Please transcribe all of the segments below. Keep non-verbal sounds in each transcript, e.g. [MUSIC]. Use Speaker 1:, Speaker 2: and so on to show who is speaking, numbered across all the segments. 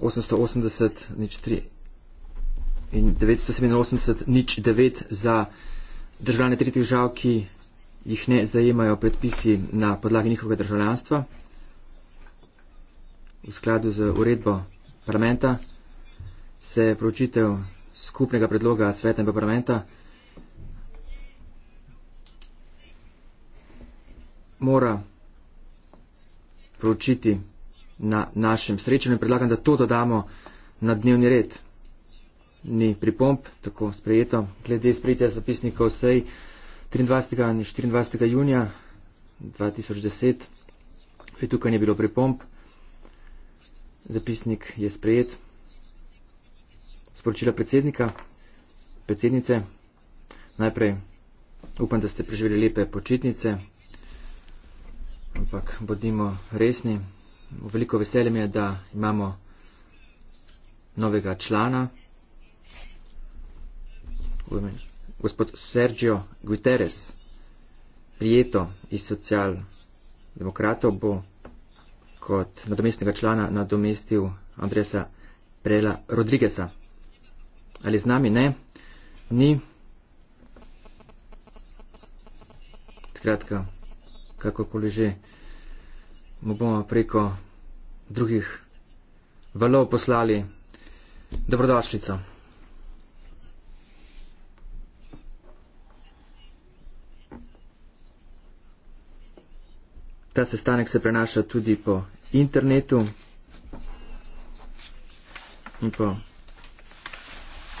Speaker 1: 980 nič 3 in 987 nič 9 za državljane tretjih držav, ki jih ne zajemajo predpisi na podlagi njihovega državljanstva v skladu z uredbo parlamenta se je pročitev skupnega predloga sveta in parlamenta mora pročiti na našem srečanju. Predlagam, da to dodamo na dnevni red. Ni pripomp, tako sprejeto. Glede sprejetja zapisnikov sej 23. in 24. junija 2010, tukaj ni bilo pripomp. Zapisnik je sprejet. Sporočila predsednika, predsednice. Najprej upam, da ste preživeli lepe počitnice, ampak bodimo resni veliko veselje mi je, da imamo novega člana, gospod Sergio Guterres, prijeto iz socialdemokratov, bo kot nadomestnega člana nadomestil Andresa Prela Rodrigesa. Ali z nami ne? Ni. Skratka, kakokoli že mu bomo preko drugih valov poslali dobrodošlico. Ta sestanek se prenaša tudi po internetu in po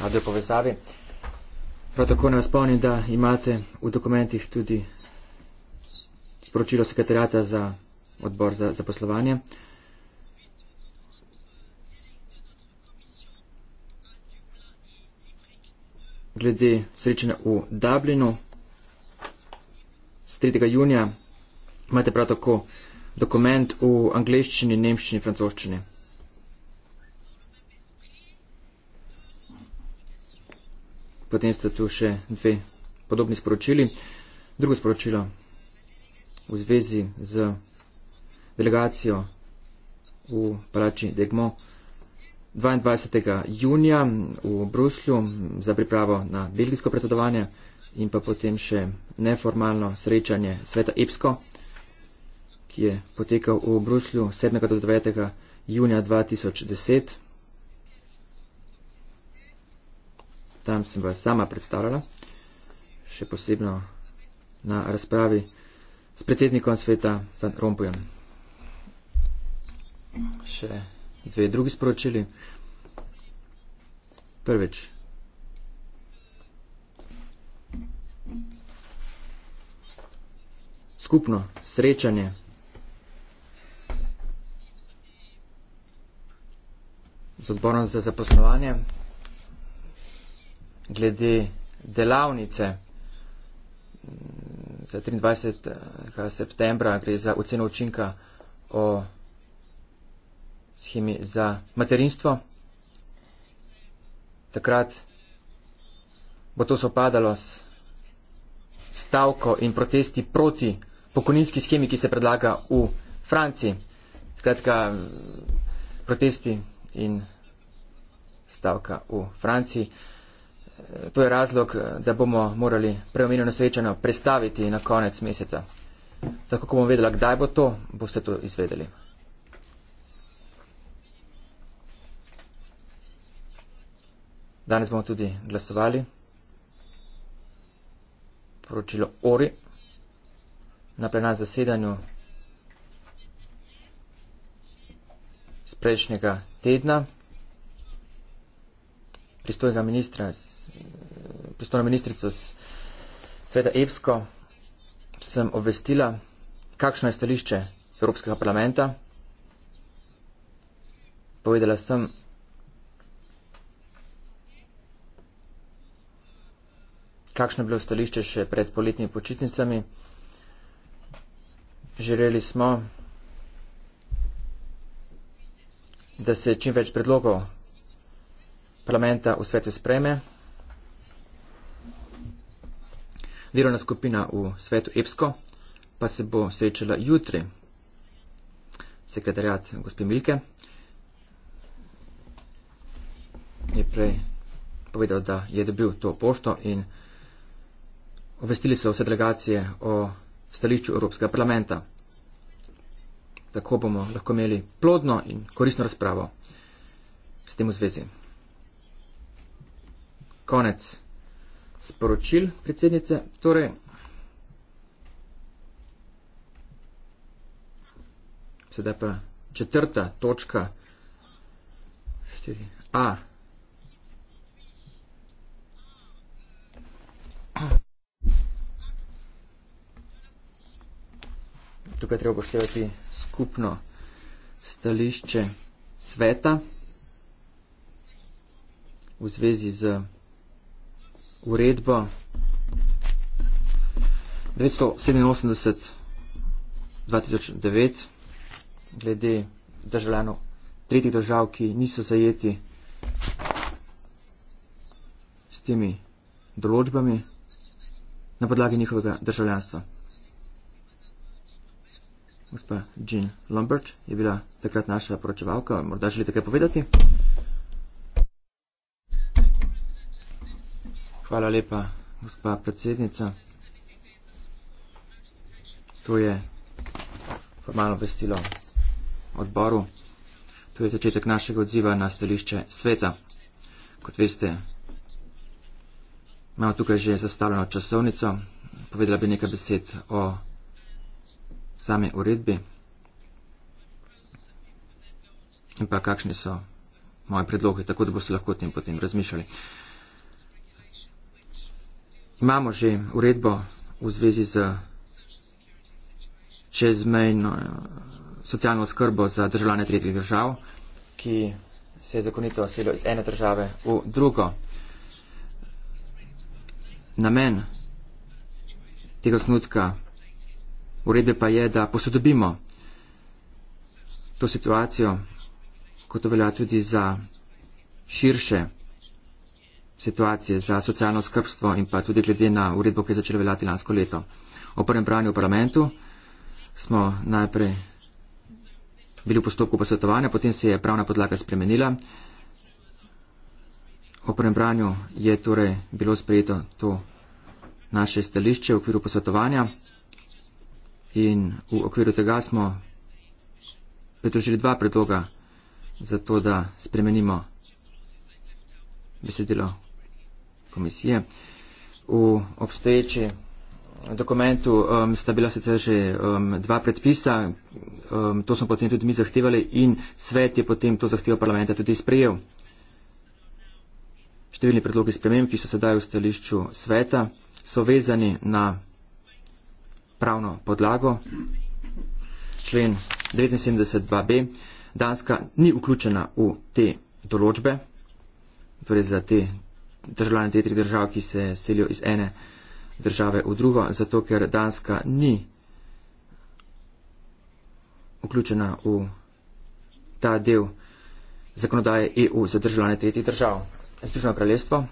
Speaker 1: audio povezavi. Prav tako ne spomnim, da imate v dokumentih tudi sporočilo sekretarjata za odbor za zaposlovanje. Glede srečanja v Dublinu z 3. junija imate prav tako dokument v angleščini, nemščini, francoščini. Potem ste tu še dve podobni sporočili. Drugo sporočilo v zvezi z delegacijo v palači Degmo 22. junija v Bruslju za pripravo na belgijsko predsedovanje in pa potem še neformalno srečanje sveta EPSKO, ki je potekal v Bruslju 7. do 9. junija 2010. Tam sem vas sama predstavljala, še posebno na razpravi s predsednikom sveta Van Rompuyem še dve drugi sporočili. Prvič. Skupno srečanje. Z odborom za zaposlovanje, glede delavnice za 23. septembra, gre za oceno učinka o shemi za materinstvo. Takrat bo to sopadalo s stavko in protesti proti pokojninski schemi, ki se predlaga v Franciji. Skratka, protesti in stavka v Franciji. To je razlog, da bomo morali preomenjeno srečano predstaviti na konec meseca. Tako, ko bom vedela, kdaj bo to, boste to izvedeli. Danes bomo tudi glasovali. Poročilo Ori na plenarnem zasedanju z prejšnjega tedna. Pristojnega ministra, pristojno ministrico Sveda Evsko sem obvestila, kakšno je stališče Evropskega parlamenta. Povedala sem, kakšno je bilo stališče še pred poletnimi počitnicami. Želeli smo, da se čim več predlogov parlamenta v svetu spreme. Virovna skupina v svetu EPSKO pa se bo srečala jutri sekretarjat gospe Milke. Je prej povedal, da je dobil to pošto in obvestili so vse delegacije o stališču Evropskega parlamenta. Tako bomo lahko imeli plodno in korisno razpravo s tem v zvezi. Konec sporočil predsednice. Torej, sedaj pa četrta točka 4a. tukaj treba poštevati skupno stališče sveta v zvezi z uredbo 987-2009 glede državljanov tretjih držav, ki niso zajeti s temi določbami na podlagi njihovega državljanstva gospa Jean Lombard je bila takrat naša poročevalka. Morda želi tako povedati? Hvala lepa, gospa predsednica. To je formalno vestilo odboru. To je začetek našega odziva na stališče sveta. Kot veste, imamo tukaj že zastavljeno časovnico. Povedala bi nekaj besed o same uredbi in pa kakšni so moji predlogi, tako da boste lahko o tem potem razmišljali. Imamo že uredbo v zvezi z čezmejno socialno skrbo za državljane tretjih držav, ki se je zakonito selil iz ene države v drugo. Namen tega snutka Urede pa je, da posodobimo to situacijo, kot to velja tudi za širše situacije, za socialno skrbstvo in pa tudi glede na uredbo, ki je začela veljati lansko leto. O prvem branju v parlamentu smo najprej bili v postopku posvetovanja, potem se je pravna podlaga spremenila. O prvem branju je torej bilo sprejeto to naše stališče v okviru posvetovanja. In v okviru tega smo pretožili dva predloga za to, da spremenimo besedilo komisije. V obstoječi dokumentu um, sta bila sicer že um, dva predpisa, um, to smo potem tudi mi zahtevali in svet je potem to zahtevo parlamenta tudi sprejel. Številni predlogi sprememb, ki so sedaj v stališču sveta, so vezani na pravno podlago. Člen 79.2b. Danska ni vključena v te določbe, torej za te državljane te tri države, ki se selijo iz ene države v drugo, zato ker Danska ni vključena v ta del zakonodaje EU za državljane tretjih držav. Združeno kraljestvo,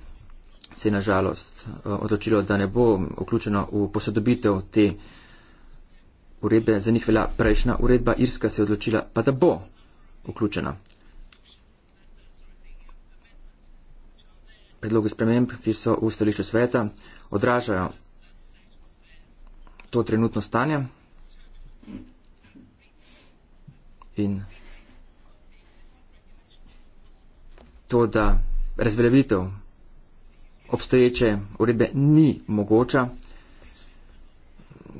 Speaker 1: se je nažalost eh, odločilo, da ne bo vključeno v posodobitev te uredbe. Za njih velja prejšnja uredba, Irska se je odločila, pa da bo vključena. Predloge sprememb, ki so v stališču sveta, odražajo to trenutno stanje in to, da razveljavitev obstoječe uredbe ni mogoča.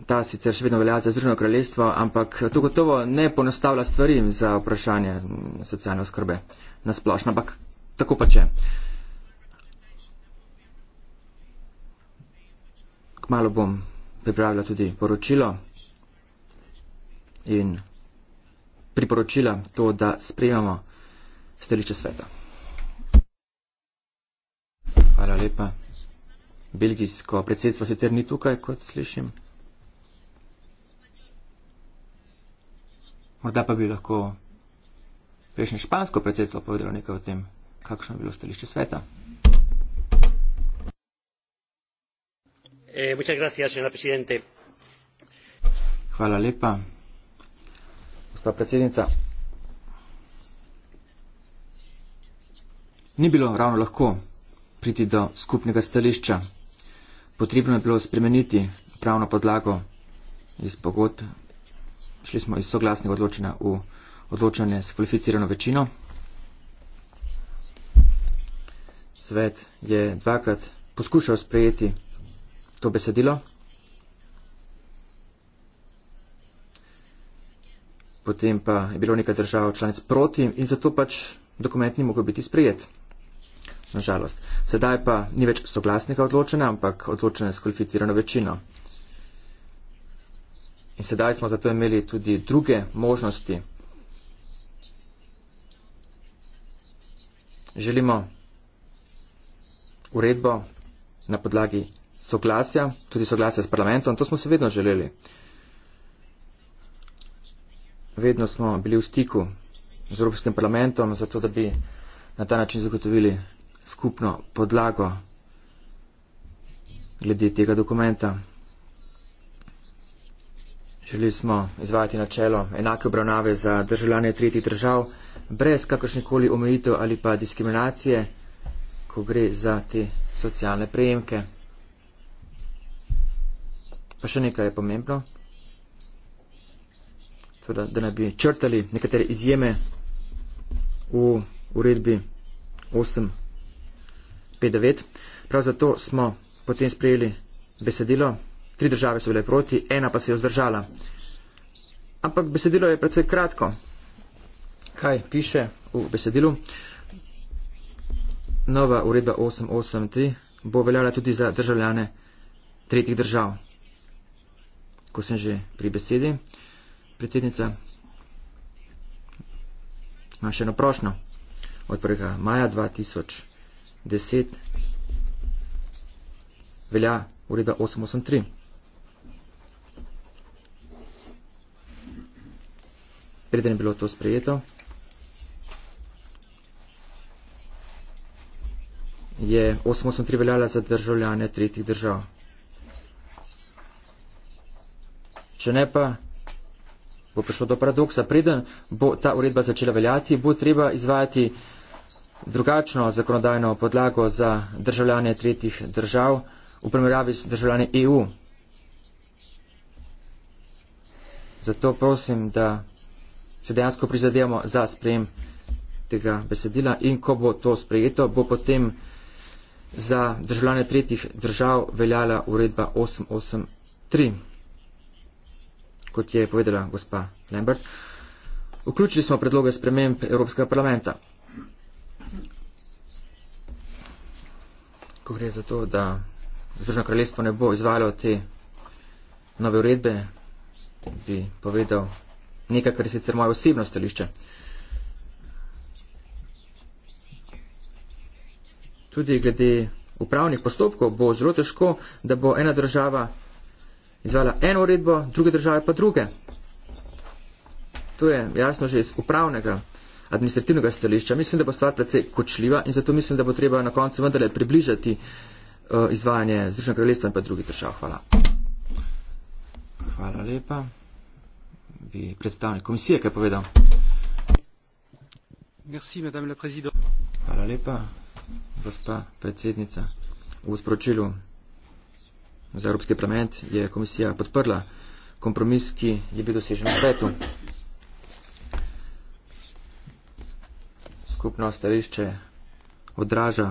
Speaker 1: Ta sicer še vedno velja za Združeno kraljestvo, ampak to gotovo ne ponostavlja stvari za vprašanje socialne oskrbe na splošno, ampak tako pa če. Kmalo bom pripravila tudi poročilo in priporočila to, da sprejemamo stališče sveta. Hvala lepa. Belgijsko predsedstvo sicer ni tukaj, kot slišim. Morda pa bi lahko prejšnje špansko predsedstvo povedalo nekaj o tem, kakšno je bilo stališče sveta.
Speaker 2: Eh,
Speaker 1: Hvala lepa, gospod predsednica. Ni bilo ravno lahko priti do skupnega stališča. Potrebno je bilo spremeniti pravno podlago iz pogodb. Šli smo iz soglasnega odločanja v odločanje s kvalificirano večino. Svet je dvakrat poskušal sprejeti to besedilo. Potem pa je bilo nekaj držav članic proti in zato pač dokument ni mogel biti sprejet nažalost. Sedaj pa ni več soglasnega odločanja, ampak odločanje s kvalificirano večino. In sedaj smo zato imeli tudi druge možnosti. Želimo uredbo na podlagi soglasja, tudi soglasja s parlamentom, to smo se vedno želeli. Vedno smo bili v stiku z Evropskim parlamentom, zato da bi na ta način zagotovili skupno podlago glede tega dokumenta. Želeli smo izvajati načelo enake obravnave za državljane tretjih držav, brez kakršnekoli omejitev ali pa diskriminacije, ko gre za te socialne prejemke. Pa še nekaj je pomembno, teda, da ne bi črtali nekatere izjeme v uredbi 8. 5-9. Prav zato smo potem sprejeli besedilo. Tri države so bile proti, ena pa se je vzdržala. Ampak besedilo je predvsej kratko. Kaj piše v besedilu? Nova uredba 883 bo veljala tudi za državljane tretjih držav. Ko sem že pri besedi, predsednica, imam še eno prošno od 1. maja 2020. 10 velja ureda 883. Preden je bilo to sprejeto, je 883 veljala za državljane tretjih držav. Če ne pa, bo prišlo do paradoksa. Preden bo ta uredba začela veljati, bo treba izvajati drugačno zakonodajno podlago za državljane tretjih držav v primerjavi s državljani EU. Zato prosim, da se dejansko prizadevamo za sprejem tega besedila in ko bo to sprejeto, bo potem za državljane tretjih držav veljala uredba 883, kot je povedala gospa Lambert. Vključili smo predloge sprememb Evropskega parlamenta. ko gre za to, da Združeno kraljestvo ne bo izvalo te nove uredbe, bi povedal nekaj, kar je sicer moje osebno stališče. Tudi glede upravnih postopkov bo zelo težko, da bo ena država izvala eno uredbo, druge države pa druge. To je jasno že iz upravnega administrativnega stališča. Mislim, da bo stvar precej kočljiva in zato mislim, da bo treba na koncu vendarle približati eh, izvajanje Združenega kraljestva in pa drugih držav. Hvala. Hvala lepa. Bi predstavnik komisije kaj povedal? Merci, madame la président. Hvala lepa, gospa predsednica. V sporočilu za Evropski parlament je komisija podprla kompromis, ki je bil dosežen v svetu. skupno stališče odraža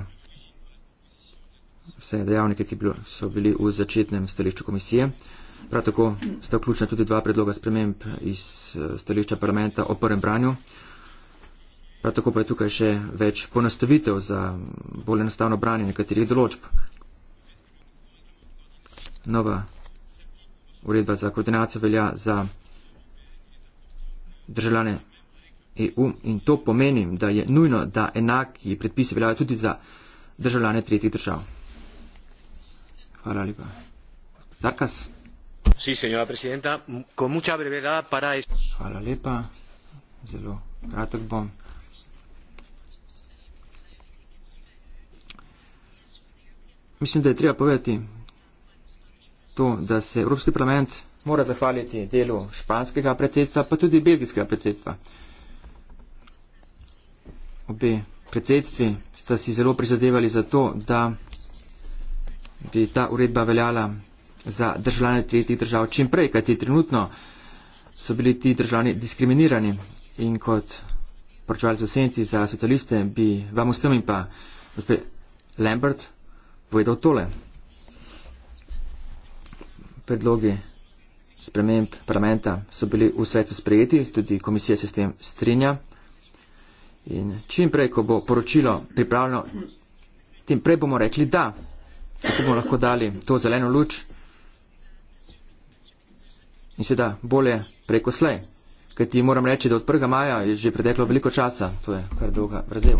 Speaker 1: vse dejavnike, ki so bili v začetnem stališču komisije. Prav tako sta vključena tudi dva predloga sprememb iz eh, stališča parlamenta o prvem branju. Prav tako pa je tukaj še več ponastavitev za bolj enostavno branje nekaterih določb. Nova uredba za koordinacijo velja za državljane EU in to pomeni, da je nujno, da enaki predpisi veljajo tudi za državljane tretjih držav. Hvala lepa. Zarkas.
Speaker 2: Sí, señora presidenta, con mucha brevedad para es...
Speaker 1: Hvala lepa. Zelo kratek bom. Mislim, da je treba povedati to, da se Evropski parlament mora zahvaliti delu španskega predsedstva, pa tudi belgijskega predsedstva obe predsedstvi sta si zelo prizadevali za to, da bi ta uredba veljala za državljane tretjih držav čim prej, kajti trenutno so bili ti državljani diskriminirani in kot poročevalci v senci za socialiste bi vam vsem in pa gospe Lambert povedal tole. Predlogi sprememb parlamenta so bili v svetu sprejeti, tudi komisija se s tem strinja. In čim prej, ko bo poročilo pripravljeno, tem prej bomo rekli da, tako bomo lahko dali to zeleno luč. In seveda bolje preko slej, ker ti moram reči, da od 1. maja je že preteklo veliko časa, to je kar dolga vrzel.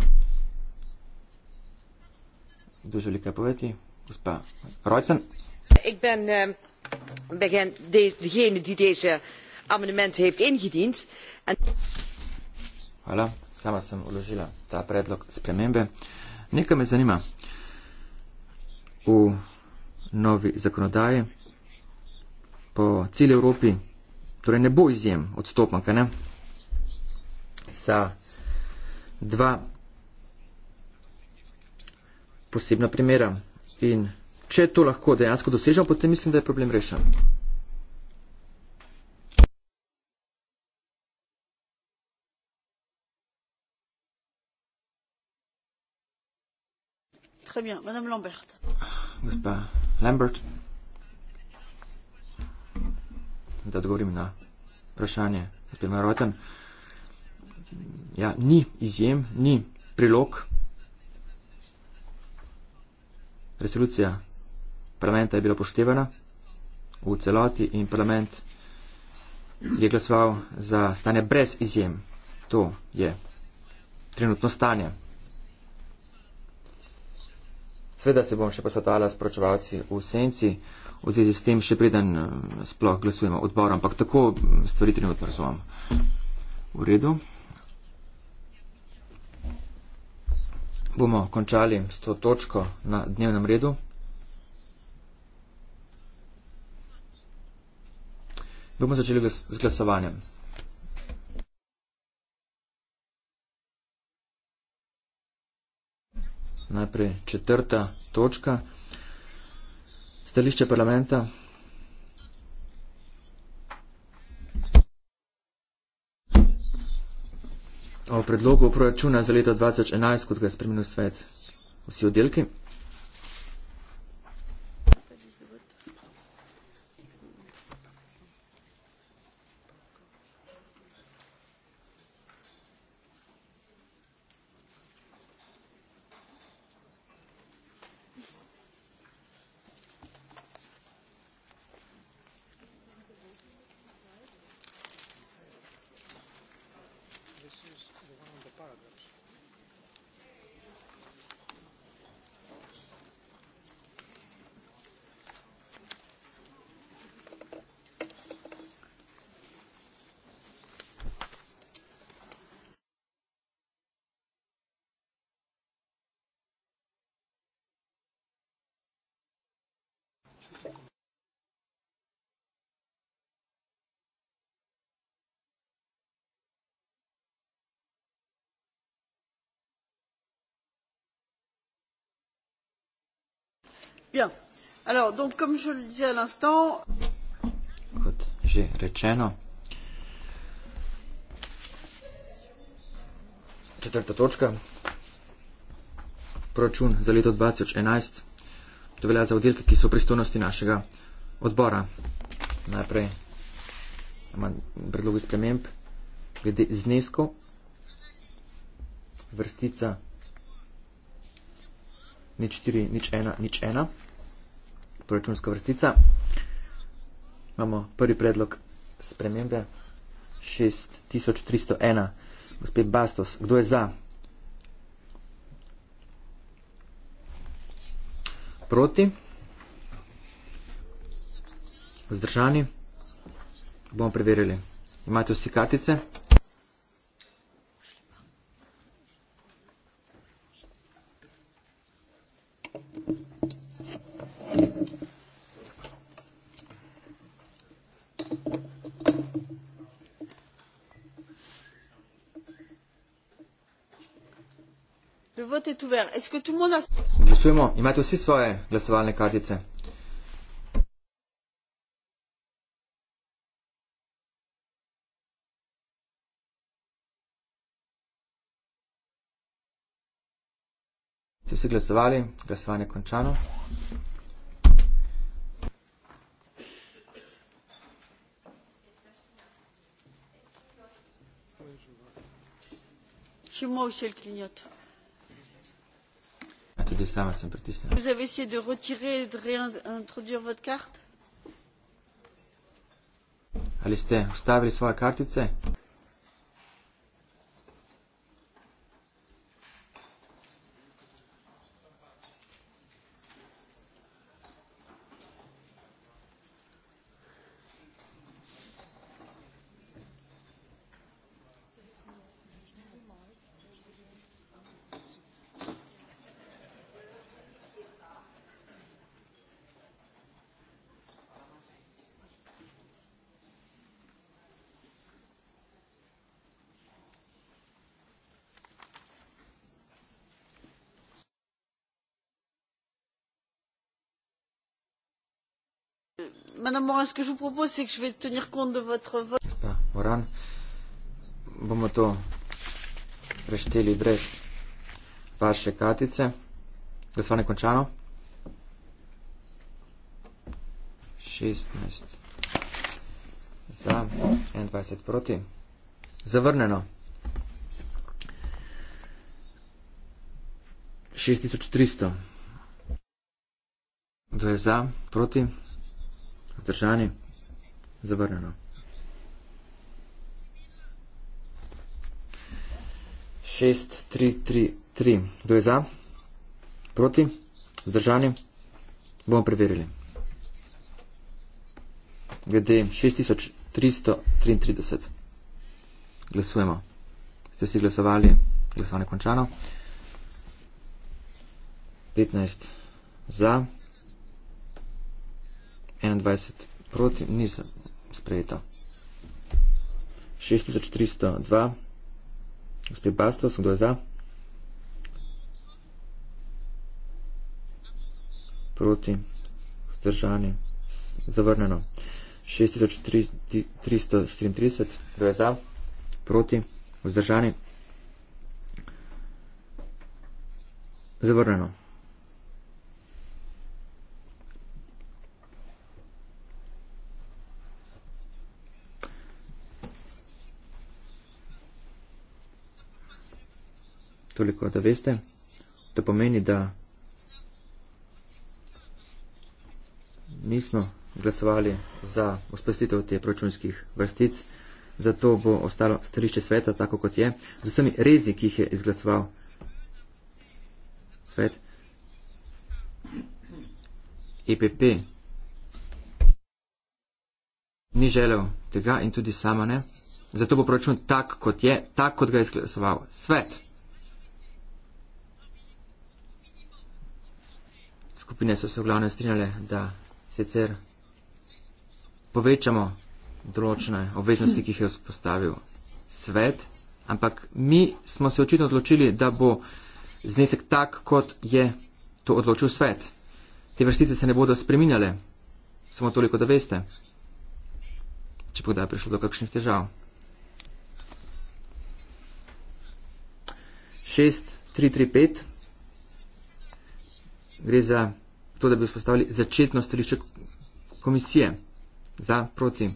Speaker 1: Kdo želi kaj povedati? Gospa Rojten.
Speaker 3: Ik ben, uh, ehm, ben de, degene die deze amendement heeft ingediend. En...
Speaker 1: Hvala. Sama sem uložila ta predlog spremembe. Nekaj me zanima. V novi zakonodaji po celi Evropi torej ne bo izjem odstopanka za dva posebna primera. In če to lahko dejansko dosežemo, potem mislim, da je problem rešen.
Speaker 3: Très bien. Madame Lambert.
Speaker 1: Gospa Lambert. Da odgovorim na vprašanje gospodina Roten. Ja, ni izjem, ni prilog. Resolucija parlamenta je bila poštevana v celoti in parlament je glasoval za stanje brez izjem. To je trenutno stanje. Sveda se bom še posvetovala s pročevalci v senci, v zvezi s tem še preden eh, sploh glasujemo odbor, ampak tako mm, stvari trenutno razumem. V redu. Bomo končali s to točko na dnevnem redu. Bomo začeli z glasovanjem. najprej četrta točka, stališče parlamenta. O predlogu proračuna za leto 2011, kot ga je spremenil svet, vsi oddelki. kot že rečeno. Četrta točka. Proračun za leto 2011. To velja za oddelke, ki so v pristojnosti našega odbora. Najprej imam predlogi sprememb glede znesko. Vrstica nič 4, nič 1, nič 1, proračunska vrstica. Imamo prvi predlog spremembe 6301. Gospod Bastos, kdo je za? Proti? Zdržani? Bomo preverili. Imate vsi kartice? Est-ce que tout le monde a... Absolument. Ils mettent aussi soirée, glasovalne kartice. Ste vsi glasovali, glasovanje je končano.
Speaker 3: Je moi aussi le clignotant
Speaker 1: tudi sama sem pritisnila.
Speaker 3: Vous avez essayé de retirer et de réintroduire votre carte?
Speaker 1: Ali ste ustavili svoje kartice?
Speaker 3: Madame Morin, ce que je vous propose, c'est que je vais tenir compte de votre vote.
Speaker 1: Ah, Morin, bon moto. Rešteli brez vaše kartice. Glasovanje je končano. 16 za, 21 proti. Zavrnjeno. 6300. 2 za, proti vzdržani, zavrnjeno. Šest, tri, tri, tri. Kdo je za? Proti? Vzdržani? Bomo preverili. Glede 6333. Glasujemo. Ste si glasovali? Glasovanje končano. 15 za. 21 proti, nisem sprejeta. 6302, gospod Bastos, kdo je za? Proti, vzdržani, zavrneno. 6334, kdo je za? Proti, vzdržani, zavrneno. toliko, da veste, to pomeni, da nismo glasovali za uspostitev te proračunskih vrstic, zato bo ostalo stališče sveta tako, kot je, z vsemi rezi, ki jih je izglasoval svet. EPP ni želel tega in tudi sama ne. Zato bo proračun tak, kot je, tak, kot ga je izglasoval svet. skupine so se v glavne strinjale, da sicer povečamo določene obveznosti, ki jih je vzpostavil svet, ampak mi smo se očitno odločili, da bo znesek tak, kot je to odločil svet. Te vrstice se ne bodo spreminjale, samo toliko, da veste, če bo da prišlo do kakšnih težav. 6, 3, 3, 5 gre za to, da bi vzpostavili začetno stališče komisije za proti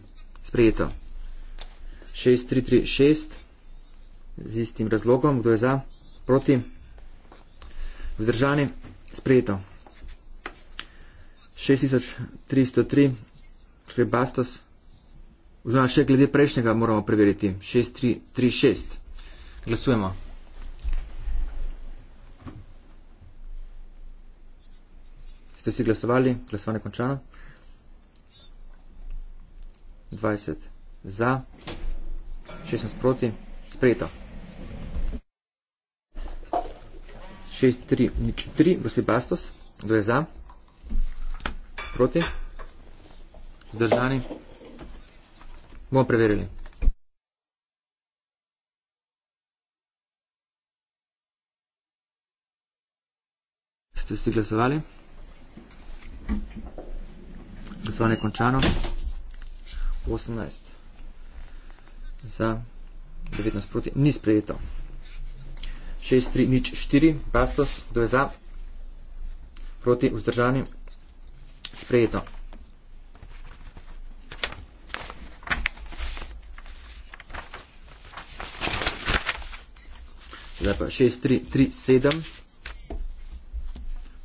Speaker 1: sprejeto. 6336 z istim razlogom, kdo je za, proti, vzdržani, sprejeto. 6303, skrep Bastos, oziroma še glede prejšnjega moramo preveriti, 6336, glasujemo. Ste si glasovali? Glasovanje končano. 20 za, 16 proti, sprejeto. 6-3-3, Rusli Bastos, kdo je za, proti, zdržani, bomo preverili. Ste si glasovali? glasovanje končano. 18 za 19 proti, ni sprejeto. 6, 3, nič, 4, Bastos, kdo je za, proti, vzdržani, sprejeto. Zdaj pa 6, 3, 3, 7.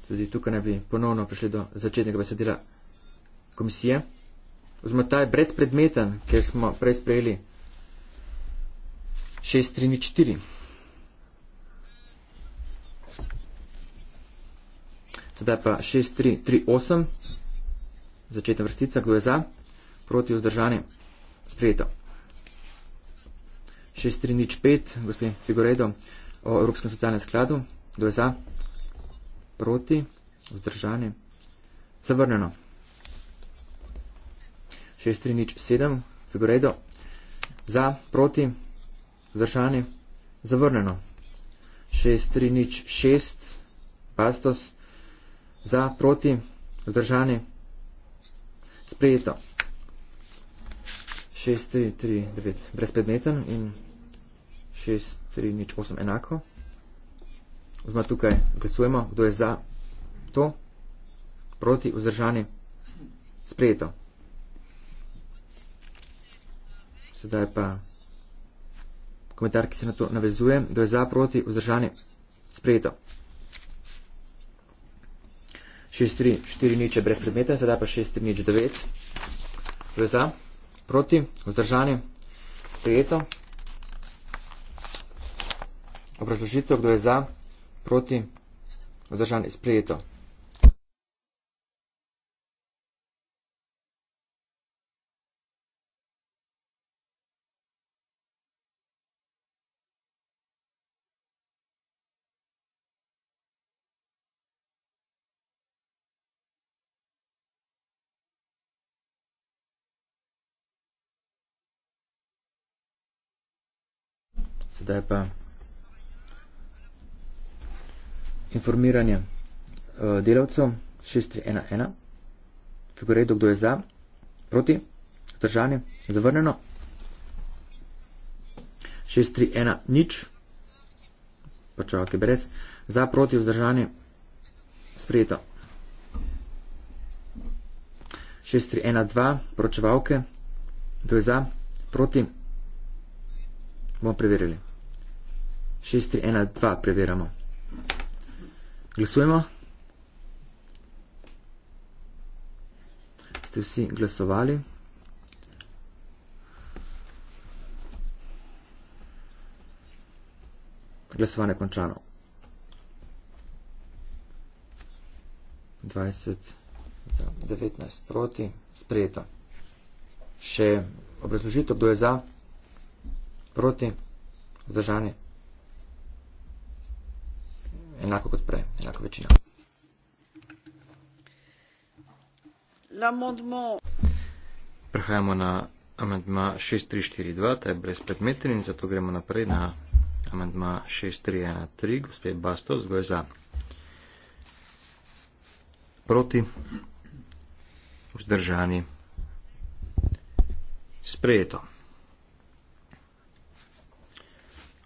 Speaker 1: Tudi tukaj ne bi ponovno prišli do začetnega besedila komisije, oziroma ta je brezpredmeten, ker smo prej sprejeli 634. Sedaj pa 6338, začetna vrstica, kdo je za, proti vzdržani, sprejeto. 6305, gospod Figoredo, o Evropskem socialnem skladu, kdo je za, proti vzdržani, zavrnjeno. 6307 v Beredo. Za, proti, vzdržani, zavrneno. 6306 Bastos. Za, proti, vzdržani, sprejeto. 6339 brezpredmeten in 6308 enako. Zdaj tukaj glasujemo, kdo je za to, proti, vzdržani, sprejeto. sedaj pa komentar, ki se na to navezuje, da je za proti vzdržanje sprejeto. 6-3-4 niče brez predmeta, sedaj pa 6-3 nič 9. To je za proti vzdržanje sprejeto. Obrazložitev, kdo je za proti vzdržanje sprejeto. zdaj pa informiranje uh, delavcev 6.3.1.1. Figurejdo, kdo je za, proti, držanje, zavrneno. 6.3.1. Nič, počavak je brez, za, proti, vzdržanje, sprejeto. 6.3.1.2. Pročevalke, kdo je za, proti, bomo preverili. 6, 3, 1, 2, preverjamo. Glasujemo. Ste vsi glasovali? Glasovanje je končano. 20, 19 proti, sprejeto. Še obrazložitev, kdo je za, proti, zdržanje enako kot prej, enako večina.
Speaker 2: Prehajamo na amendma 6342, ta je brezpredmeten in zato gremo naprej na amendma 6313, gospod Bastos, kdo je za? Proti? Vzdržani? Sprejeto.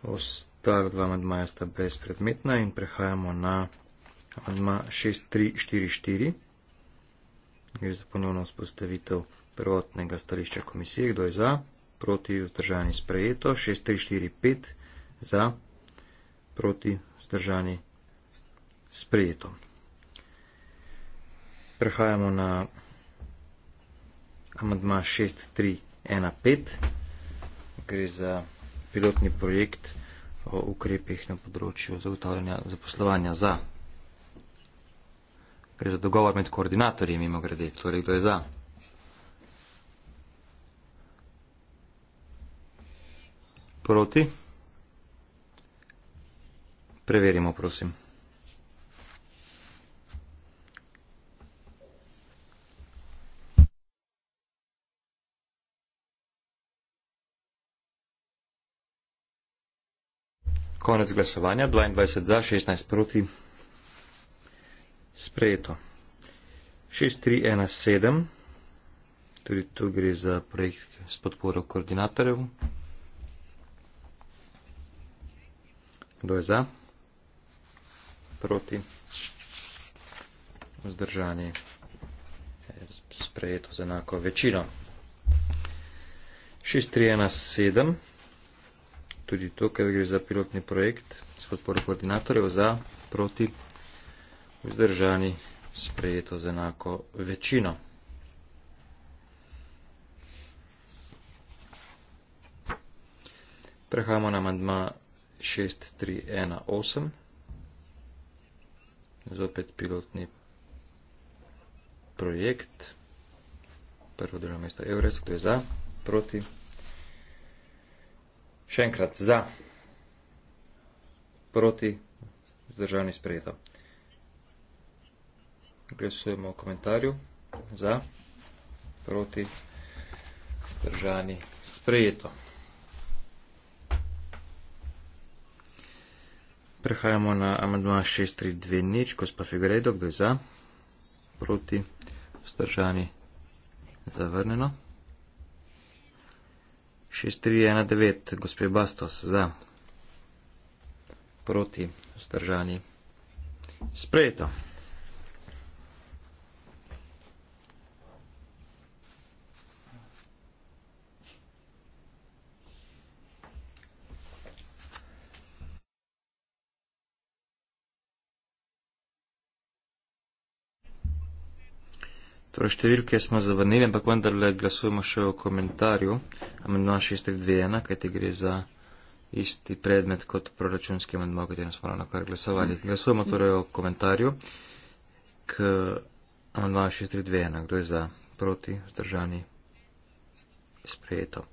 Speaker 2: Ost ta dva amadmaja sta brezpredmetna in prehajamo na amadma 6.3.4.4. Gre za ponovno vzpostavitev prvotnega stališča komisije, kdo je za, proti, vzdržani, sprejeto, 6.3.4.5 za, proti, vzdržani, sprejeto. Prehajamo na amadma 6.3.1.5. Gre za pilotni projekt o ukrepih na področju zagotavljanja zaposlovanja za. Gre za dogovor med koordinatorji, mimo grede, torej kdo je za. Proti? Preverimo, prosim. Konec glasovanja, 22 za, 16 proti. Sprejeto. 6317, tudi tu gre za projekt s podporo koordinatorjev. Kdo je za? Proti. Vzdržani. Sprejeto z enako večino. 6317 tudi tukaj gre za pilotni projekt s podporo koordinatorjev za proti vzdržani sprejeto z enako večino. Prehajamo na mandma 6.3.1.8. Zopet pilotni projekt. Prvo delo mesto Evres, kdo je za? Proti še enkrat za, proti, zdržani sprejeto. Glesujemo v komentarju za, proti, zdržani sprejeto. Prehajamo na amadma 632 nič, gospa Figuredo, kdo je za, proti, zdržani zavrneno. 6319, gospe Bastos, za, proti, vzdržani, sprejeto. Torej, številke smo zavrnili, ampak vendarle glasujemo še v komentarju. Amendoa 6321, kaj ti gre za isti predmet kot proračunski amendoa, kaj ti smo ravno kar glasovali. Glasujemo torej v komentarju k amendoa 6321, kdo je za proti vzdržani sprejeto.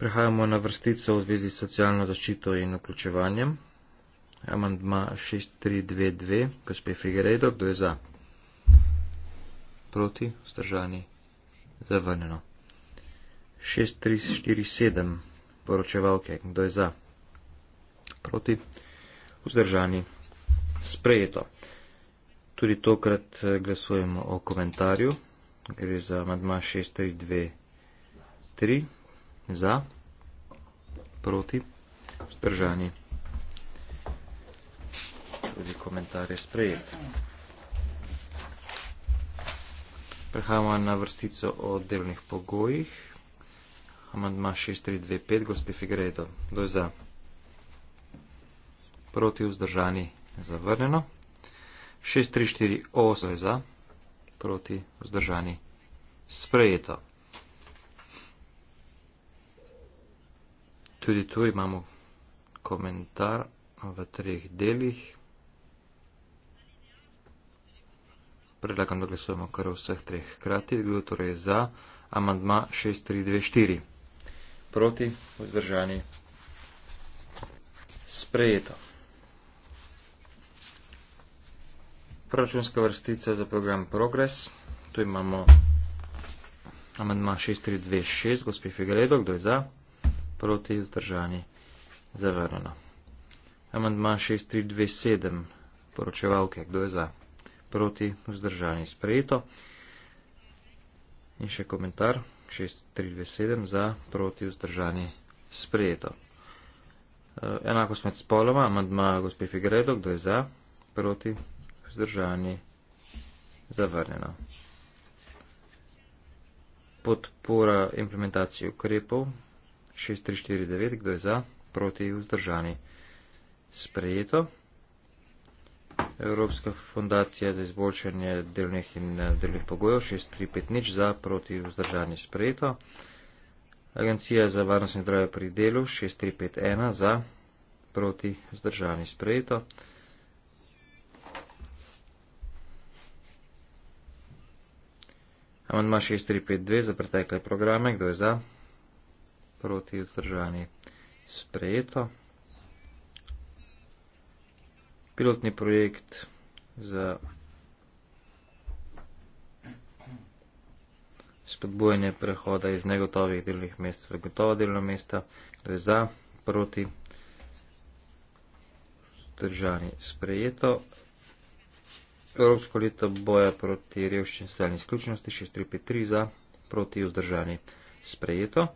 Speaker 2: Prehajamo na vrstico v zvezi s socialno zaščito in vključevanjem. Amendoa 6322, gospe Figerejdo, kdo je za? proti, vzdržani, zavrnjeno. 6347, poročevalke, kdo je za? Proti, vzdržani, sprejeto. Tudi tokrat eh, glasujemo o komentarju, gre za madma 6323, za, proti, vzdržani. Tudi komentar je sprejet. Prehajamo na vrstico o delovnih pogojih. Amandma 6325, gospe Figredo, kdo je za? Proti vzdržani, zavrnjeno. 6348, kdo je za? Proti vzdržani, sprejeto. Tudi tu imamo komentar v treh delih. Predlagam, da glasujemo kar vseh treh krati. Kdo torej za amandma 6324? Proti, vzdržani. Sprejeto. Proračunska vrstica za program Progres. Tu imamo amandma 6326, gospod Figaredo, kdo je za? Proti, vzdržani. Zavrnjeno. Amandma 6327, poročevalke, kdo je za? proti vzdržanje sprejeto. In še komentar 6327 za proti vzdržanje sprejeto. E, enako smet spoloma, amandma gospe Figredo, kdo je za, proti vzdržanje zavrnjeno. Podpora implementacije ukrepov 6349, kdo je za, proti vzdržanje sprejeto. Evropska fundacija za izboljšanje delnih in eh, delnih pogojev 6350 za proti vzdržanje sprejeto. Agencija za varnost in zdravje pri delu 6351 za proti vzdržanje sprejeto. Amandma 6352 za pretekle programe, kdo je za proti vzdržanje sprejeto pilotni projekt za spodbujanje prehoda iz negotovih delnih mest v gotova delna mesta, to je za, proti, držani sprejeto. Evropsko leto boja proti revščini socialni izključnosti 6353 za, proti vzdržani sprejeto.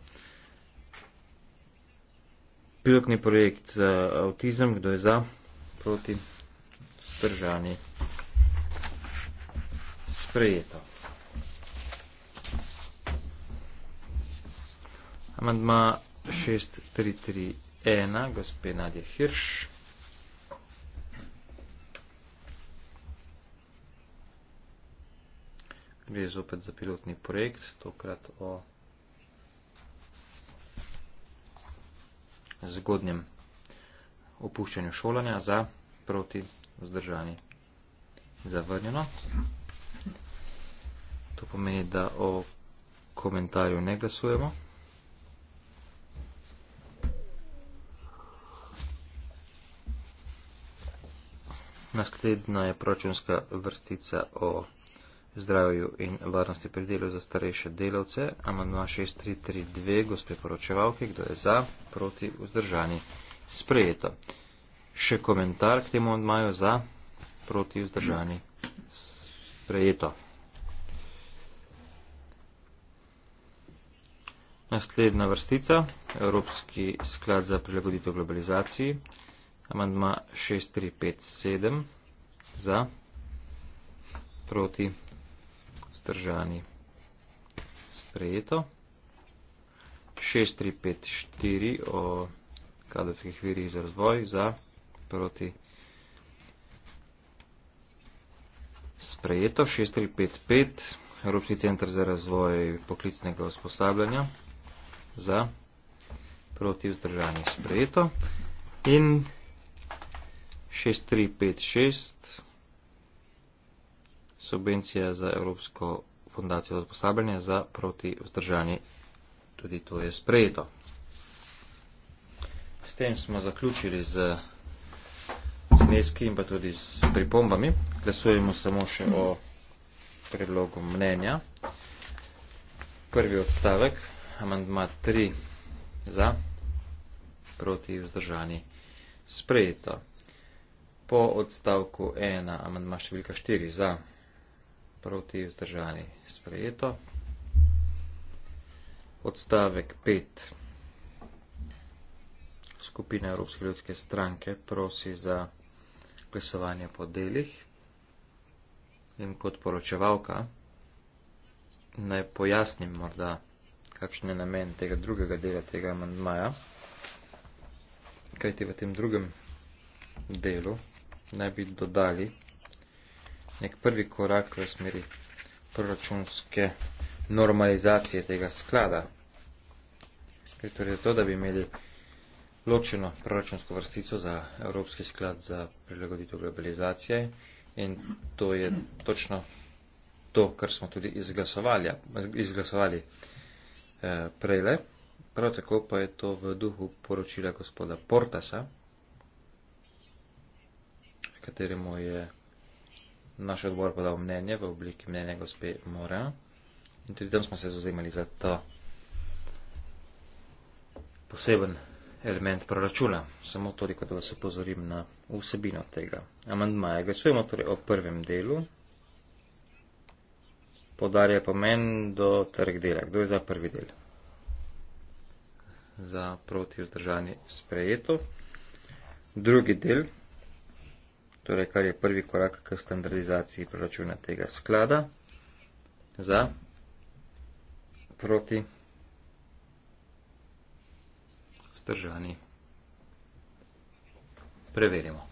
Speaker 2: Pilotni projekt za avtizem, kdo je za, proti vzdržani. Sprejeto. Amandma 6331, gospe Nadje Hirš. Gre zopet za pilotni projekt, tokrat o zgodnjem opuščanju šolanja za proti vzdržani. Zavrnjeno. To pomeni, da o komentarju ne glasujemo. Naslednja je proračunska vrstica o zdravju in varnosti pri delu za starejše delavce. Amandma 6332, gospe poročevalke, kdo je za, proti, vzdržani, sprejeto še komentar k temu odmaju za proti vzdržani sprejeto. Naslednja vrstica, Evropski sklad za prilagoditev globalizaciji, amandma 6357 za proti vzdržani sprejeto. 6354 o kadrovskih virih za razvoj za proti vzdržani sprejeto proti sprejeto 6355 Evropski centr za razvoj poklicnega usposabljanja za proti vzdržanje sprejeto in 6356 subvencija za Evropsko fundacijo za usposabljanje za proti vzdržanje tudi to je sprejeto. S tem smo zaključili z zneski in pa tudi s pripombami. Glasujemo samo še o predlogu mnenja. Prvi odstavek, amandma 3 za, proti vzdržani sprejeto. Po odstavku 1, amandma številka 4 za, proti vzdržani sprejeto. Odstavek 5. Skupina Evropske ljudske stranke prosi za opisovanje po delih in kot poročevalka naj pojasnim morda, kakšen je namen tega drugega dela tega amandmaja, kajti v tem drugem delu naj bi dodali nek prvi korak v smeri proračunske normalizacije tega sklada. Kaj torej to, da bi imeli ločeno proračunsko vrstico za Evropski sklad za prilagoditev globalizacije in to je točno to, kar smo tudi izglasovali, izglasovali eh, prejle. Prav tako pa je to v duhu poročila gospoda Portasa, kateremu je naš odbor podal mnenje v obliki mnenja gospe Mora. In tudi tam smo se zauzemali za to poseben element proračuna. Samo toliko, da vas upozorim na vsebino tega amandmaja. Glasujemo torej o prvem delu. Podarja pomen do trg dela. Kdo je za prvi del? Za proti vzdržanje sprejeto. Drugi del, torej kar je prvi korak k standardizaciji proračuna tega sklada, za proti vzdržanje sprejeto. vzdržani. Preverimo.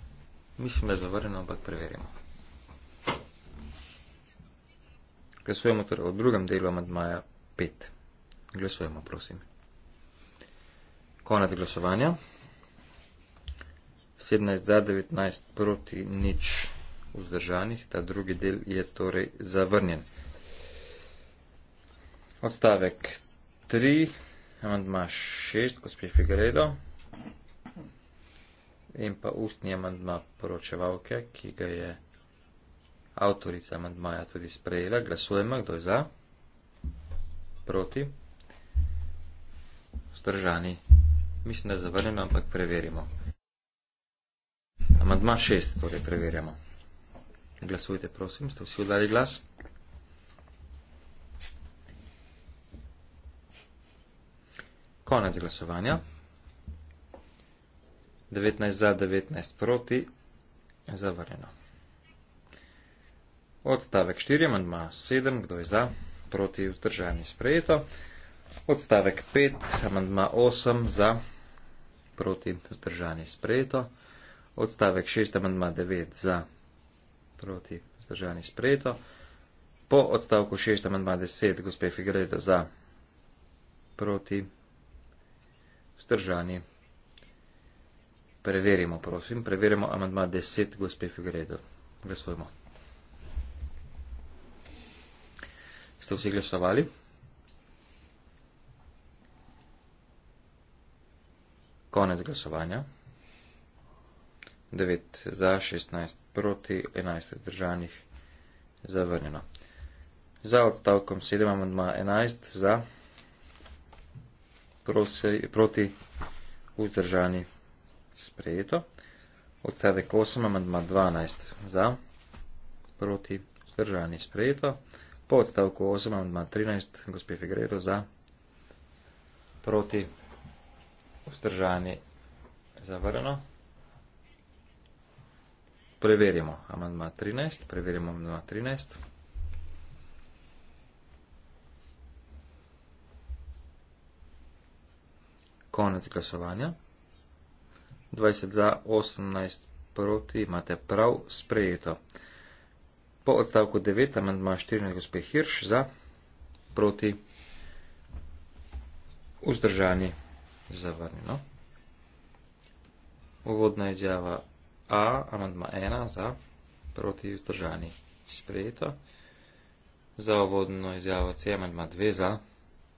Speaker 2: Mislim, da je zavrnjeno, ampak preverimo. Glasujemo torej o drugem delu amadmaja 5. Glasujemo, prosim. Konec glasovanja. 17 za 19 proti nič vzdržanih. Ta drugi del je torej zavrnjen. Odstavek 3. Amandma šest, gospod Figredo. In pa ustni amandma poročevalke, ki ga je avtorica amandmaja tudi sprejela. Glasujemo, kdo je za, proti, vzdržani. Mislim, da je zavrnjeno, ampak preverimo. Amandma šest, torej preverjamo. Glasujte, prosim, ste vsi udali glas. Konec glasovanja. 19 za, 19 proti, zavrnjeno. Odstavek 4, amandma 7, kdo je za, proti, vzdržani, sprejeto. Odstavek 5, amandma 8, za, proti, vzdržani, sprejeto. Odstavek 6, amandma 9, za, proti, vzdržani, sprejeto. Po odstavku 6, amandma 10, gospe Figredo, za, proti, vzdržani, sprejeto. Zdržani. Preverimo, prosim. Preverimo amadma 10, gospe Figredo. Glasujemo. Ste vsi glasovali? Konec glasovanja. 9 za, 16 proti, 11 zdržanih. Zavrnjeno. Za odstavkom 7 amadma 11 za proti vzdržani sprejeto. Odstavek 8, amandma 12 za, proti vzdržani sprejeto. Po odstavku 8, amandma 13, gospe Figrero za, proti vzdržani zavrano. Preverimo amandma 13, preverimo amandma 13. konec glasovanja. 20 za, 18 proti, imate prav sprejeto. Po odstavku 9, amendma 14, gospod Hirš, za, proti, vzdržani, zavrnjeno. Uvodna izjava A, amendma 1, za, proti, vzdržani, sprejeto. Za uvodno izjavo C, amendma 2, za,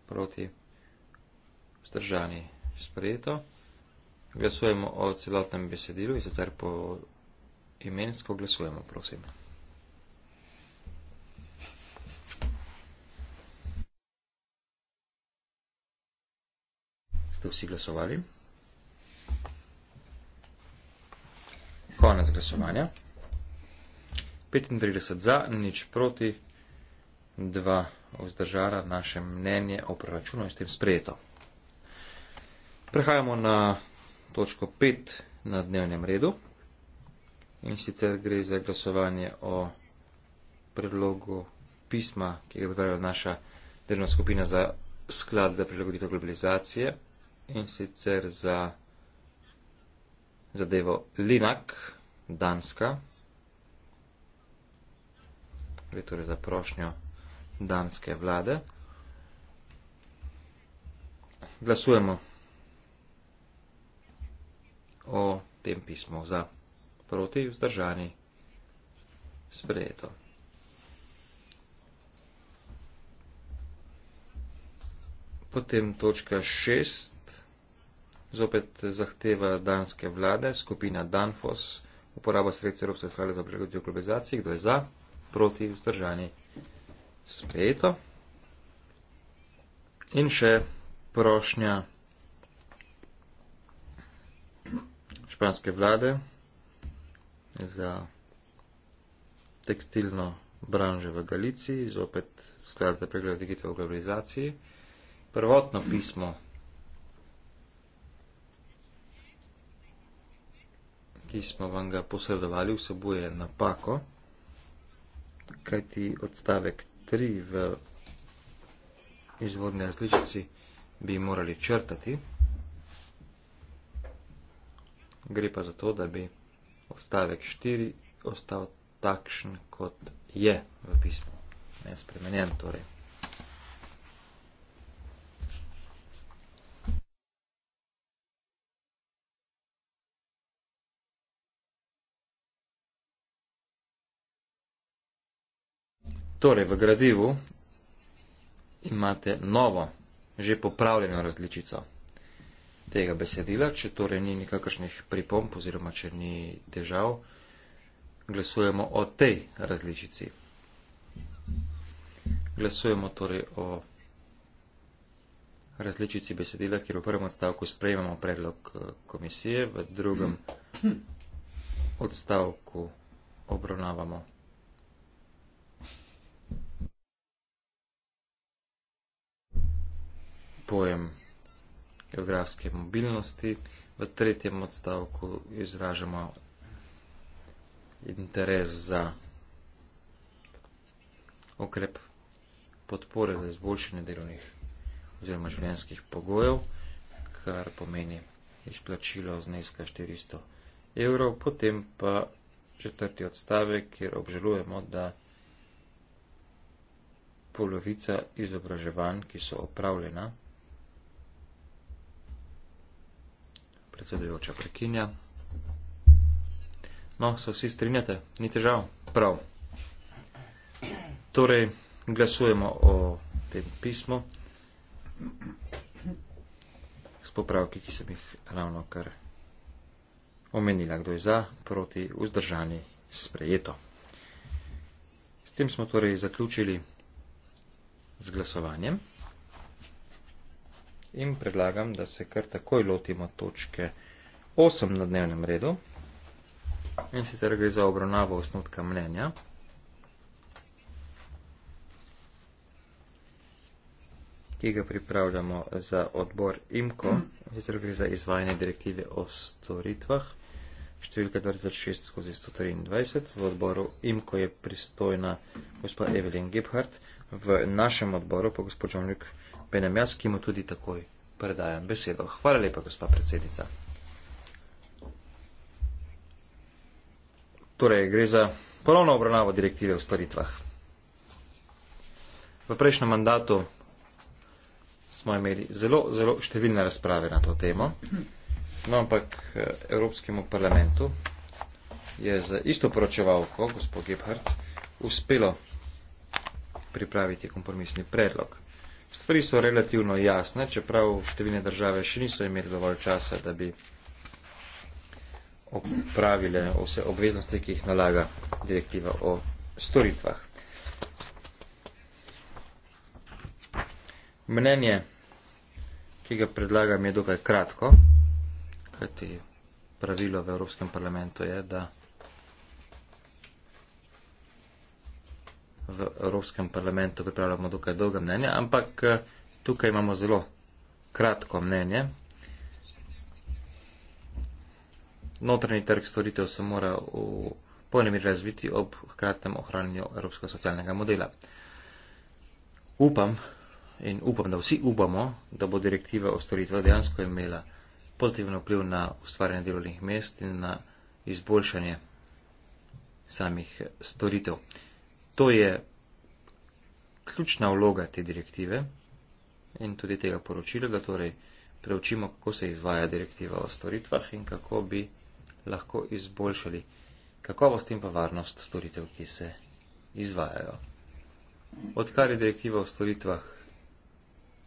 Speaker 2: proti, vzdržani, zavrnjeno sprejeto. Glasujemo o celotnem besedilu in sicer po imensko glasujemo, prosim. Ste vsi glasovali? Konec glasovanja. 35 za, nič proti, dva vzdržala naše mnenje o proračunu in s tem sprejeto. Prehajamo na točko 5 na dnevnem redu in sicer gre za glasovanje o predlogu pisma, ki je pripravila naša državna skupina za sklad za prilagoditev globalizacije in sicer za zadevo Linak, Danska. Gre torej za prošnjo danske vlade. Glasujemo o tem pismu za proti vzdržani sprejeto. Potem točka šest, zopet zahteva danske vlade, skupina Danfos, uporaba sredstva Evropske strale za pregledanje globalizacije, kdo je za, proti vzdržani sprejeto. In še prošnja. španske vlade za tekstilno branžo v Galiciji, zopet sklad za pregled digitalne globalizacije. Prvotno pismo, ki smo vam ga posredovali, vsebuje napako, kajti odstavek 3 v izvodni različici bi morali črtati gre pa za to, da bi odstavek 4 ostal takšen, kot je v pismu. Ne spremenjen torej. Torej, v gradivu imate novo, že popravljeno različico tega besedila, če torej ni nikakršnih pripomp oziroma če ni težav, glasujemo o tej različici. Glasujemo torej o različici besedila, kjer v prvem odstavku sprejmemo predlog eh, komisije, v drugem odstavku obravnavamo. Pojem geografske mobilnosti, v tretjem odstavku izražamo interes za okrep podpore za izboljšanje delovnih oziroma življenjskih pogojev, kar pomeni izplačilo zneska 400 evrov, potem pa četrti odstavek, kjer obžalujemo, da polovica izobraževanj, ki so opravljena, predsedujoča prekinja. No, se vsi strinjate, ni težav, prav. Torej, glasujemo o tem pismu s popravki, ki sem jih ravno kar omenila, kdo je za, proti, vzdržani, sprejeto. S tem smo torej zaključili z glasovanjem in predlagam, da se kar takoj lotimo točke 8 na dnevnem redu. In sicer gre za obravnavo osnutka mnenja. ki ga pripravljamo za odbor IMKO, izdruge za izvajanje direktive o storitvah, številka 26 skozi 123. V odboru IMKO je pristojna gospod Evelyn Gebhardt, v našem odboru pa gospod Žonjuk benem jaz, ki mu tudi takoj predajam besedo. Hvala lepa, gospa predsednica. Torej, gre za ponovno obravnavo direktive v storitvah. V prejšnjem mandatu smo imeli zelo, zelo številne razprave na to temo, no ampak eh, Evropskemu parlamentu je z isto poročevalko, gospod Gebhardt, uspelo pripraviti kompromisni predlog. Stvari so relativno jasne, čeprav številne države še niso imeli dovolj časa, da bi opravile vse obveznosti, ki jih nalaga direktiva o storitvah. Mnenje, ki ga predlagam, je dokaj kratko, kajti pravilo v Evropskem parlamentu je, da v Evropskem parlamentu pripravljamo dokaj dolga mnenja, ampak eh, tukaj imamo zelo kratko mnenje. Notranji trg storitev se mora v polnem miru razviti ob hkratnem ohranjanju evropskega socialnega modela. Upam in upam, da vsi upamo, da bo direktiva o storitvah dejansko imela pozitiven vpliv na ustvarjanje delovnih mest in na izboljšanje samih storitev to je ključna vloga te direktive in tudi tega poročila, da torej preučimo, kako se izvaja direktiva o storitvah in kako bi lahko izboljšali kakovost in pa varnost storitev, ki se izvajajo. Odkar je direktiva o storitvah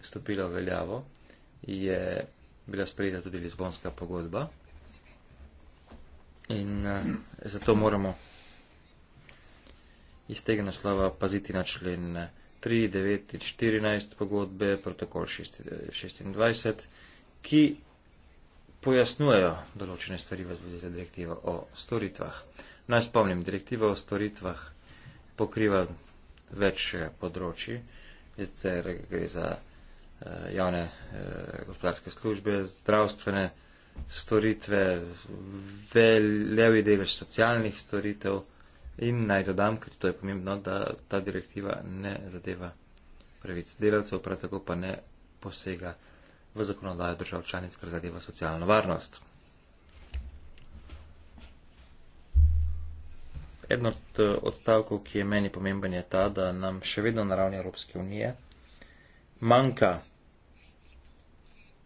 Speaker 2: stopila v veljavo, je bila sprejeta tudi Lizbonska pogodba in eh, zato moramo iz tega naslova paziti na člen 3, 9 in 14 pogodbe, protokol 26, ki pojasnujejo določene stvari v zvezi z direktivo o storitvah. Naj spomnim, direktiva o storitvah pokriva več eh, področji, sicer gre za eh, javne eh, gospodarske službe, zdravstvene storitve, velevi del socialnih storitev. In naj dodam, ker to je pomembno, da ta direktiva ne zadeva pravic delavcev, prav tako pa ne posega v zakonodajo držav članic, kar zadeva socialno varnost. Eden od eh, odstavkov, ki je meni pomemben, je ta, da nam še vedno na ravni Evropske unije manjka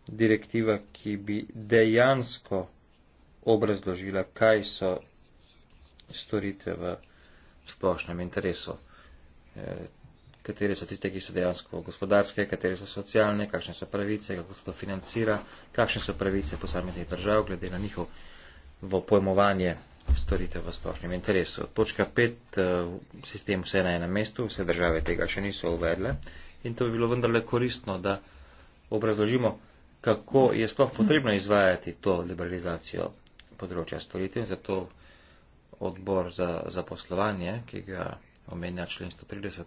Speaker 2: direktiva, ki bi dejansko obrazložila, kaj so storitve v splošnem interesu. Eh, katere so tiste, ki so dejansko gospodarske, katere so socialne, kakšne so pravice, kako se to financira, kakšne so pravice posameznih držav, glede na njihovo pojmovanje storitev v splošnem interesu. Točka pet, eh, sistem vse na enem mestu, vse države tega še niso uvedle in to bi bilo vendarle koristno, da obrazložimo, kako je sploh potrebno izvajati to liberalizacijo področja storitev in zato odbor za zaposlovanje, ki ga omenja člen 130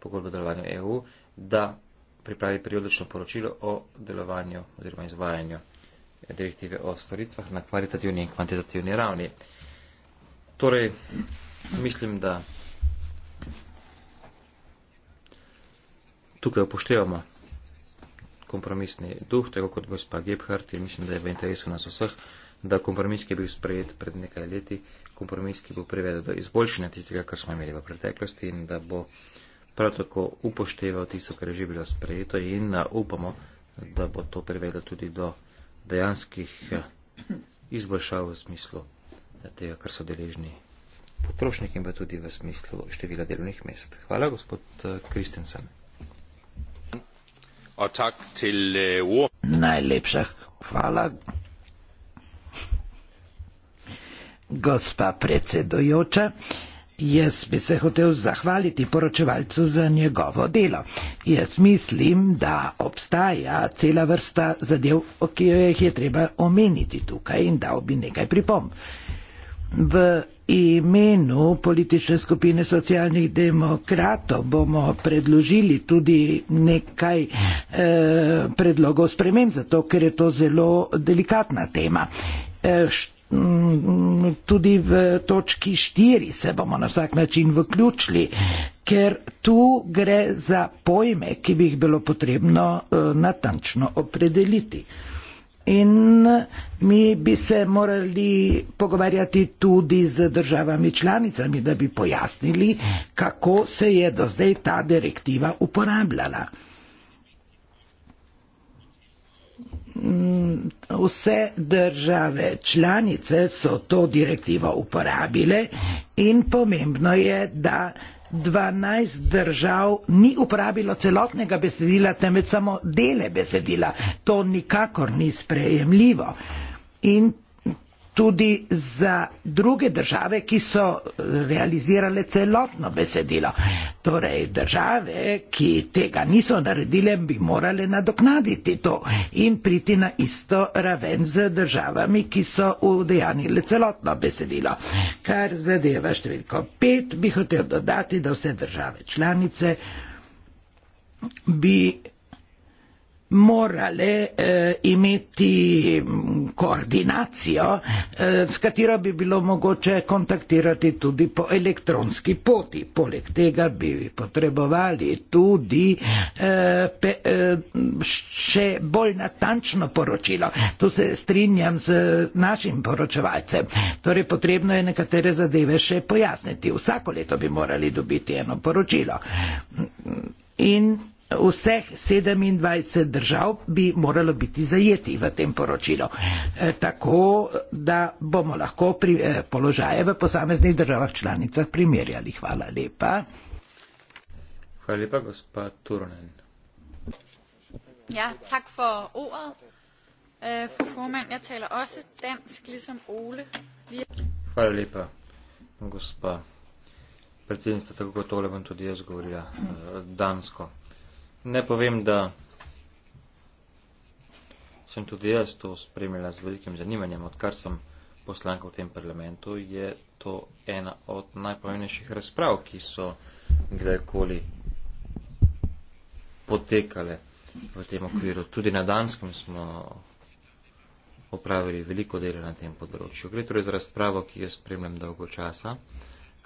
Speaker 2: pogodbe o delovanju EU, da pripravi periodično poročilo o delovanju oziroma izvajanju direktive o storitvah na kvalitativni in kvantitativni ravni. Torej, mislim, da tukaj upoštevamo kompromisni duh, tako kot gospa Gebhardt in mislim, da je v interesu nas vseh, da kompromis, ki je bil sprejet pred nekaj leti, kompromis, ki bo privedel do izboljšanja tistega, kar smo imeli v preteklosti in da bo prav tako upošteval tisto, kar je že bilo sprejeto in upamo, da bo to privedlo tudi do dejanskih izboljšav v smislu tega, kar so deležni potrošniki in pa tudi v smislu števila delovnih mest. Hvala, gospod
Speaker 4: Kristensen. Eh, Najlepša hvala. Gospa predsedujoča, jaz bi se hotel zahvaliti poročevalcu za njegovo delo. Jaz mislim, da obstaja cela vrsta zadev, o ki jo je treba omeniti tukaj in dal bi nekaj pripomb. V imenu politične skupine socialnih demokratov bomo predložili tudi nekaj eh, predlogov sprememb, zato ker je to zelo delikatna tema. Eh, Mm, tudi v točki 4 se bomo na vsak način vključili, ker tu gre za pojme, ki bi jih bilo potrebno eh, natančno opredeliti. In mi bi se morali pogovarjati tudi z državami članicami, da bi pojasnili, kako se je do zdaj ta direktiva uporabljala. Mm, vse države članice so to direktivo uporabile in pomembno je, da 12 držav ni uporabilo celotnega besedila, temveč samo dele besedila. To nikakor ni sprejemljivo. In tudi za druge države, ki so realizirale celotno besedilo. Torej, države, ki tega niso naredile, bi morale nadoknaditi to in priti na isto raven z državami, ki so udejanile celotno besedilo. Kar zadeva številko pet, bi hotel dodati, da vse države članice bi morale eh, imeti mm, koordinacijo, eh, s katero bi bilo mogoče kontaktirati tudi po elektronski poti. Poleg tega bi potrebovali tudi eh, pe, eh, še bolj natančno poročilo. Tu se strinjam z našim poročevalcem. Torej, potrebno je nekatere zadeve še pojasniti. Vsako leto bi morali dobiti eno poročilo. In vseh 27 držav bi moralo biti zajeti v tem poročilu, e, tako da bomo lahko pri, e, položaje v posameznih državah članicah primerjali. Hvala lepa. Hvala lepa,
Speaker 2: gospa Turnen.
Speaker 3: Ja, tak for ordet. E, fru formand, jeg taler også dansk, ligesom Ole. Lige...
Speaker 2: Hvala lepa, gospa predsednica, tako kot Ole bom tudi jaz govorila dansko. Ne povem, da sem tudi jaz to spremljala z velikim zanimanjem, odkar sem poslanka v tem parlamentu, je to ena od najpomembnejših razprav, ki so kdajkoli potekale v tem okviru. Tudi na Danskem smo opravili veliko dela na tem področju. Gre torej za razpravo, ki jo spremljam dolgo časa.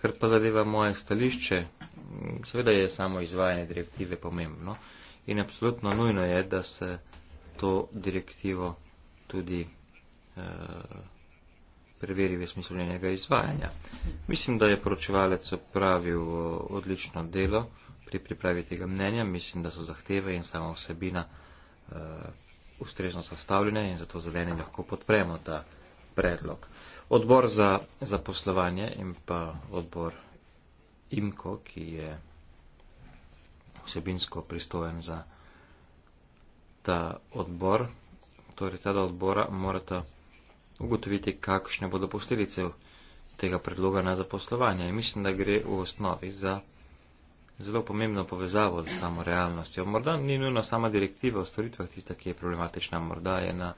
Speaker 2: Kar pa zadeva moje stališče, seveda je samo izvajanje direktive pomembno in absolutno nujno je, da se to direktivo tudi eh, preveri v smislu njenega izvajanja. Mislim, da je poročevalec opravil eh, odlično delo pri pripravi tega mnenja. Mislim, da so zahteve in sama vsebina uh, ustrezno sestavljene in zato zeleni lahko podpremo ta predlog. Odbor za zaposlovanje in pa odbor IMKO, ki je vsebinsko pristojen za ta odbor, torej ta odbora morata ugotoviti, kakšne bodo posledice tega predloga na zaposlovanje. In mislim, da gre v osnovi za zelo pomembno povezavo z samo realnostjo. Morda ni nujno sama direktiva o storitvah tista, ki je problematična, morda je na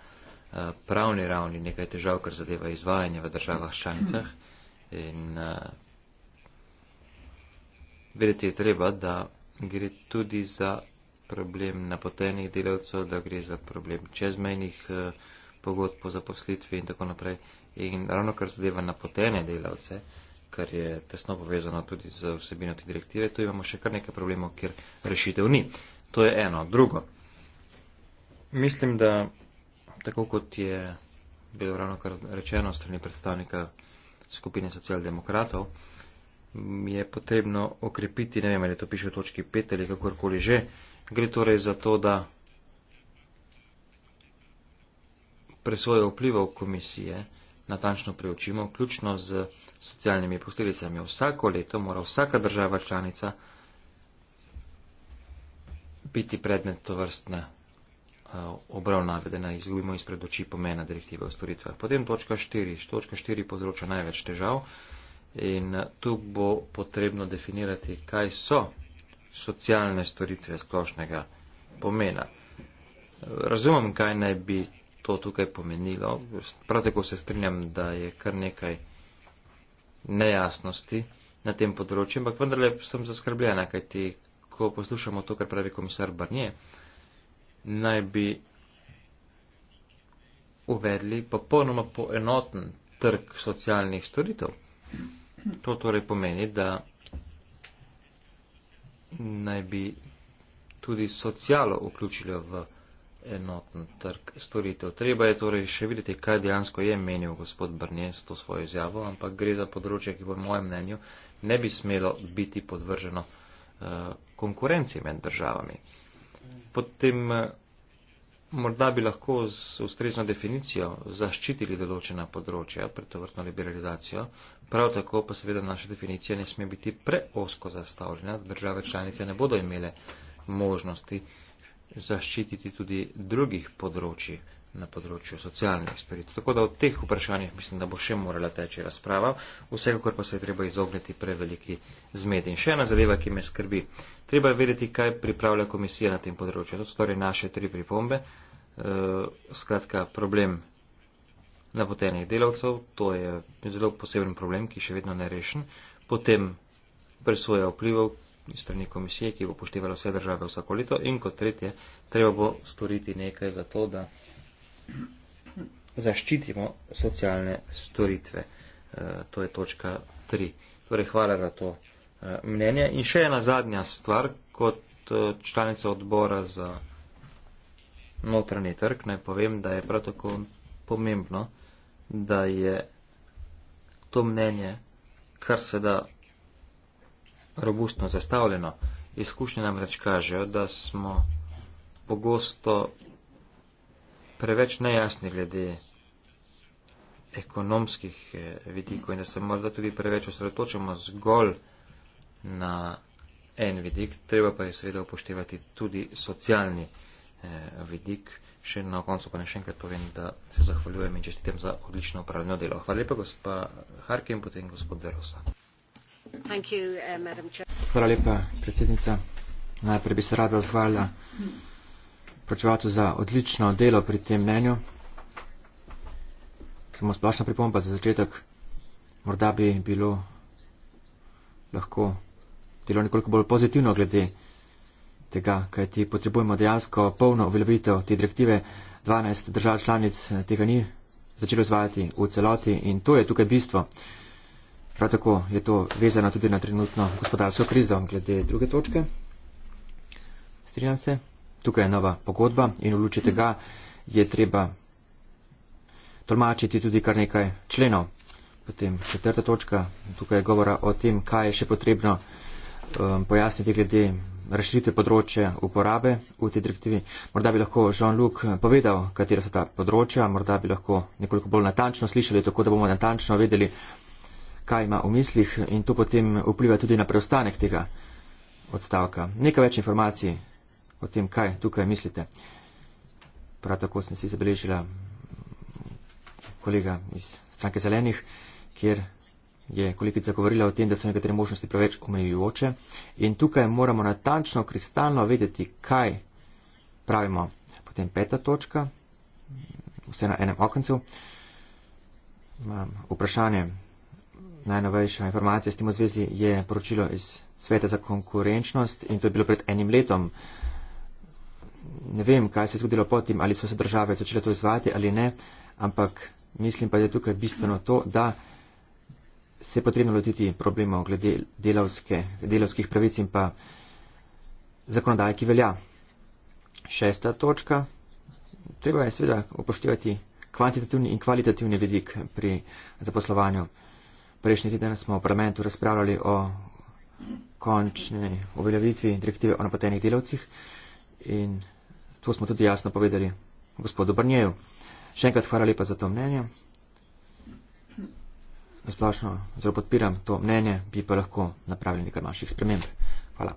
Speaker 2: Eh, pravni ravni nekaj težav, kar zadeva izvajanje v državah članicah. In uh, vedeti je treba, da gre tudi za problem napotenih delavcev, da gre za problem čezmejnih uh, pogodb po zaposlitvi in tako naprej. In ravno kar zadeva napotene delavce, kar je tesno povezano tudi z vsebino te direktive, tu imamo še kar nekaj problemov, kjer rešitev ni. To je eno. Drugo. Mislim, da tako kot je bilo ravno kar rečeno strani predstavnika skupine socialdemokratov, je potrebno okrepiti, ne vem, ali to piše v točki 5 ali kakorkoli že, gre torej za to, da presvoje vplivov komisije natančno preučimo, ključno z socialnimi posledicami. Vsako leto mora vsaka država članica biti predmet tovrstne Eh, obravnave, da naj izgubimo izpred oči pomena direktive o storitvah. Potem točka 4. Točka 4 povzroča največ težav in eh, tu bo potrebno definirati, kaj so socialne storitve splošnega pomena. Eh, razumem, kaj naj bi to tukaj pomenilo. Prav tako se strinjam, da je kar nekaj nejasnosti na tem področju, ampak vendarle sem zaskrbljena, kajti ko poslušamo to, kar pravi komisar Barnier, naj bi uvedli popolnoma poenoten trg socialnih storitev. To torej pomeni, da naj bi tudi socialo vključili v enoten trg storitev. Treba je torej še videti, kaj dejansko je menil gospod Brnje s to svojo izjavo, ampak gre za področje, ki po mojem mnenju ne bi smelo biti podvrženo uh, konkurenci med državami potem eh, morda bi lahko z ustrezno definicijo zaščitili določena področja pred tovrstno liberalizacijo, prav tako pa seveda naša definicija ne sme biti preosko zastavljena, da države članice ne bodo imele možnosti zaščititi tudi drugih področji na področju socialnih storitev. Tako da o teh vprašanjih mislim, da bo še morala teči razprava, vsekakor pa se je treba izogniti preveliki zmedi. In še ena zadeva, ki me skrbi, treba je vedeti, kaj pripravlja komisija na tem področju. To so torej naše tri pripombe. Uh, skratka, problem napotenih delavcev, to je zelo poseben problem, ki še vedno ne rešen. Potem presoja vplivov strani komisije, ki bo poštevala vse države vsako leto. In kot tretje, treba bo storiti nekaj za to, da zaščitimo socialne storitve. E, to je točka tri. Torej, hvala za to e, mnenje. In še ena zadnja stvar, kot e, članica odbora za notranji trg, naj povem, da je prav tako pomembno, da je to mnenje kar se da robustno zastavljeno. Izkušnje nam reč kažejo, da smo pogosto preveč nejasni glede ekonomskih eh, vidikov in da se morda tudi preveč osredotočamo zgolj na en vidik, treba pa je seveda upoštevati tudi socialni eh, vidik. Še na koncu pa ne še enkrat povem, da se zahvaljujem in čestitem za odlično upravljeno delo. Hvala lepa, gospa Harkin, potem gospod
Speaker 1: Derosa.
Speaker 4: Eh,
Speaker 1: Hvala lepa, predsednica. Najprej bi se rada zvala. Hmm. Počevatu za odlično delo pri tem mnenju. Samo splošna pripomba za začetek. Morda bi bilo lahko delo nekoliko bolj pozitivno glede tega, kaj ti potrebujemo dejansko polno uveljavitev te direktive. 12 držav članic tega ni začelo izvajati v celoti in to je tukaj bistvo. Prav tako je to vezano tudi na trenutno gospodarsko krizo glede druge točke. Strinjam se tukaj je nova pogodba in v luči tega je treba tolmačiti tudi kar nekaj členov. Potem četrta točka, tukaj je govora o tem, kaj je še potrebno um, pojasniti glede razširitve področja uporabe v tej direktivi. Morda bi lahko Jean-Luc povedal, katera so ta področja, morda bi lahko nekoliko bolj natančno slišali, tako da bomo natančno vedeli, kaj ima v mislih in to potem vpliva tudi na preostanek tega odstavka. Nekaj več informacij o tem, kaj tukaj mislite. Prav tako sem si zabeležila kolega iz stranke zelenih, kjer je kolegica govorila o tem, da so nekatere možnosti preveč omejujoče in tukaj moramo natančno, kristalno vedeti, kaj pravimo. Potem peta točka, vse na enem okencu. Imam vprašanje. Najnovejša informacija s tem v zvezi je poročilo iz Sveta za konkurenčnost in to je bilo pred enim letom. Uh, ne vem, kaj se je zgodilo potem, ali so se države začele to izvajati ali ne, ampak mislim pa, da je tukaj bistveno to, da se je potrebno lotiti problemov glede delavske, delavskih pravic in pa zakonodaje, ki velja. Šesta točka. Treba je seveda upoštevati kvantitativni in kvalitativni vidik pri zaposlovanju. Prejšnji teden smo v parlamentu razpravljali o končni uveljavitvi direktive o napotenih delavcih in To smo tudi jasno povedali gospodu Brnjeju. Še enkrat hvala lepa za to mnenje. Splošno zelo podpiram to mnenje, bi pa lahko napravili nekaj manjših sprememb. Hvala.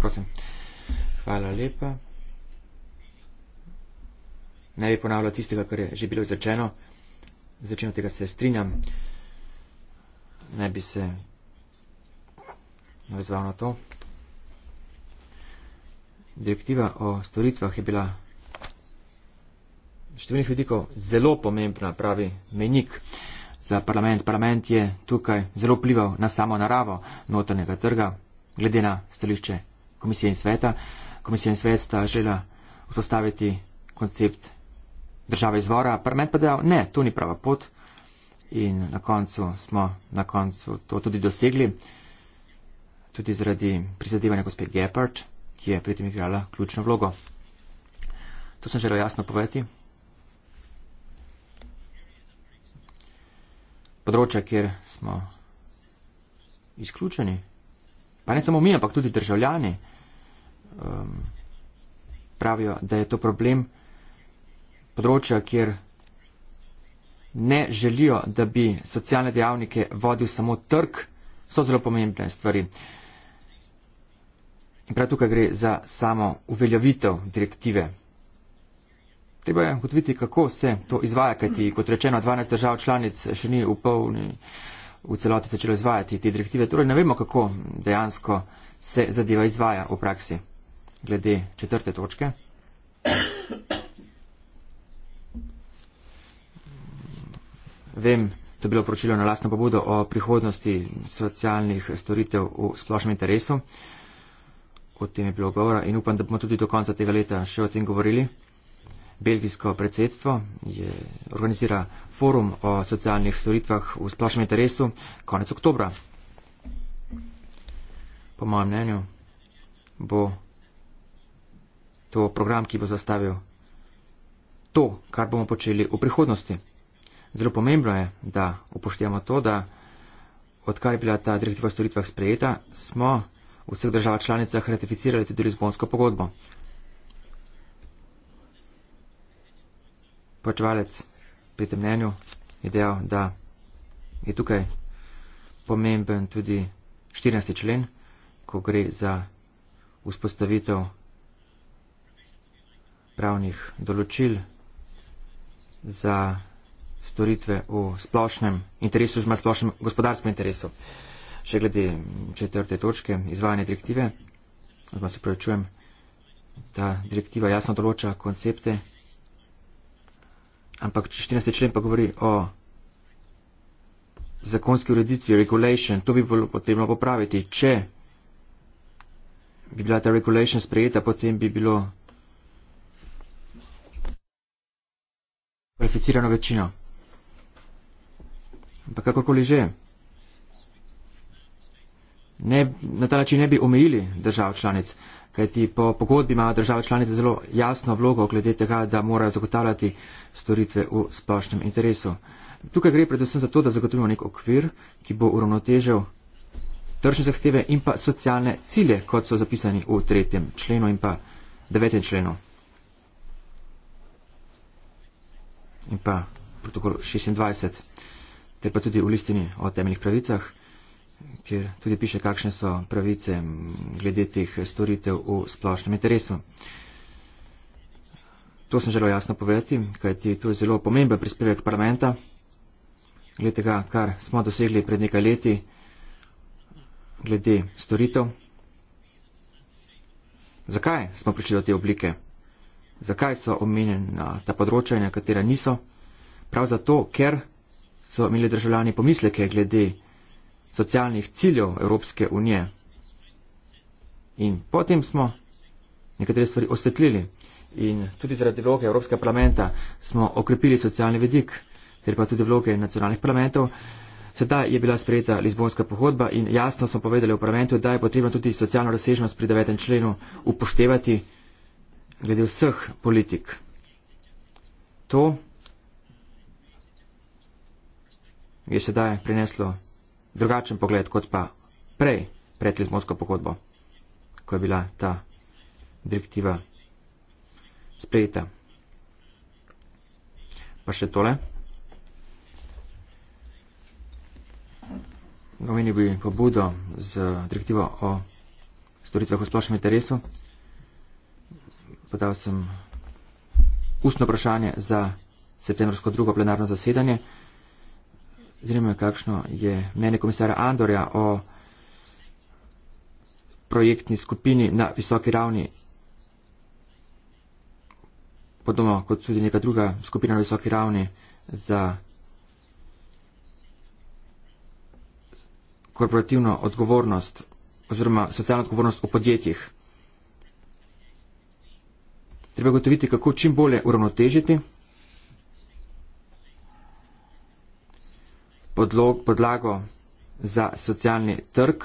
Speaker 1: Prosim. Hvala lepa. Ne bi ponavljal tistega, kar je že bilo izrečeno. Z večino tega se strinjam. Ne bi se navezval na to. Direktiva o storitvah je bila številnih vidikov zelo pomembna, pravi menik za parlament. Parlament je tukaj zelo plival na samo naravo notranjega trga, glede na stališče Komisije in sveta. Komisija in svet sta žela vzpostaviti koncept države izvora, parlament pa dejal, ne, to ni prava pot. In na koncu smo na koncu to tudi dosegli tudi zaradi prizadevanja gospe Gepard, ki je pri tem igrala ključno vlogo. To sem želel jasno povedati. Področja, kjer smo izključeni, pa ne samo mi, ampak tudi državljani, um, pravijo, da je to problem področja, kjer ne želijo, da bi socialne dejavnike vodil samo trg, so zelo pomembne stvari. Uh, Prav tukaj gre za samo uveljavitev direktive. Treba je ugotoviti, kako se to izvaja, kajti kot rečeno, 12 držav članic še ni v polni v celoti začelo izvajati te direktive. Torej ne vemo, kako dejansko se zadeva izvaja v praksi. Glede četrte točke. Vem, to je bilo poročilo na lastno pobudo o prihodnosti socialnih storitev v splošnem interesu. Uh, o tem je bilo govora in upam, da bomo tudi do konca tega leta še o tem govorili. Belgijsko predsedstvo je, organizira forum o socialnih storitvah v splošnem interesu konec oktobra. Po mojem mnenju bo to program, ki bo zastavil to, kar bomo počeli v prihodnosti. Zelo pomembno je, da upoštevamo to, da odkar je bila ta direktiva o storitvah sprejeta, smo v vseh državah članicah ratificirali tudi Lizbonsko pogodbo. Počevalec pri tem mnenju je dejal, da je tukaj pomemben tudi 14. člen, ko gre za vzpostavitev pravnih določil za storitve v splošnem interesu, oziroma splošnem gospodarskem interesu še glede četrte točke izvajanja direktive, odmah se pravičujem, ta direktiva jasno določa koncepte, ampak 14. člen pa govori o zakonski ureditvi, regulation, to bi bilo potrebno popraviti. Če bi bila ta regulation sprejeta, potem bi bilo kvalificirano večino. Ampak kakorkoli že ne, na ta način ne bi omejili držav članic, kajti po pogodbi ima država članica zelo jasno vlogo glede tega, da mora zagotavljati storitve v splošnem interesu. Tukaj gre predvsem za to, da zagotovimo nek okvir, ki bo uravnotežil tržne zahteve in pa socialne cilje, kot so zapisani v tretjem členu in pa devetem členu. In pa protokol 26, ter pa tudi v listini o temeljnih pravicah kjer tudi piše, kakšne so pravice glede teh storitev v splošnem interesu. To sem želel jasno povedati, kajti to je zelo pomemben prispevek parlamenta. Glede tega, kar smo dosegli pred nekaj leti, glede storitev. Zakaj smo prišli do te oblike? Zakaj so omenjena ta področja, na katera niso? Prav zato, ker so imeli državljani pomisleke glede socialnih ciljev Evropske unije. In potem smo nekatere stvari osvetlili in tudi zaradi vloge Evropskega parlamenta smo okrepili socialni vedik, ter pa tudi vloge nacionalnih parlamentov. Sedaj je bila sprejeta Lizbonska pohodba in jasno smo povedali v parlamentu, da je potrebno tudi socialno razsežnost pri devetem členu upoštevati glede vseh politik. To je sedaj prineslo drugačen pogled kot pa prej, pred Lizbonsko pogodbo, ko je bila ta direktiva sprejeta. Pa še tole. Omenil bi pobudo z direktivo o storitvah v splošnem interesu. Podal sem ustno vprašanje za septembrsko drugo plenarno zasedanje. Zanima me, kakšno je mnenje komisarja Andorja o projektni skupini na visoki ravni, podobno kot tudi neka druga skupina na visoki ravni za korporativno odgovornost oziroma socialno odgovornost v podjetjih. Treba gotoviti, kako čim bolje uravnotežiti podlog, podlago za socialni trg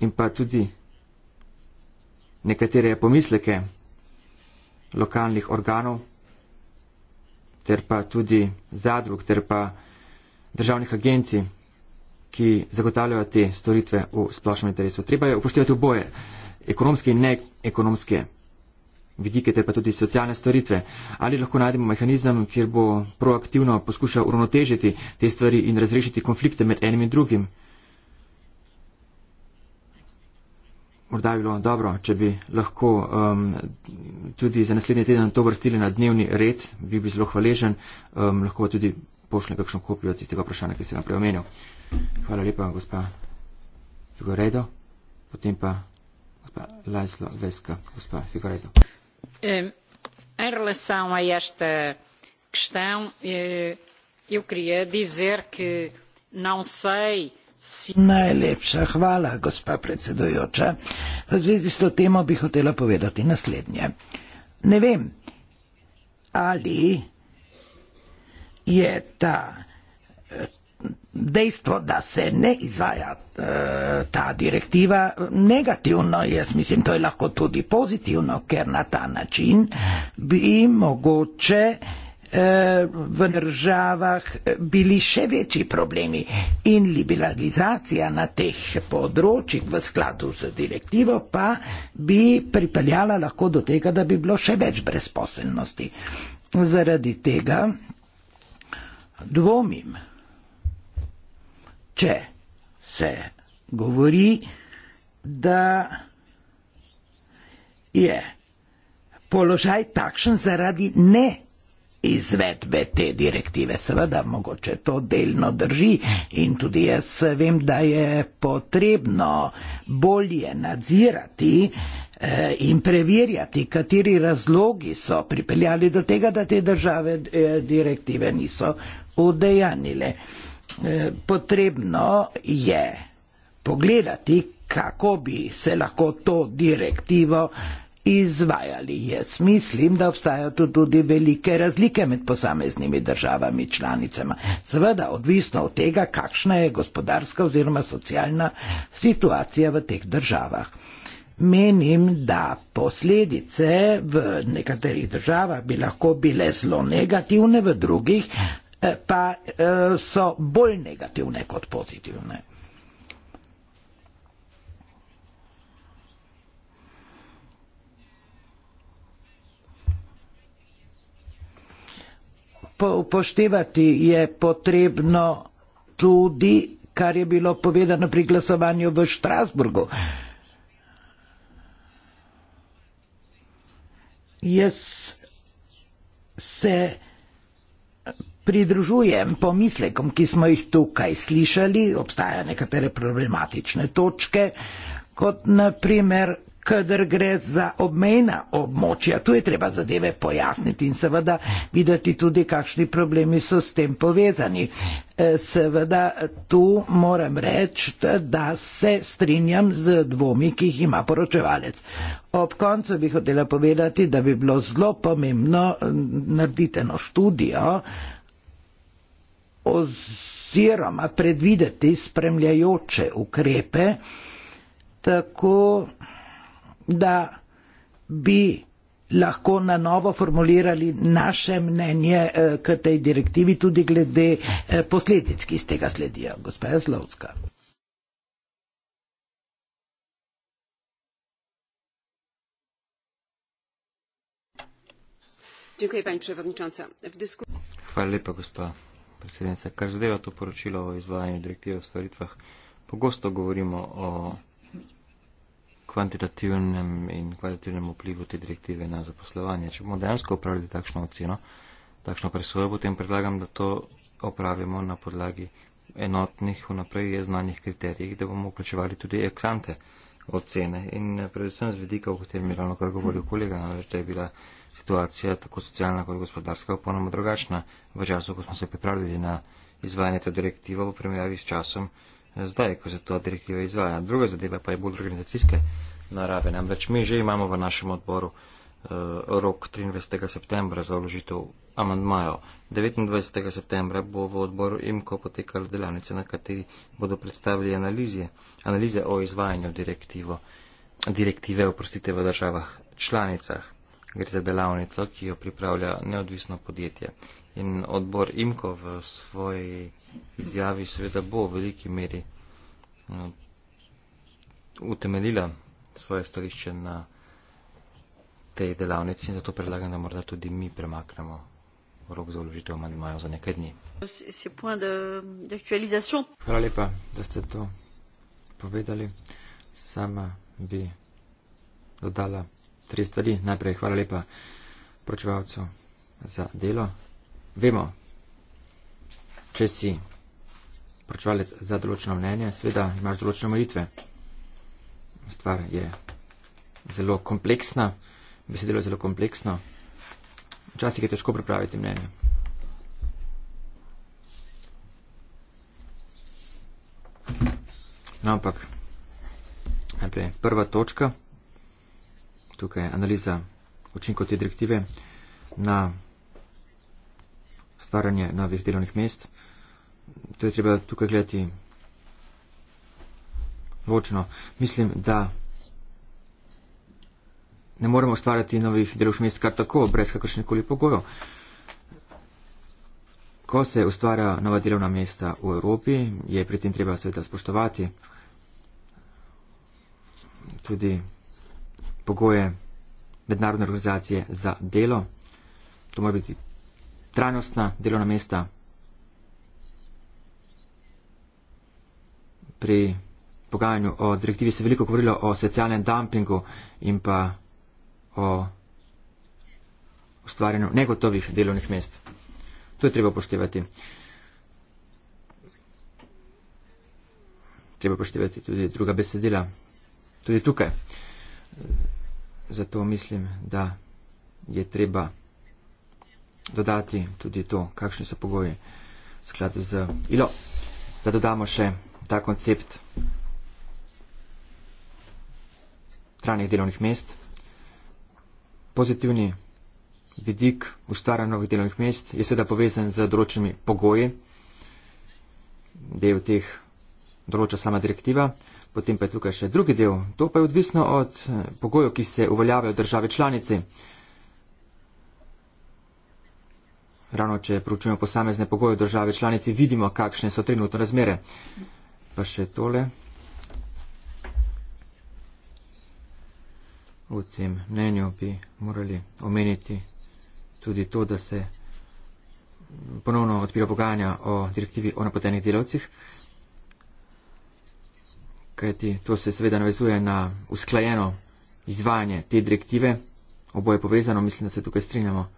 Speaker 1: in pa tudi nekatere pomisleke lokalnih organov ter pa tudi zadrug ter pa državnih agencij, ki zagotavljajo te storitve v splošnem interesu. Treba je upoštevati oboje, ekonomske in neekonomske vidike, ter pa tudi socialne storitve. Ali lahko najdemo mehanizem, kjer bo proaktivno poskušal uravnotežiti te stvari in razrešiti konflikte med enim in drugim? Morda bi bilo dobro, če bi lahko um, tudi za naslednji teden to vrstili na dnevni red, bi bil zelo hvaležen, um, lahko tudi pošlje kakšno kopijo tistega vprašanja, ki sem ga preomenil. Hvala lepa, gospa Figoredo, potem pa gospa Lajslo Veska, gospa Figoredo.
Speaker 3: Eh, em relação a esta questão eh, eu queria dizer que não sei
Speaker 4: Najlepša hvala, gospa predsedujoča. V zvezi s to temo bi hotela povedati naslednje. Ne vem, ali je ta dejstvo, da se ne izvaja e, ta direktiva negativno, jaz mislim, to je lahko tudi pozitivno, ker na ta način bi mogoče e, v državah bili še večji problemi in liberalizacija na teh področjih v skladu z direktivo pa bi pripeljala lahko do tega, da bi bilo še več brezposelnosti. Zaradi tega dvomim, Če se govori, da je položaj takšen zaradi ne izvedbe te direktive. Seveda, mogoče to delno drži in tudi jaz vem, da je potrebno bolje nadzirati eh, in preverjati, kateri razlogi so pripeljali do tega, da te države eh, direktive niso udejanile. Eh, potrebno je pogledati, kako bi se lahko to direktivo izvajali. Jaz mislim, da obstajajo tu tudi velike razlike med posameznimi državami članicama. Seveda, odvisno od tega, kakšna je gospodarska oziroma socialna situacija v teh državah. Menim, da posledice v nekaterih državah bi lahko bile zelo negativne, v drugih E, pa e, so bolj negativne kot pozitivne. Po upoštevati je potrebno tudi, kar je bilo povedano pri glasovanju v Štrasburgu. Jaz se pridružujem pomislekom, ki smo jih tukaj slišali, obstajajo nekatere problematične točke, kot naprimer, kadar gre za obmejna območja, tu je treba zadeve pojasniti in seveda videti tudi, kakšni problemi so s tem povezani. E, seveda tu moram reči, da se strinjam z dvomi, ki jih ima poročevalec. Ob koncu bi hotela povedati, da bi bilo zelo pomembno narediti eno študijo, oziroma predvideti spremljajoče ukrepe, tako da bi lahko na novo formulirali naše mnenje eh, k tej direktivi, tudi glede eh, posledic, ki z tega sledijo, gospod Jaslovska.
Speaker 2: Hvala lepa, gospod predsednica, kar zadeva to poročilo o izvajanju direktive o stvaritvah, pogosto govorimo o kvantitativnem in kvalitativnem vplivu te direktive na zaposlovanje. Če bomo dejansko upravili takšno oceno, takšno presojo, potem predlagam, da to opravimo na podlagi enotnih, vnaprej je znanih kriterijih, da bomo vključevali tudi eksante ocene in eh, predvsem z vedika, o katerem je ravno kar govoril kolega, namreč je bila situacija, tako socialna kot gospodarska, popolnoma drugačna v času, ko smo se pripravljali na izvajanje te direktive v primerjavi s časom eh, zdaj, ko se ta direktiva izvaja. Druga zadeva pa je bolj organizacijske narave. Namreč mi že imamo v našem odboru uh, rok 23. septembra za vložitev amandmajo. 29. septembra bo v odboru IMKO potekala delavnica, na kateri bodo predstavili analize, analize o izvajanju direktivo, direktive oprostite, v državah članicah gre za delavnico, ki jo pripravlja neodvisno podjetje. In odbor IMKO v svoji izjavi seveda bo v veliki meri no, utemeljila svoje stališče na tej delavnici in zato predlagam, da morda tudi mi premaknemo rok za vložitev amandmaja za nekaj dni.
Speaker 1: Hvala lepa, da ste to povedali. Sama bi dodala tri stvari. Najprej hvala lepa pročevalcu za delo. Vemo, če si pročevalec za določeno mnenje, seveda imaš določene molitve. Stvar je zelo kompleksna, besedilo je zelo kompleksno. Včasih je težko pripraviti mnenje. No, ampak najprej prva točka tukaj analiza učinkov te direktive na stvaranje novih delovnih mest. To je treba tukaj gledati ločno. Mislim, da ne moremo ustvarjati novih delovnih mest kar tako, brez kakršnekoli pogojev. Ko se ustvarja nova delovna mesta v Evropi, je pri tem treba seveda spoštovati tudi pogoje mednarodne organizacije za delo. To mora biti trajnostna delovna mesta pri pogajanju o direktivi se veliko govorilo o socialnem dumpingu in pa o ustvarjanju negotovih delovnih mest. To je treba upoštevati. Treba upoštevati tudi druga besedila. Tudi tukaj. Zato mislim, da je treba dodati tudi to, kakšni so pogoji v skladu z ILO, da dodamo še ta koncept trajnih delovnih mest. Pozitivni vidik ustvarjanja novih delovnih mest je seveda povezan z določenimi pogoji, del teh določa sama direktiva. Potem pa je tukaj še drugi del. To pa je odvisno od eh, pogojev, ki se uveljavljajo v državi članici. Ravno, če pručujemo posamezne pogoje v državi članici, vidimo, kakšne so trenutno razmere. Pa še tole. V tem mnenju bi morali omeniti tudi to, da se ponovno odpira pogajanja o direktivi o napotenih delavcih kajti to se seveda navezuje na usklajeno izvajanje te direktive. Oboje povezano, mislim, da se tukaj strinjamo.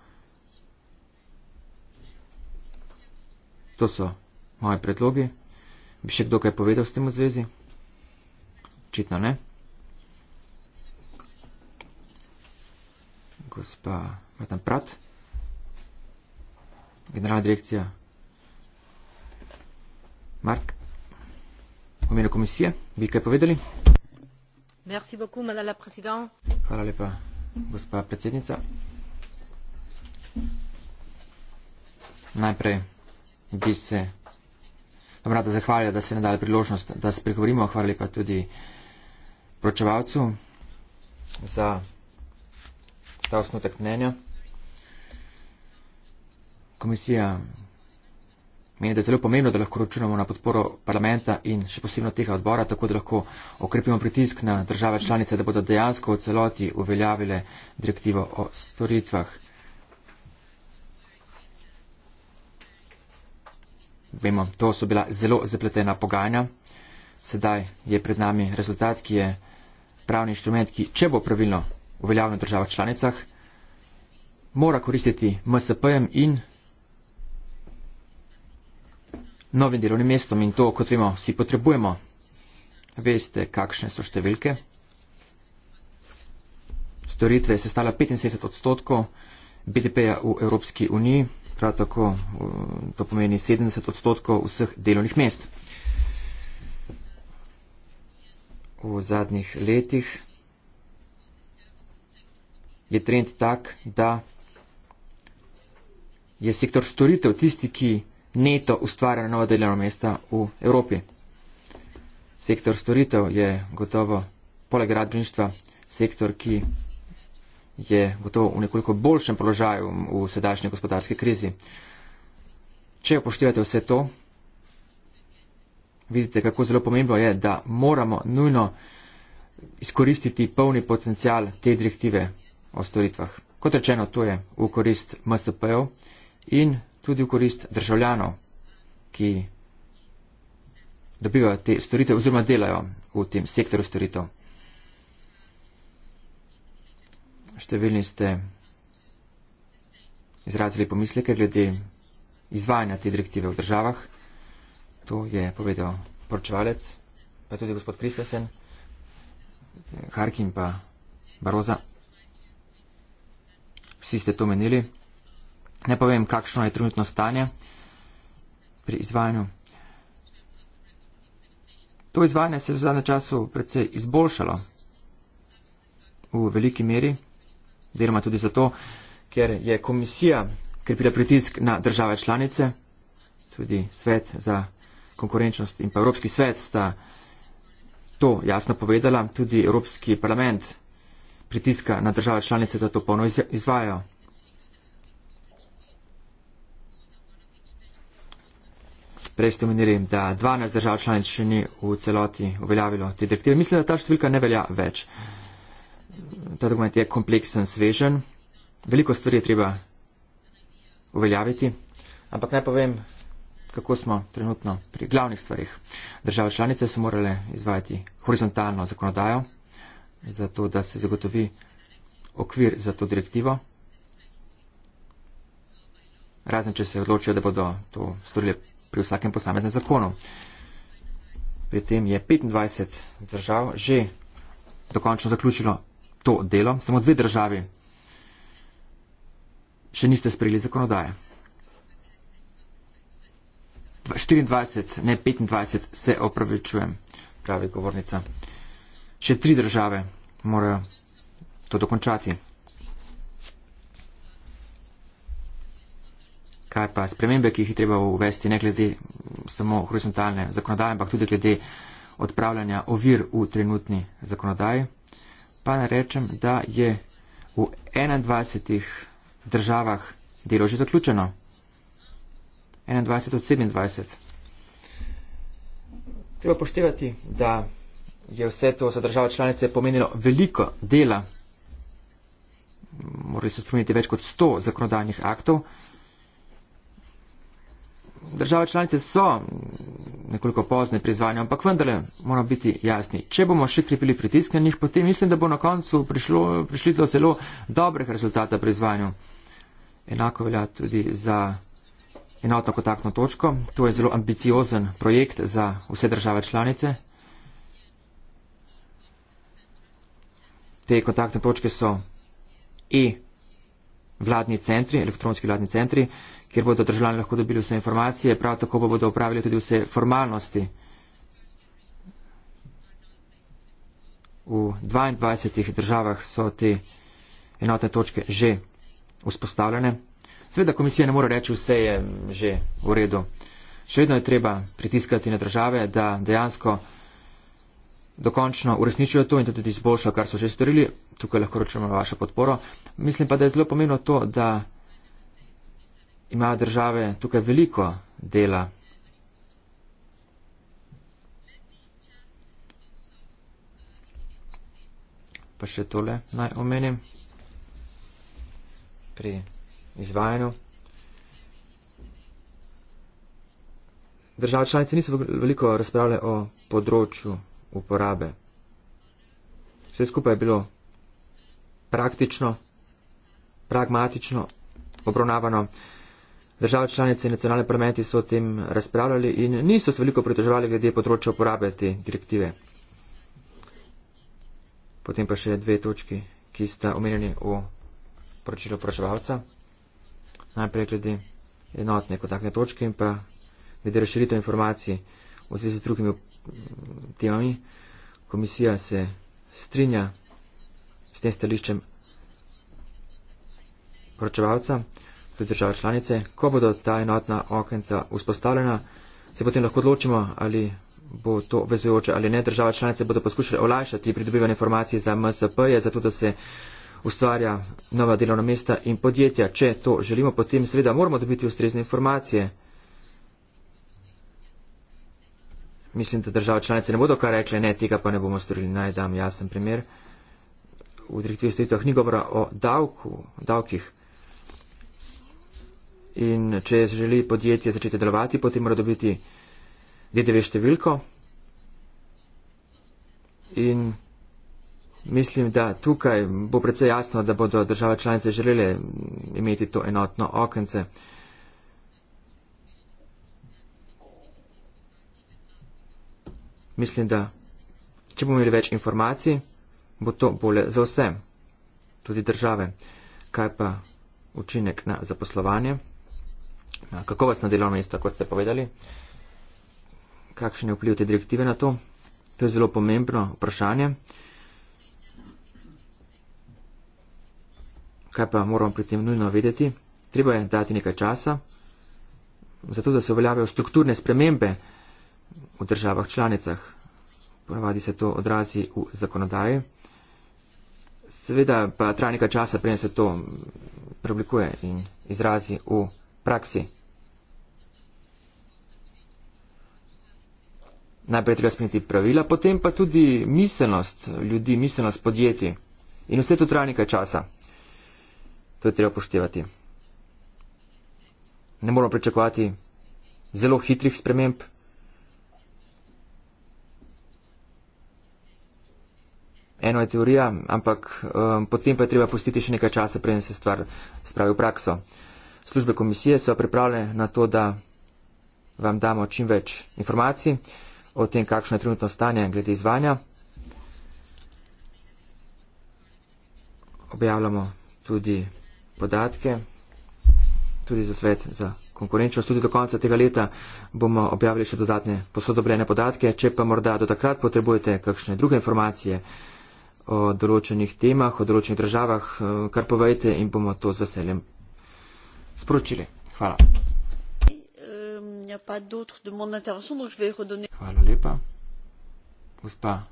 Speaker 1: To so moje predlogi. Bi še kdo kaj povedal s tem v zvezi? Očitno ne. Gospa Matan Prat, generalna direkcija Markt v imenu komisije. Bi kaj povedali?
Speaker 3: Merci beaucoup, la
Speaker 1: Hvala lepa, gospa predsednica. Najprej bi se vam rada zahvalila, da se nam dali priložnost, da se pregovorimo. Hvala lepa tudi pročevalcu za ta osnutek mnenja. Komisija Meni, da je zelo pomembno, da lahko računamo na podporo parlamenta in še posebno tega odbora, tako da lahko okrepimo pritisk na države članice, da bodo dejansko v celoti uveljavile direktivo o storitvah. Vemo, to so bila zelo zapletena pogajanja. Sedaj je pred nami rezultat, ki je pravni inštrument, ki, če bo pravilno uveljavljen v državah članicah, mora koristiti MSP-jem in novim delovnim mestom in to, kot vemo, si potrebujemo. Veste, kakšne so številke? Storitve je sestala 75 odstotkov BDP-ja v Evropski uniji, prav tako to pomeni 70 odstotkov vseh delovnih mest. V zadnjih letih je trend tak, da je sektor storitev tisti, ki neto ustvarjena nova delovna mesta v Evropi. Sektor storitev je gotovo, poleg gradbeništva, sektor, ki je gotovo v nekoliko boljšem položaju v sedajšnji gospodarski krizi. Če upoštevate vse to, vidite, kako zelo pomembno je, da moramo nujno izkoristiti polni potencial te direktive o storitvah. Kot rečeno, to je v korist MSP-ov in tudi v korist državljanov, ki dobivajo te storitev oziroma delajo v tem sektoru storitev. Številni ste izrazili pomisleke glede izvajanja te direktive v državah. To je povedal poročevalec, pa tudi gospod Kristesen, Harkin pa Baroza. Vsi ste to menili. Ne povem, kakšno je trenutno stanje pri izvajanju. To izvajanje se je v zadnjem času predvsej izboljšalo v veliki meri, deloma tudi zato, ker je komisija krepila pritisk na države članice, tudi svet za konkurenčnost in pa Evropski svet sta to jasno povedala, tudi Evropski parlament pritiska na države članice, da to polno izvajajo. prej ste omenili, da 12 držav članic še ni v celoti uveljavilo te direktive. Mislim, da ta številka ne velja več. Ta dokument je kompleksen, svežen, veliko stvari je treba uveljaviti, ampak naj povem, kako smo trenutno pri glavnih stvarih. Države članice so morale izvajati horizontalno zakonodajo, zato da se zagotovi okvir za to direktivo. Razen, če se odločijo, da bodo to storili pri vsakem posameznem zakonu. Pri tem je 25 držav že dokončno zaključilo to delo, samo dve državi še niste sprejeli zakonodaje. 24, ne 25, se opravičujem, pravi govornica. Še tri države morajo to dokončati. kaj pa spremembe, ki jih je treba uvesti, ne glede samo horizontalne zakonodaje, ampak tudi glede odpravljanja ovir v trenutni zakonodaji. Pa ne rečem, da je v 21 državah delo že zaključeno. 21 od 27. Treba poštevati, da je vse to za države članice pomenilo veliko dela. Morali so spremeniti več kot 100 zakonodajnih aktov, Države članice so nekoliko pozne pri izvajanju, ampak vendarle moramo biti jasni. Če bomo še krepili pritisk na njih, potem mislim, da bo na koncu prišlo, prišli do zelo dobrih rezultata pri izvajanju. Enako velja tudi za enotno kontaktno točko. To je zelo ambiciozen projekt za vse države članice. Te kontaktne točke so e-vladni centri, elektronski vladni centri, kjer bodo državljani lahko dobili vse informacije, prav tako pa bodo upravili tudi vse formalnosti v 22 državah so te enotne točke že vzpostavljene. Sveda komisija ne more reči, vse je že v redu. Še vedno je treba pritiskati na države, da dejansko dokončno uresničijo to in tudi izboljšajo, kar so že storili. Tukaj lahko računamo na vašo podporo. Mislim pa, da je zelo pomembno to, da imajo države tukaj veliko dela. Pa še tole naj omenim pri izvajanju. Države članice niso veliko razpravljale o področju uporabe. Vse skupaj je bilo praktično, pragmatično obravnavano. Države članice in nacionalne parlamenti so o tem razpravljali in niso se veliko pritoževali glede področja uporabe te direktive. Potem pa še dve točki, ki sta omenjeni v poročilu vprašavca. Najprej glede enotne kontaktne točke in pa glede razširitev informacij v zvezi z drugimi temami. Komisija se strinja s tem stališčem poročevalca tudi države članice. Ko bodo ta enotna okenca vzpostavljena, se potem lahko odločimo, ali bo to obvezujoče ali ne. Države članice bodo poskušale olajšati pridobivanje informacij za MSP-je, zato da se ustvarja nova delovna mesta in podjetja. Če to želimo, potem seveda moramo dobiti ustrezne informacije. Mislim, da države članice ne bodo kar rekle, ne, tega pa ne bomo storili. Naj dam jasen primer. V direktivi stojitev ni govora o davku, davkih. In če želi podjetje začeti delovati, potem mora dobiti DDV številko. In mislim, da tukaj bo predvsej jasno, da bodo države članice želele imeti to enotno okence. Mislim, da če bomo imeli več informacij, bo to bolje za vse, tudi države. Kaj pa učinek na zaposlovanje? kakovostna delovna mesta, kot ste povedali. Kakšen je vpliv te direktive na to? To je zelo pomembno vprašanje. Kaj pa moramo pri tem nujno vedeti? Treba je dati nekaj časa, zato da se uveljavijo strukturne spremembe v državah članicah. Ponavadi se to odrazi v zakonodaji. Seveda pa traja nekaj časa, preden se to preoblikuje in izrazi v praksi. Najprej treba spremeniti pravila, potem pa tudi miselnost ljudi, miselnost podjetij. In vse to traja nekaj časa. To je treba upoštevati. Ne moramo pričakovati zelo hitrih sprememb. Eno je teorija, ampak um, potem pa je treba pustiti še nekaj časa, preden se stvar spravi v prakso službe komisije so pripravljene na to, da vam damo čim več informacij o tem, kakšno je trenutno stanje glede izvanja. Objavljamo tudi podatke, tudi za svet za konkurenčnost. Tudi do konca tega leta bomo objavili še dodatne posodobljene podatke. Če pa morda do takrat potrebujete kakšne druge informacije o določenih temah, o določenih državah, eh, kar povejte in bomo to z veseljem sporočili. Hvala. Hvala lepa. Gospa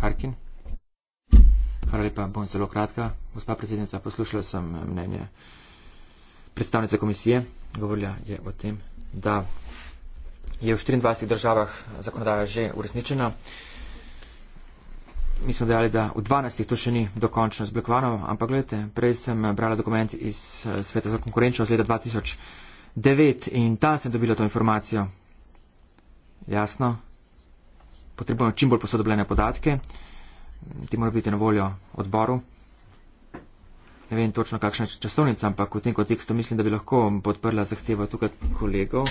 Speaker 1: Harkin. Hvala lepa, bom zelo kratka. Gospa predsednica, poslušala sem mnenje predstavnice komisije. Govorila je o tem, da je v 24 državah zakonodaja že uresničena mi smo dejali, da v 12. to še ni dokončno zblokovano, ampak gledajte, prej sem brala dokument iz eh, Sveta za konkurenčnost iz leta 2009 in tam sem dobila to informacijo. Jasno, potrebujemo čim bolj posodobljene podatke, ti morajo biti na voljo odboru. Ne vem točno, kakšna je časovnica, ampak v tem kontekstu mislim, da bi lahko podprla zahtevo tukaj kolegov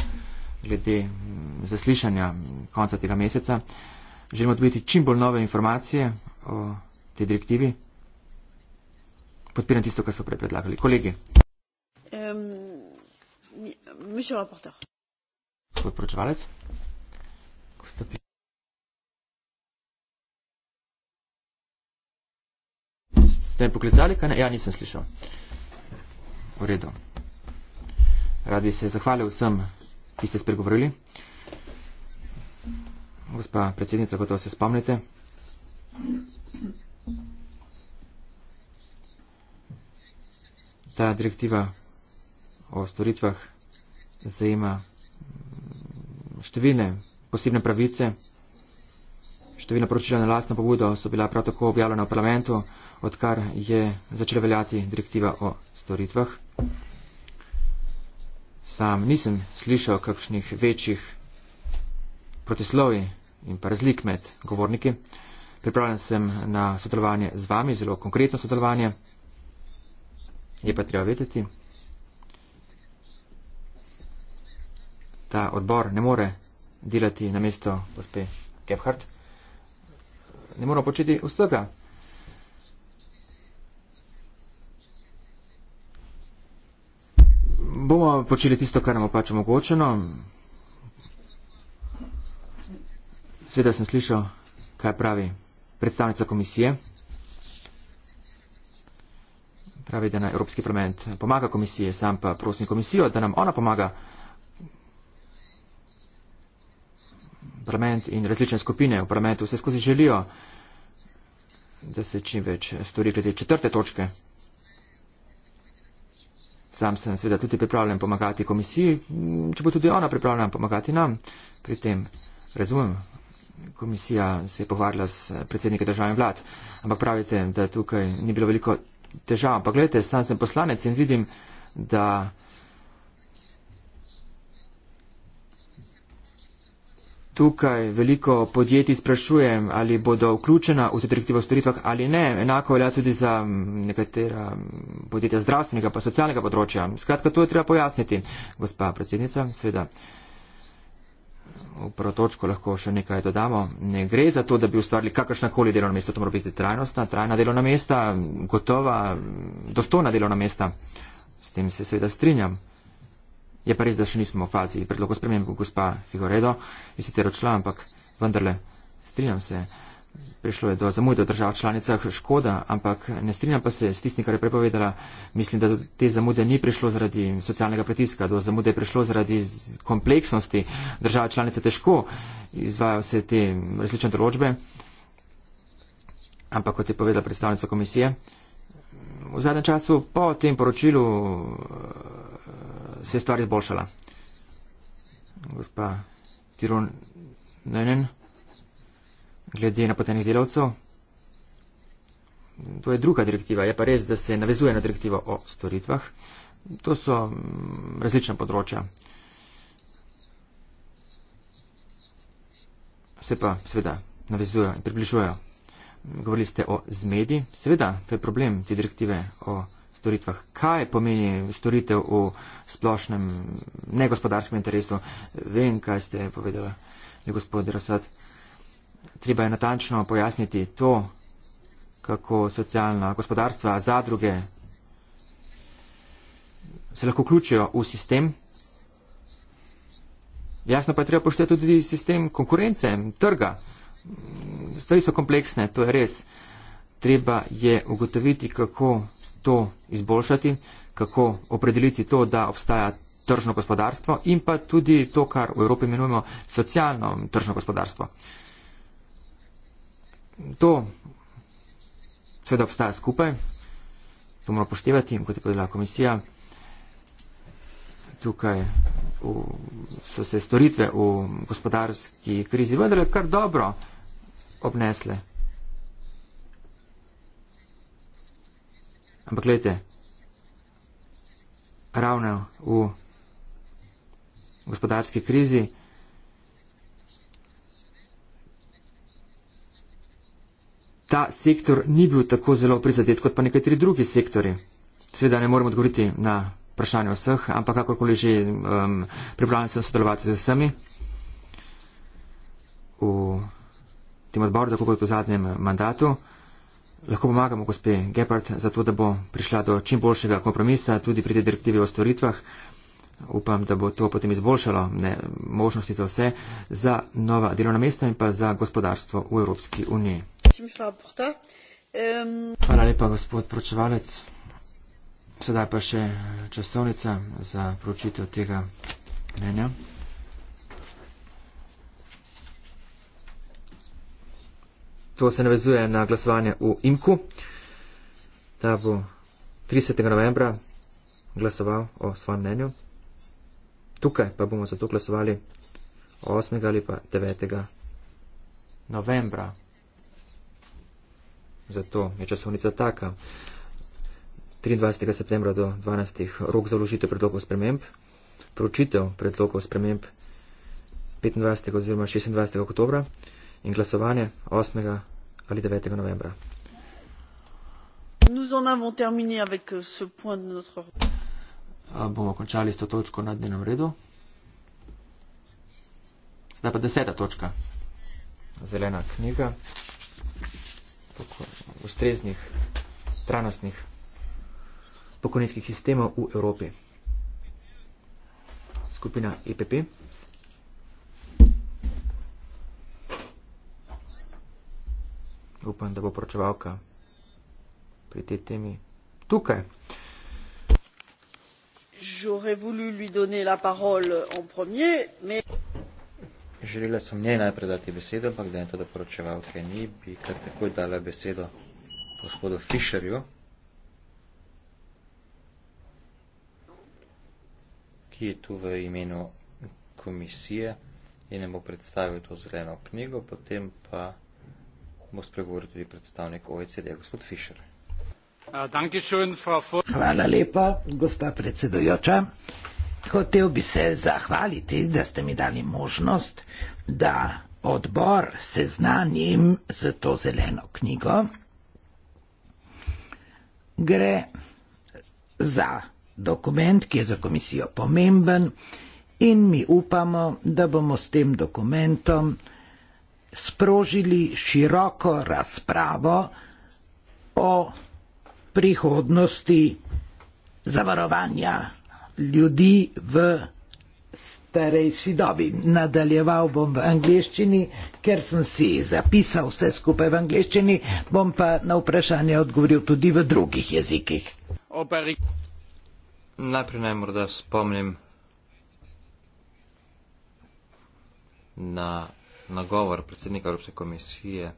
Speaker 1: glede mm, zaslišanja konca tega meseca. Želimo dobiti čim bolj nove informacije o tej direktivi. Podpiram tisto, kar so prej predlagali kolegi. Gospod um, poročevalec. Ste me poklicali, kaj ne? Ja, nisem slišal. V redu. Rad bi se zahvalil vsem, ki ste spregovorili gospa predsednica, kot se spomnite. Ta direktiva o storitvah zajema številne posebne pravice, številna poročila na lastno pobudo so bila prav tako objavljena v parlamentu, odkar je začela veljati direktiva o storitvah. Sam nisem slišal kakšnih večjih protislovi in pa razlik med govorniki. Pripravljen sem na sodelovanje z vami, zelo konkretno sodelovanje. Je pa treba vedeti, da odbor ne more delati na mesto gospe Gebhardt. Ne moramo početi vsega. Bomo počeli tisto, kar nam pač omogočeno. Sveda sem slišal, kaj pravi predstavnica komisije. Pravi, da na Evropski parlament pomaga komisiji, sam pa prosim komisijo, da nam ona pomaga. Parlament in različne skupine v parlamentu vse skozi želijo, da se čim več stori glede četrte točke. Sam sem seveda tudi pripravljen pomagati komisiji, če bo tudi ona pripravljena pomagati nam pri tem. Razumem komisija se je pogovarjala s predsednikom države in vlad. Ampak pravite, da tukaj ni bilo veliko težav. Ampak gledajte, sam sem poslanec in vidim, da. Tukaj veliko podjetij sprašujem, ali bodo vključena v te direktive o storitvah ali ne. Enako velja tudi za nekatera podjetja zdravstvenega pa socialnega področja. Skratka, to je treba pojasniti, gospa predsednica. Sveda. Uh, v prvo točko lahko še nekaj dodamo. Ne gre za to, da bi ustvarili kakršnakoli delovna mesta, to mora biti trajnostna, trajna delovna mesta, gotova, dostojna delovna mesta. S tem se seveda strinjam. Je pa res, da še nismo v fazi predlogo spremembe, gospa Figoredo, je sicer odšla, ampak vendarle strinjam se prišlo je do zamud v državah članicah, škoda, ampak ne strinjam pa se s tistim, kar je prepovedala. Mislim, da te zamude ni prišlo zaradi socialnega pritiska, do zamude je prišlo zaradi kompleksnosti države članice. Težko izvajajo se te različne določbe, ampak kot je povedala predstavnica komisije, v zadnjem času po tem poročilu se je stvar izboljšala. Gospa Tirun Nenen glede napotenih delavcev. To je druga direktiva, je pa res, da se navezuje na direktivo o storitvah. To so mm, različna področja. Se pa seveda navezujejo in približujejo. Govorili ste o zmedi. Seveda, to je problem te direktive o storitvah. Kaj pomeni storitev v splošnem negospodarskem interesu? Vem, kaj ste povedali, gospod Rosat. Treba je natančno pojasniti to, kako socialna gospodarstva, zadruge se lahko vključijo v sistem. Jasno pa je treba poštevati tudi sistem konkurence, trga. Stvari so kompleksne, to je res. Treba je ugotoviti, kako to izboljšati, kako opredeliti to, da obstaja tržno gospodarstvo in pa tudi to, kar v Evropi imenujemo socialno tržno gospodarstvo to seveda obstaja skupaj, to mora poštevati, kot je povedala komisija. Tukaj v, so se storitve v gospodarski krizi vendarle kar dobro obnesle. Ampak gledajte, ravno v gospodarski krizi ta sektor ni bil tako zelo prizadet kot pa nekateri drugi sektori. Sveda ne moremo odgovoriti na vprašanje vseh, ampak kakorkoli že um, pripravljam sem sodelovati z vsemi v tem odboru, tako kot v zadnjem mandatu. Lahko pomagamo gospe Gepard za to, da bo prišla do čim boljšega kompromisa tudi pri tej direktivi o storitvah. Upam, da bo to potem izboljšalo ne, možnosti za vse, za nova delovna mesta in pa za gospodarstvo v Evropski uniji.
Speaker 3: Euh, Hvala lepa,
Speaker 1: gospod pročevalec. Sedaj pa še časovnica za pročitev tega mnenja. To se navezuje na glasovanje v IMKU, da bo 30. novembra glasoval o svojem mnenju. Tukaj pa bomo zato glasovali 8. ali pa 9. novembra zato je časovnica taka. 23. septembra do 12. rok za vložitev predlogov sprememb, pročitev predlogov sprememb 25. oziroma 26. oktober in glasovanje 8. ali 9. novembra. Euh, bomo končali s to točko na dnevnem redu. Zdaj pa deseta točka. Zelena knjiga ustreznih, trajnostnih pokojninskih sistemov v Evropi. Skupina EPP. Upam, da bo poročevalka pri tej temi tukaj.
Speaker 3: J'aurais voulu lui donner la parole en premier, mais...
Speaker 2: Želela sem njej najprej dati besedo, ampak da je to doporočeval, ker ni, bi kar takoj dala besedo gospodu Fischerju, ki je tu v imenu komisije in nam bo predstavil to zeleno knjigo, potem pa bo spregovoril
Speaker 4: tudi predstavnik OECD, gospod Fischer. Ja, Hvala lepa, gospa predsedujoča. Hotel bi se zahvaliti, da ste mi dali možnost, da odbor seznanim z to zeleno knjigo. Gre za dokument, ki je za komisijo pomemben in mi upamo, da bomo s tem dokumentom sprožili široko razpravo o prihodnosti zavarovanja ljudi v starejši dobi. Nadaljeval bom v angleščini, ker sem si zapisal vse skupaj v angleščini, bom pa na vprašanje odgovoril tudi v drugih jezikih.
Speaker 2: Najprej naj morda spomnim na nagovor predsednika Evropske komisije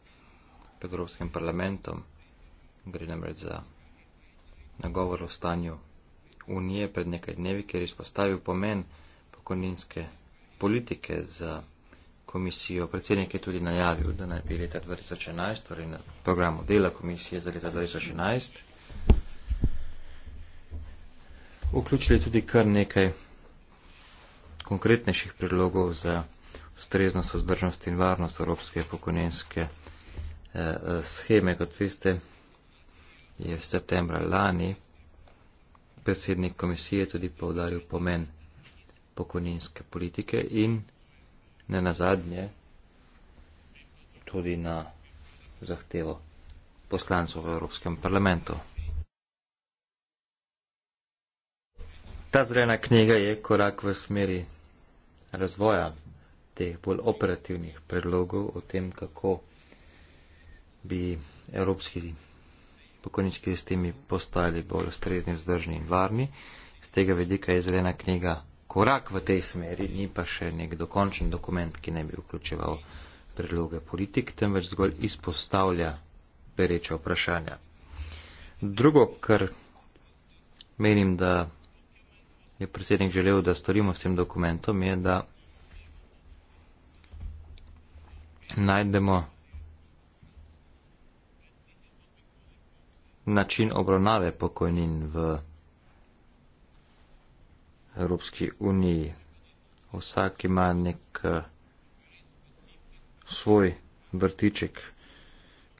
Speaker 2: pred Evropskim parlamentom. Gre namreč za nagovor o stanju unije pred nekaj dnevi, kjer izpostavil pomen pokojninske politike za komisijo. Predsednik je tudi najavil, da naj bi leta 2011, torej na programu dela komisije za leta 2011, vključili tudi kar nekaj konkretnejših predlogov za ustreznost, vzdržnost in varnost evropske pokojninske eh, eh scheme, kot veste, je v septembra lani predsednik komisije tudi povdaril pomen pokojninske politike in ne nazadnje tudi na zahtevo poslancov v Evropskem parlamentu. Ta zrena knjiga je korak v smeri razvoja teh bolj operativnih predlogov o tem, kako bi evropski pokojnički sistemi postali bolj ustrezni, vzdržni in varni. Z tega vidika je zelena knjiga korak v tej smeri, ni pa še nek dokončen dokument, ki ne bi vključeval predloge politik, temveč zgolj izpostavlja pereče vprašanja. Drugo, kar menim, da je predsednik želel, da storimo s tem dokumentom, je, da najdemo način obravnave pokojnin v Evropski uniji. Vsak ima nek eh, svoj vrtiček,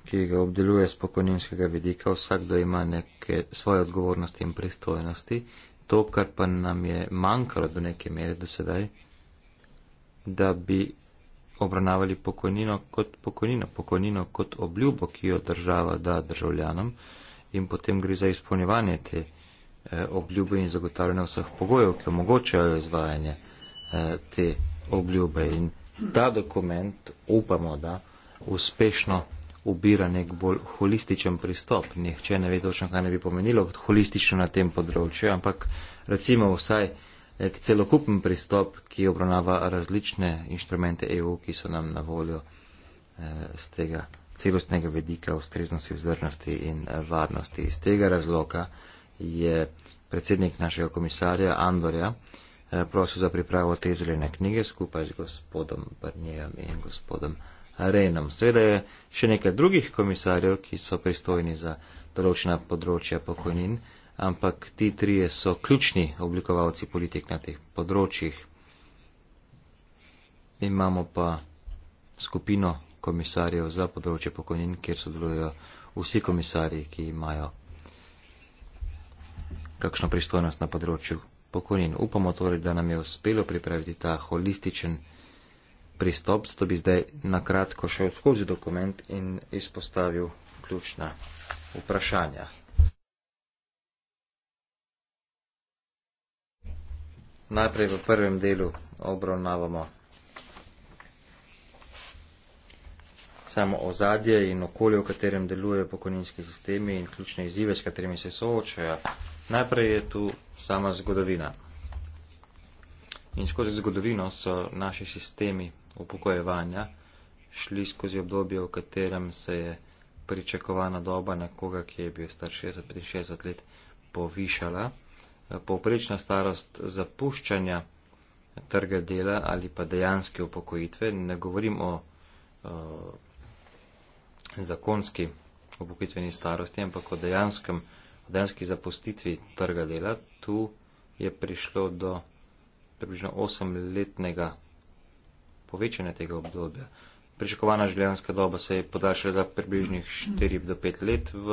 Speaker 2: ki ga obdeluje z pokojninskega vidika, vsakdo ima neke svoje odgovornosti in pristojnosti. To, kar pa nam je manjkalo do neke mere do sedaj, da bi obravnavali pokojnino kot pokojnino, pokojnino kot obljubo, ki jo država da državljanom, in potem gre za izpolnjevanje te eh, obljube in zagotavljanje vseh pogojev, ki omogočajo izvajanje eh, te obljube. In ta dokument upamo, da uspešno ubira nek bolj holističen pristop. Nihče ne ve točno, kaj ne bi pomenilo holistično na tem področju, ampak recimo vsaj nek eh, celokupen pristop, ki obravnava različne inštrumente EU, ki so nam na voljo eh, z tega celostnega vedika ustreznosti, vzdržnosti in varnosti. Iz tega razloga je predsednik našega komisarja Andorja eh, prosil za pripravo te zelene knjige skupaj z gospodom Brnijem in gospodom Rejnom. Sveda je še nekaj drugih komisarjev, ki so pristojni za določena področja pokojnin, ampak ti trije so ključni oblikovalci politik na teh področjih. Imamo pa skupino komisarjev za področje pokojnin, kjer sodelujo vsi komisarji, ki imajo kakšno pristojnost na področju pokojnin. Upamo torej, da nam je uspelo pripraviti ta holističen pristop, zato bi zdaj nakratko šel skozi dokument in izpostavil ključna vprašanja. Najprej v prvem delu obravnavamo samo ozadje in okolje, v katerem delujejo pokojninski sistemi in ključne izzive, s katerimi se soočajo. Najprej je tu sama zgodovina. In skozi zgodovino so naši sistemi upokojevanja šli skozi obdobje, v katerem se je pričakovana doba nekoga, ki je bil star 60-65 let, povišala. Povprečna starost zapuščanja trga dela ali pa dejanske upokojitve, ne govorim o, o zakonski upokojitveni starosti, ampak o dejanskem, o dejanski zapustitvi trga dela, tu je prišlo do približno 8-letnega povečanja tega obdobja. Pričakovana življenjska doba se je podaljšala za približnih 4 do 5 let v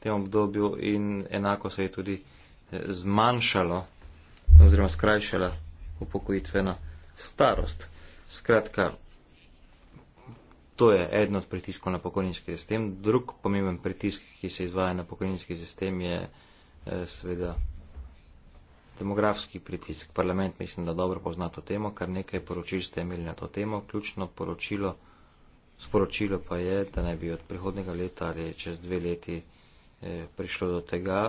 Speaker 2: tem obdobju in enako se je tudi eh, zmanjšalo oziroma skrajšala upokojitvena starost. Skratka, To je eden od pritiskov na pokojninski sistem. Drug pomemben pritisk, ki se izvaja na pokojninski sistem, je eh, seveda demografski pritisk. Parlament mislim, da dobro pozna to temo, kar nekaj poročil ste imeli na to temo. Ključno poročilo, sporočilo pa je, da naj bi od prihodnega leta ali čez dve leti eh, prišlo do tega,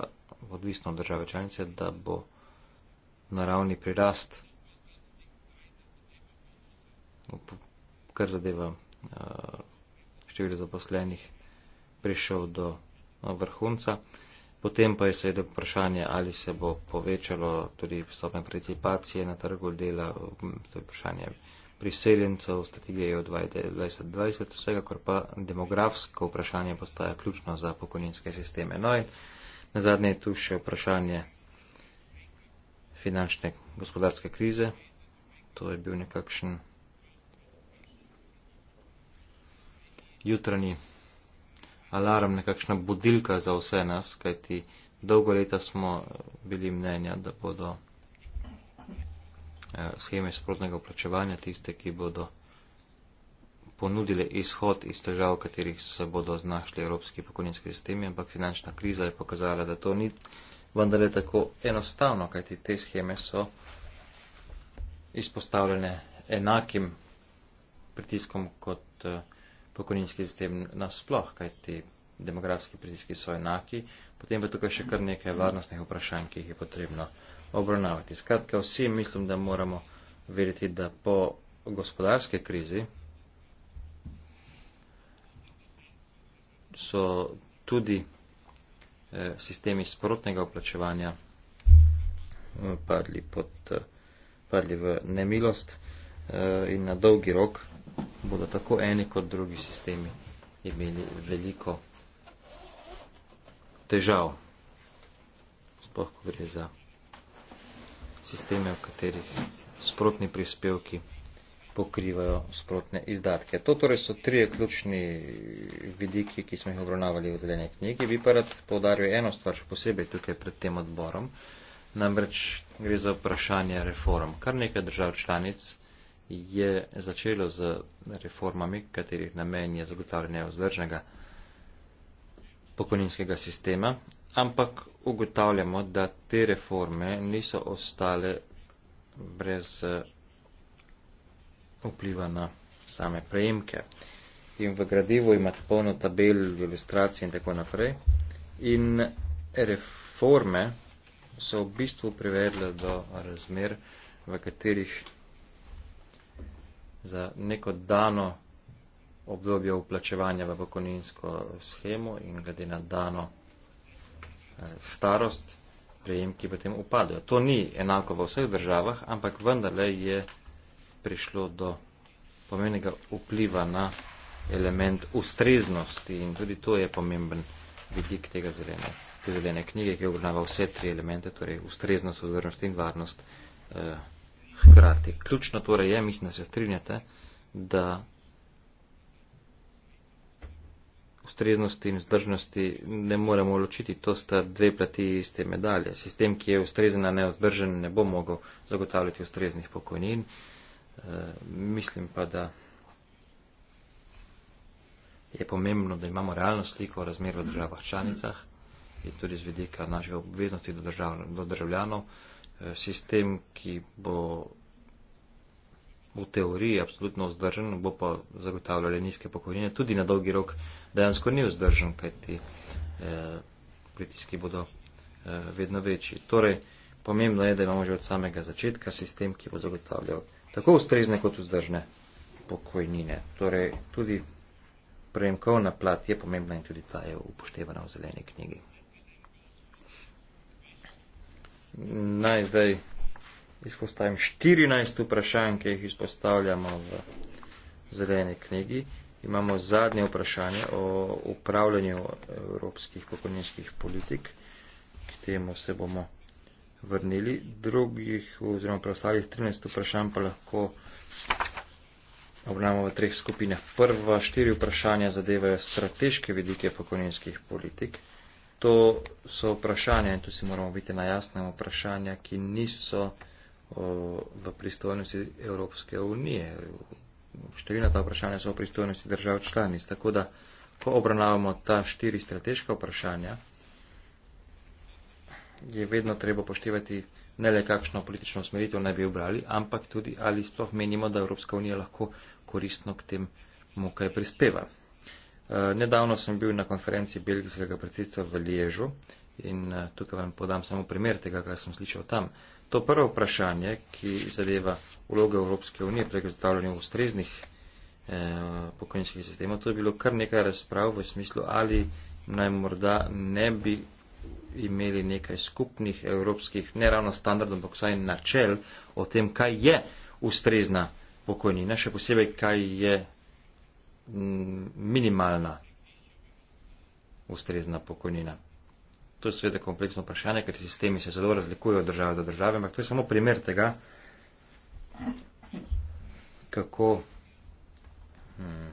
Speaker 2: odvisno od države članice, da bo naravni prirast kar zadeva Eh, število zaposlenih prišel do no, vrhunca. Potem pa je seveda vprašanje, ali se bo povečalo tudi stopnje participacije na trgu dela, mm, to je vprašanje priseljencev, strategije od 2020, vsekakor pa demografsko vprašanje postaja ključno za pokojninske sisteme. No in na zadnje je tu še vprašanje finančne gospodarske krize. To je bil nekakšen jutrni alarm, nekakšna budilka za vse nas, kajti dolgo leta smo eh, bili mnenja, da bodo eh, scheme sprotnega vplačevanja tiste, ki bodo ponudile izhod iz težav, v katerih se bodo znašli evropski pokojninski sistemi, ampak finančna kriza je pokazala, da to ni vendar je tako enostavno, kajti te scheme so izpostavljene enakim pritiskom kot uh, pokojninski sistem nasploh, kajti demografski pritiski so enaki, potem pa tukaj še kar nekaj varnostnih vprašanj, ki jih je potrebno obravnavati. Skratka, vsi mislim, da moramo veriti, da po gospodarske krizi so tudi eh, sistemi sprotnega vplačevanja eh, padli, pod, eh, padli v nemilost eh, in na dolgi rok bodo tako eni kot drugi sistemi imeli veliko težav. Sploh, ko gre za sisteme, v katerih sprotni prispevki pokrivajo sprotne izdatke. To torej so tri ključni vidiki, ki smo jih obravnavali v zeleni knjigi. Bi pa rad povdaril eno stvar, še posebej tukaj pred tem odborom. Namreč gre za vprašanje reform. Kar nekaj držav članic je začelo z reformami, katerih namen je zagotavljanje vzdržnega pokojninskega sistema, ampak ugotavljamo, da te reforme niso ostale brez eh, vpliva na same prejemke. In v gradivu imate polno tabel, ilustracij in tako naprej. In reforme so v bistvu privedle do razmer, v katerih za neko dano obdobje uplačevanja v pokojninsko schemo in glede na dano eh, starost prejemki potem upadajo. To ni enako v vseh državah, ampak vendarle je prišlo do pomenega vpliva na element ustreznosti in tudi to je pomemben vidik tega zelene, te zelene knjige, ki obravnava vse tri elemente, torej ustreznost, vzdržnost in varnost. Eh, hkrati. Ključno torej je, mislim, da se strinjate, da ustreznosti in vzdržnosti ne moremo ločiti. To sta dve plati iste medalje. Sistem, ki je ustrezen, a ne vzdržen, ne bo mogel zagotavljati ustreznih pokojnin. E, mislim pa, da je pomembno, da imamo realno sliko o razmeru v državah članicah in tudi z vidika naše obveznosti do, državno, do državljanov. Eh, sistem, ki bo v teoriji absolutno vzdržen, bo pa zagotavljal nizke pokojnine, tudi na dolgi rok dejansko ni vzdržen, kajti eh, pritiski bodo eh, vedno večji. Torej, pomembno je, da imamo že od samega začetka sistem, ki bo zagotavljal tako ustrezne kot vzdržne pokojnine. Torej, tudi prejemkovna plat je pomembna in tudi ta je upoštevana v zeleni knjigi naj zdaj izpostavim 14 vprašanj, ki jih izpostavljamo v zeleni knjigi. Imamo zadnje vprašanje o upravljanju evropskih pokojninskih politik, k temu se bomo vrnili. Drugih oziroma preostalih 13 vprašanj pa lahko obravnavamo v treh skupinah. Prva štiri vprašanja zadevajo strateške vidike pokojninskih politik. To so vprašanja in tu si moramo biti na jasnem vprašanja, ki niso o, v pristojnosti Evropske unije. Številna ta vprašanja so v pristojnosti držav članic. Tako da, ko obravnavamo ta štiri strateška vprašanja, je vedno treba poštevati ne le kakšno politično smeritev naj bi obrali, ampak tudi ali sploh menimo, da Evropska unija lahko koristno k temu kaj prispeva. Eh, nedavno sem bil na konferenci belgijskega predsedstva v Liježu in eh, tukaj vam podam samo primer tega, kar sem slišal tam. To prvo vprašanje, ki zadeva vloge Evropske unije prek zdravljanja ustreznih eh, pokojninskih sistemov, to je bilo kar nekaj razprav v smislu, ali naj morda ne bi imeli nekaj skupnih evropskih, ne ravno standardov, ampak vsaj načel o tem, kaj je ustrezna pokojnina, še posebej, kaj je Mm, minimalna ustrezna pokojnina. To je seveda kompleksno vprašanje, ker sistemi se zelo razlikujejo od države do države, ampak to je samo primer tega, kako hmm,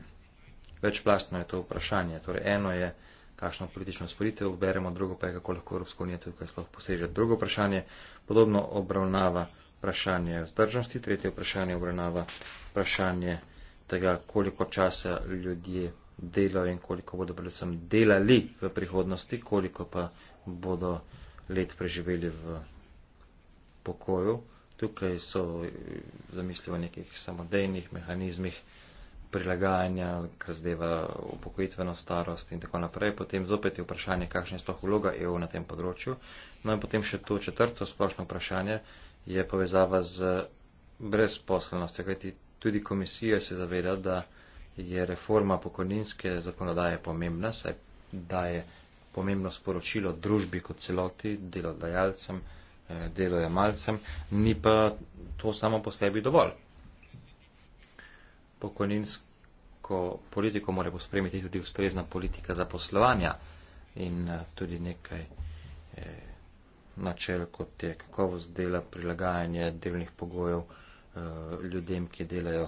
Speaker 2: večplastno je to vprašanje. Torej, eno je, kakšno politično usporitev beremo, drugo pa je, kako lahko Evropska unija tukaj sploh poseže. Drugo vprašanje podobno obravnava vprašanje vzdržnosti, tretje vprašanje obravnava vprašanje tega, koliko časa ljudje delajo in koliko bodo predvsem delali v prihodnosti, koliko pa bodo let preživeli v pokoju. Tukaj so eh, zamisli o nekih samodejnih mehanizmih prilagajanja, kar zdeva upokojitveno starost in tako naprej. Potem zopet je vprašanje, kakšna je sploh vloga EU na tem področju. No in potem še to četrto splošno vprašanje je povezava z brezposelnostjo, kajti Tudi komisija se zaveda, da je reforma pokojninske zakonodaje pomembna, saj daje pomembno sporočilo družbi kot celoti, delodajalcem, eh, delojemalcem, ni pa to samo po sebi dovolj. Pokojninsko politiko mora pospremiti tudi ustrezna politika zaposlovanja in eh, tudi nekaj eh, načel, kot je kakovost dela, prilagajanje delnih pogojev. Eh, ljudem, ki delajo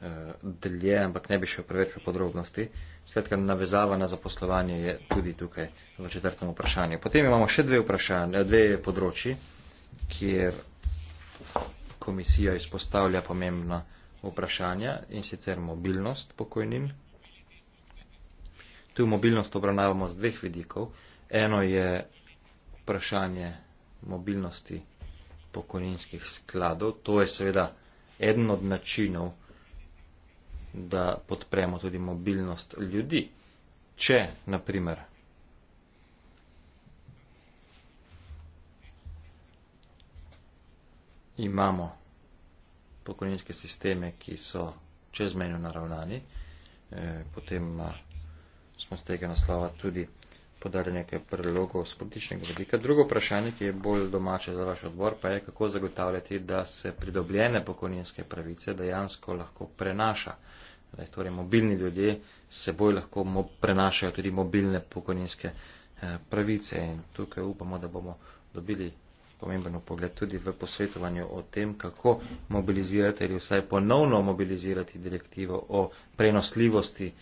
Speaker 2: eh, dlje, ampak ne bi šel preveč v podrobnosti. Svetka navezava na zaposlovanje je tudi tukaj v četrtem vprašanju. Potem imamo še dve, dve področji, kjer komisija izpostavlja pomembna vprašanja in sicer mobilnost pokojnin. Tu mobilnost obravnavamo z dveh vidikov. Eno je vprašanje mobilnosti pokojninskih skladov. To je seveda eden od načinov, da podpremo tudi mobilnost ljudi. Če, naprimer, imamo pokojninske sisteme, ki so čezmenjo naravnani, eh, potem eh, smo z tega naslova tudi podali nekaj predlogov z političnega vidika. Drugo vprašanje, ki je bolj domače za vaš odbor, pa je, kako zagotavljati, da se pridobljene pokojninske pravice dejansko lahko prenaša. Da, torej, mobilni ljudje seboj lahko mo prenašajo tudi mobilne pokojninske eh, pravice in tukaj upamo, da bomo dobili pomembno pogled tudi v posvetovanju o tem, kako mobilizirati ali vsaj ponovno mobilizirati direktivo o prenosljivosti eh,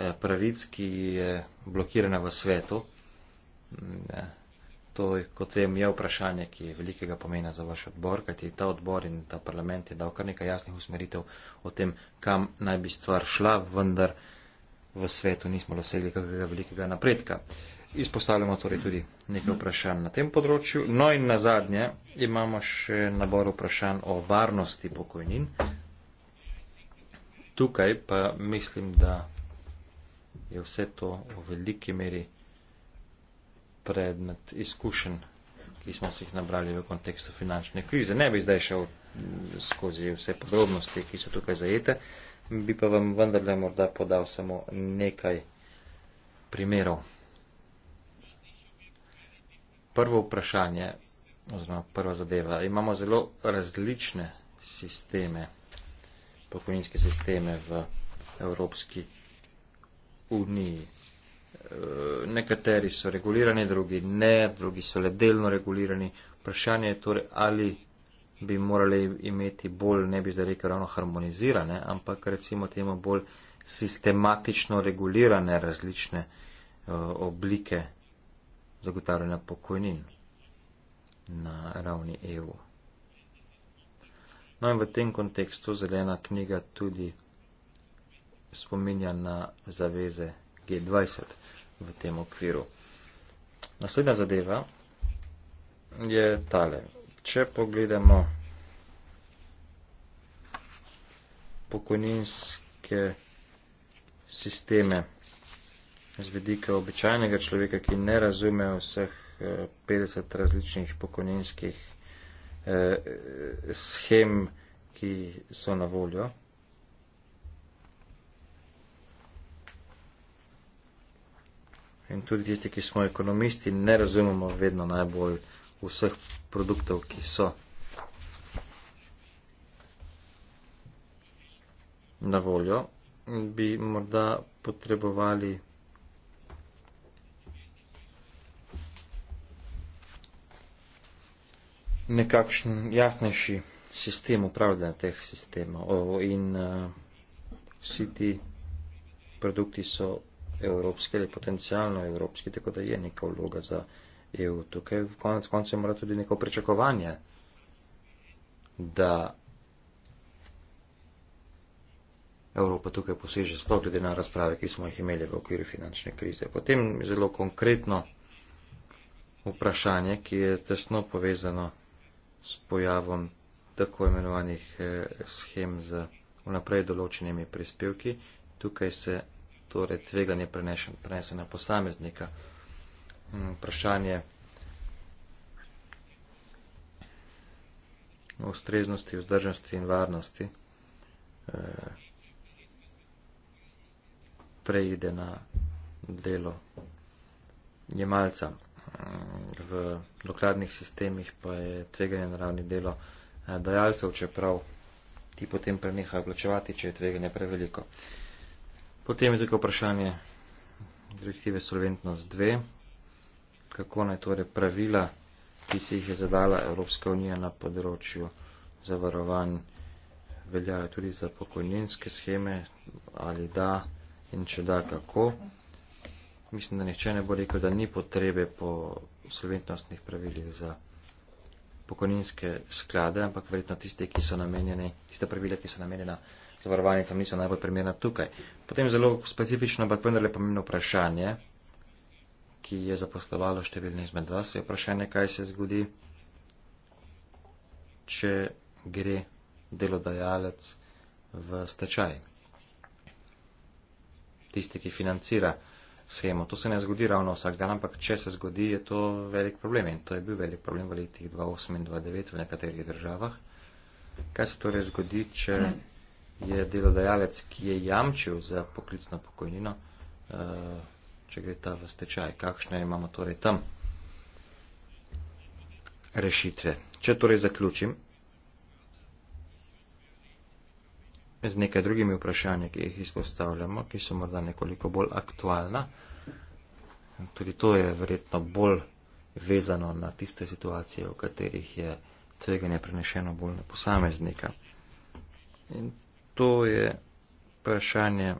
Speaker 2: Eh, pravic, ki je blokirana v svetu. Mm, ja. To je, kot vem, je vprašanje, ki je velikega pomena za vaš odbor, kajti ta odbor in ta parlament je dal kar nekaj jasnih usmeritev o tem, kam naj bi stvar šla, vendar v svetu nismo dosegli kakega velikega napredka. Izpostavljamo torej tudi nekaj vprašanj na tem področju. No in na zadnje imamo še nabor vprašanj o varnosti pokojnin. Tukaj pa mislim, da je vse to v veliki meri predmet izkušenj, ki smo se jih nabrali v kontekstu finančne krize. Ne bi zdaj šel skozi vse podrobnosti, ki so tukaj zajete, bi pa vam vendarle morda podal samo nekaj primerov. Prvo vprašanje oziroma prva zadeva. Imamo zelo različne sisteme, pokojninske sisteme v Evropski Uniji. E, nekateri so regulirani, drugi ne, drugi so le delno regulirani. Vprašanje je torej, ali bi morali imeti bolj, ne bi zdaj rekel ravno harmonizirane, ampak recimo temu bolj sistematično regulirane različne e, oblike zagotavljanja pokojnin na ravni EU. No in v tem kontekstu zelena knjiga tudi spominja na zaveze G20 v tem okviru. Naslednja zadeva je tale. Če pogledamo pokojninske sisteme z vidika običajnega človeka, ki ne razume vseh 50 eh, različnih pokojninskih eh, eh schem, ki so na voljo, In tudi tisti, ki smo ekonomisti, ne razumemo vedno najbolj vseh produktov, ki so na voljo, bi morda potrebovali nekakšen jasnejši sistem upravljanja teh sistemov. In uh, vsi ti produkti so evropski ali potencijalno evropski, tako da je neka vloga za EU. Tukaj v konec koncu mora tudi neko pričakovanje, da Evropa tukaj poseže, sploh glede na razprave, ki smo jih imeli v okviru finančne krize. Potem zelo konkretno vprašanje, ki je tesno povezano s pojavom tako imenovanih eh, schem z vnaprej določenimi prispevki. Tukaj se torej tveganje prenese na posameznika. Mm, vprašanje o ustreznosti, vzdržnosti in varnosti eh, preide na delo jemalca. Mm, v dokladnih sistemih pa je tveganje na ravni delo eh, dajalcev, čeprav ti potem prenehajo plačevati, če je tveganje preveliko. Potem je tukaj vprašanje direktive Solventnost 2, kako naj torej pravila, ki si jih je zadala Evropska unija na področju zavarovanj, veljajo tudi za pokojninske scheme ali da in če da, kako. Mislim, da nihče ne bo rekel, da ni potrebe po solventnostnih pravilih za pokojninske sklade, ampak verjetno tiste, ki so namenjene, tiste pravile, ki so namenjene zavarovalnicam niso najbolj primerna tukaj. Potem zelo specifično, ampak vendarle pomembno vprašanje, ki je zaposlovalo številne izmed vas, je vprašanje, kaj se zgodi, če gre delodajalec v stečaj. Tisti, ki financira schemo. To se ne zgodi ravno vsak dan, ampak če se zgodi, je to velik problem. In to je bil velik problem v letih 2008 in 2009 v nekaterih državah. Kaj se torej zgodi, če. Hmm je delodajalec, ki je jamčil za poklicno pokojnino, eh, če gre ta v stečaj. Kakšne imamo torej tam rešitve? Če torej zaključim z nekaj drugimi vprašanji, ki jih izpostavljamo, ki so morda nekoliko bolj aktualna, tudi to je verjetno bolj vezano na tiste situacije, v katerih je tveganje prenešeno bolj na posameznika. In to je vprašanje,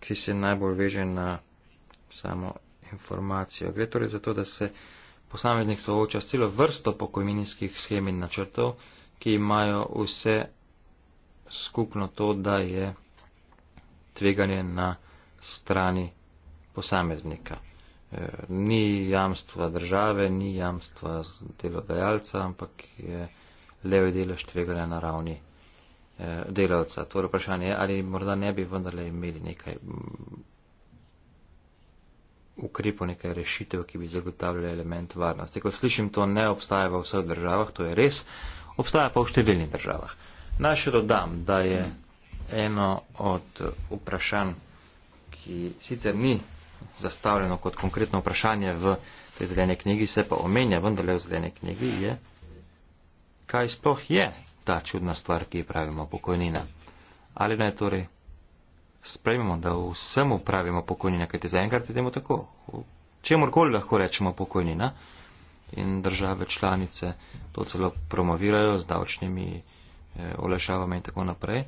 Speaker 2: ki se najbolj veže na samo informacijo. Gre torej za to, da se posameznik sooča s celo vrsto pokojninskih schem in načrtov, ki imajo vse skupno to, da je tveganje na strani posameznika. E, ni jamstva države, ni jamstva delodajalca, ampak je leve delež tveganja na ravni Eh, delavca. Torej vprašanje je, ali morda ne bi vendarle imeli nekaj mm, ukrepov, nekaj rešitev, ki bi zagotavljali element varnosti. Ko slišim, to ne obstaja v vseh državah, to je res, obstaja pa v številnih državah. Naj še dodam, da je eno od vprašanj, ki sicer ni zastavljeno kot konkretno vprašanje v tej zelene knjigi, se pa omenja vendarle v zelene knjigi, je, kaj sploh je ta čudna stvar, ki jo pravimo pokojnina. Ali naj torej sprejmemo, da vsemu pravimo pokojnina, kajti zaenkrat idemo tako. Čemorkoli lahko rečemo pokojnina in države članice to celo promovirajo z davčnimi eh, olešavami in tako naprej.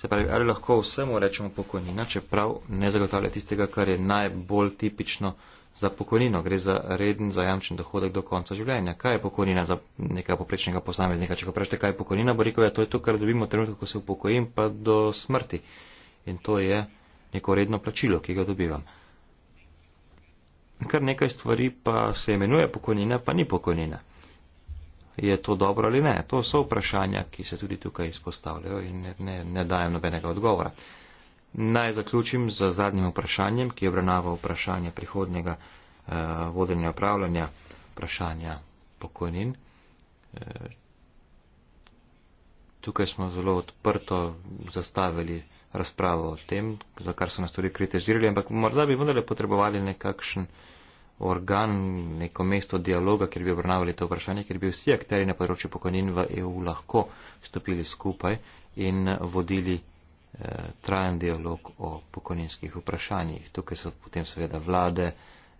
Speaker 2: Se pravi, ali lahko vsemu rečemo pokojnina, čeprav ne zagotavlja tistega, kar je najbolj tipično za pokojnino, gre za reden zajamčen dohodek do konca življenja. Kaj je pokojnina za nekega poprečnega posameznika? Če ga vprašate, kaj je pokojnina, bo rekel, da ja, to je to, kar dobimo trenutek, ko se upokojim, pa do smrti. In to je neko redno plačilo, ki ga dobivam. Kar nekaj stvari pa se imenuje pokojnina, pa ni pokojnina. Je to dobro ali ne? To so vprašanja, ki se tudi tukaj izpostavljajo in ne, ne dajem nobenega odgovora. Naj zaključim z zadnjim vprašanjem, ki je obravnava vprašanje prihodnjega eh, vodenja upravljanja, vprašanja pokojnin. Eh, tukaj smo zelo odprto zastavili razpravo o tem, za kar so nas tudi kritizirali, ampak morda bi vendarle potrebovali nekakšen organ, neko mesto dialoga, kjer bi obravnavali to vprašanje, kjer bi vsi akteri na področju pokojnin v EU lahko stopili skupaj in vodili. Eh, trajen dialog o pokojninskih vprašanjih. Tukaj so potem seveda vlade,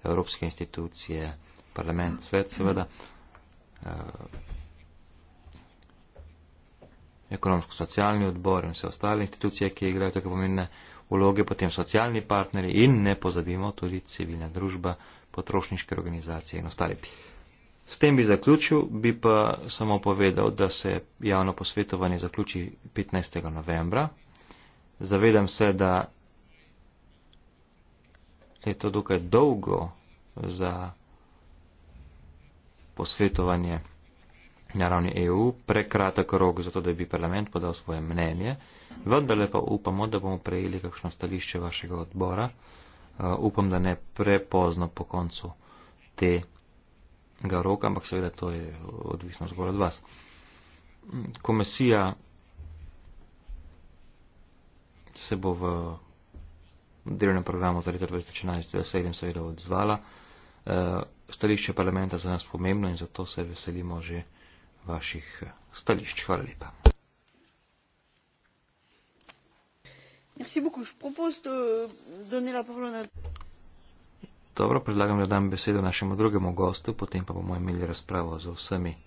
Speaker 2: evropske institucije, parlament, svet seveda. Eh, ekonomsko-socialni odbor in vse ostale institucije, ki igrajo tako pomembne vloge, potem socialni partneri in ne pozabimo tudi civilna družba, potrošniške organizacije in ostali. S tem bi zaključil, bi pa samo povedal, da se javno posvetovanje zaključi 15. novembra zavedam se, da je to dokaj dolgo za posvetovanje na ravni EU, prekratek rok za to, da bi parlament podal svoje mnenje, vendar lepa upamo, da bomo prejeli kakšno stališče vašega odbora. Uh, upam, da ne prepozno po koncu tega roka, ampak seveda to je odvisno zgolj od vas. Komisija se bo v delovnem programu za leto 2014-2017 seveda odzvala. Eh, stališče parlamenta za nas pomembno in zato se veselimo že vaših eh, stališč. Hvala lepa.
Speaker 3: Merci beaucoup. Je propose de donner la parole à...
Speaker 2: Dobro, predlagam, da dam besedo našemu drugemu gostu, potem pa bomo imeli razpravo z vsemi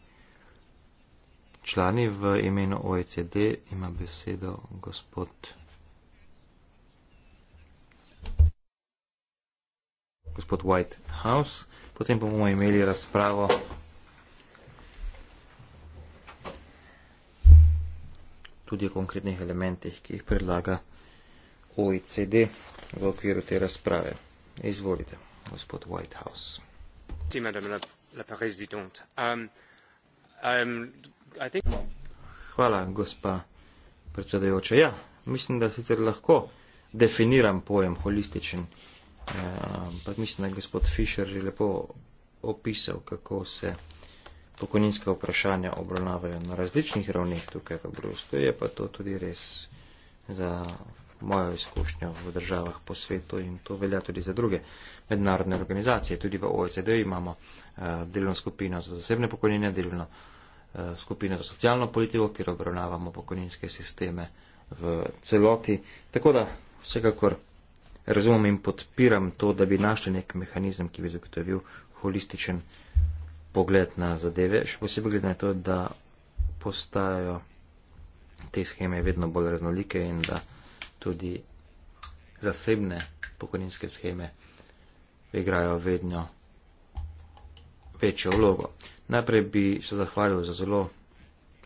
Speaker 2: člani v imenu OECD. Ima besedo gospod. gospod White House. Potem pa bomo imeli razpravo tudi o konkretnih elementih, ki jih predlaga OECD v okviru te razprave. Izvolite, gospod White House.
Speaker 1: Um, um,
Speaker 2: Hvala, gospa predsedajoča. Ja, mislim, da sicer lahko definiram pojem holističen ampak mislim, da je gospod Fischer že lepo opisal, kako se pokojninska vprašanja obravnavajo na različnih ravneh tukaj v Bruslju. Je pa to tudi res za mojo izkušnjo v državah po svetu in to velja tudi za druge mednarodne organizacije. Tudi v OECD imamo uh, delovno skupino za zasebne pokojnine, delovno uh, skupino za socialno politiko, kjer obravnavamo pokojninske sisteme v celoti. Tako da vsekakor razumem in podpiram to, da bi našli nek mehanizem, ki bi zagotovil holističen pogled na zadeve, še posebej glede na to, da postajajo te scheme vedno bolj raznolike in da tudi zasebne pokojninske scheme igrajo vedno večjo vlogo. Najprej bi se zahvalil za zelo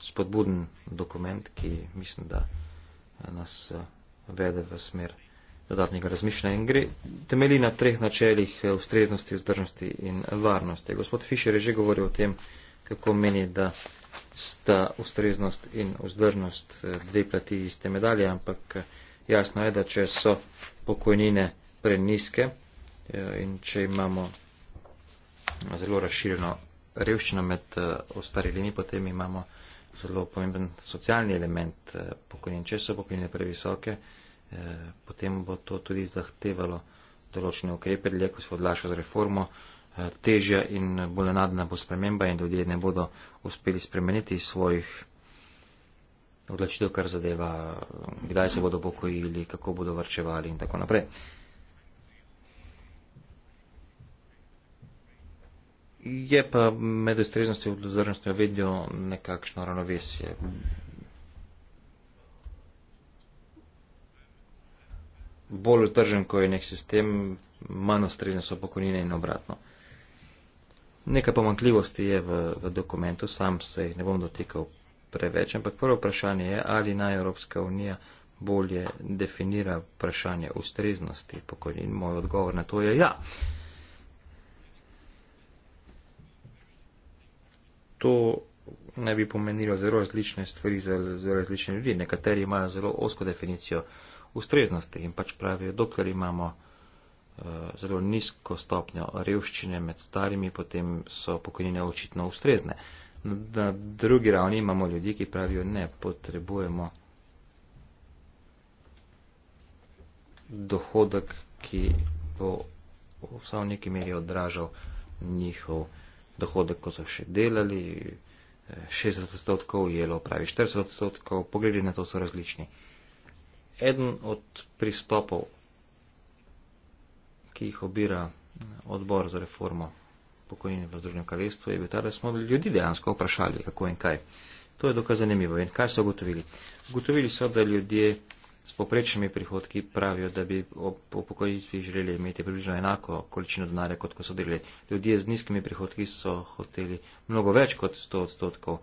Speaker 2: spodbuden dokument, ki mislim, da nas eh, vede v smer dodatnega razmišljanja in gre, temeli na treh načeljih eh, ustreznosti, vzdržnosti in varnosti. Gospod Fischer je že govoril o tem, kako meni, da sta ustreznost in vzdržnost eh, dve plati iste medalje, ampak eh, jasno je, da če so pokojnine preniske in če imamo zelo razširjeno revščino med ostarilimi, potem imamo zelo pomemben socialni element pokojnin. Če so pokojnine previsoke, Eh, potem bo to tudi zahtevalo določene ukrepe, dlje ko se odlaša z reformo, eh, težja in bolj nadna bo sprememba in ljudje ne bodo uspeli spremeniti svojih odločitev, kar zadeva, kdaj se bodo pokojili, kako bodo vrčevali in tako naprej. Je pa med ustreznostjo in vzdržnostjo vedno nekakšno ravnovesje. bolj vzdržen, ko je nek sistem, manj ustrezne so pokojnine in obratno. Nekaj pomankljivosti je v, v dokumentu, sam se jih ne bom dotikal preveč, ampak prvo vprašanje je, ali naj Evropska unija bolje definira vprašanje ustreznosti pokojnin. Moj odgovor na to je ja. To ne bi pomenilo zelo različne stvari za zelo različne ljudi. Nekateri imajo zelo osko definicijo uh, ustreznosti in pač pravijo, dokler imamo eh, zelo nizko stopnjo revščine med starimi, potem so pokojnine očitno ustrezne. Na drugi ravni imamo ljudi, ki pravijo, ne potrebujemo dohodek, ki bo vsa v neki meri odražal njihov dohodek, ko so še delali, 60 eh, odstotkov, jelo pravi 40 odstotkov, pogledi na to so različni. Uh, eden od pristopov, ki jih obira odbor za reformo pokojnine v Združenem kraljestvu, je bil ta, da smo ljudi dejansko vprašali, kako in kaj. To je dokaj zanimivo. In kaj so ugotovili? Ugotovili so, da ljudje s poprečnimi prihodki pravijo, da bi po upokojitvi želeli imeti približno enako količino denarja, kot ko so delali. Ljudje z nizkimi prihodki so hoteli mnogo več kot 100 odstotkov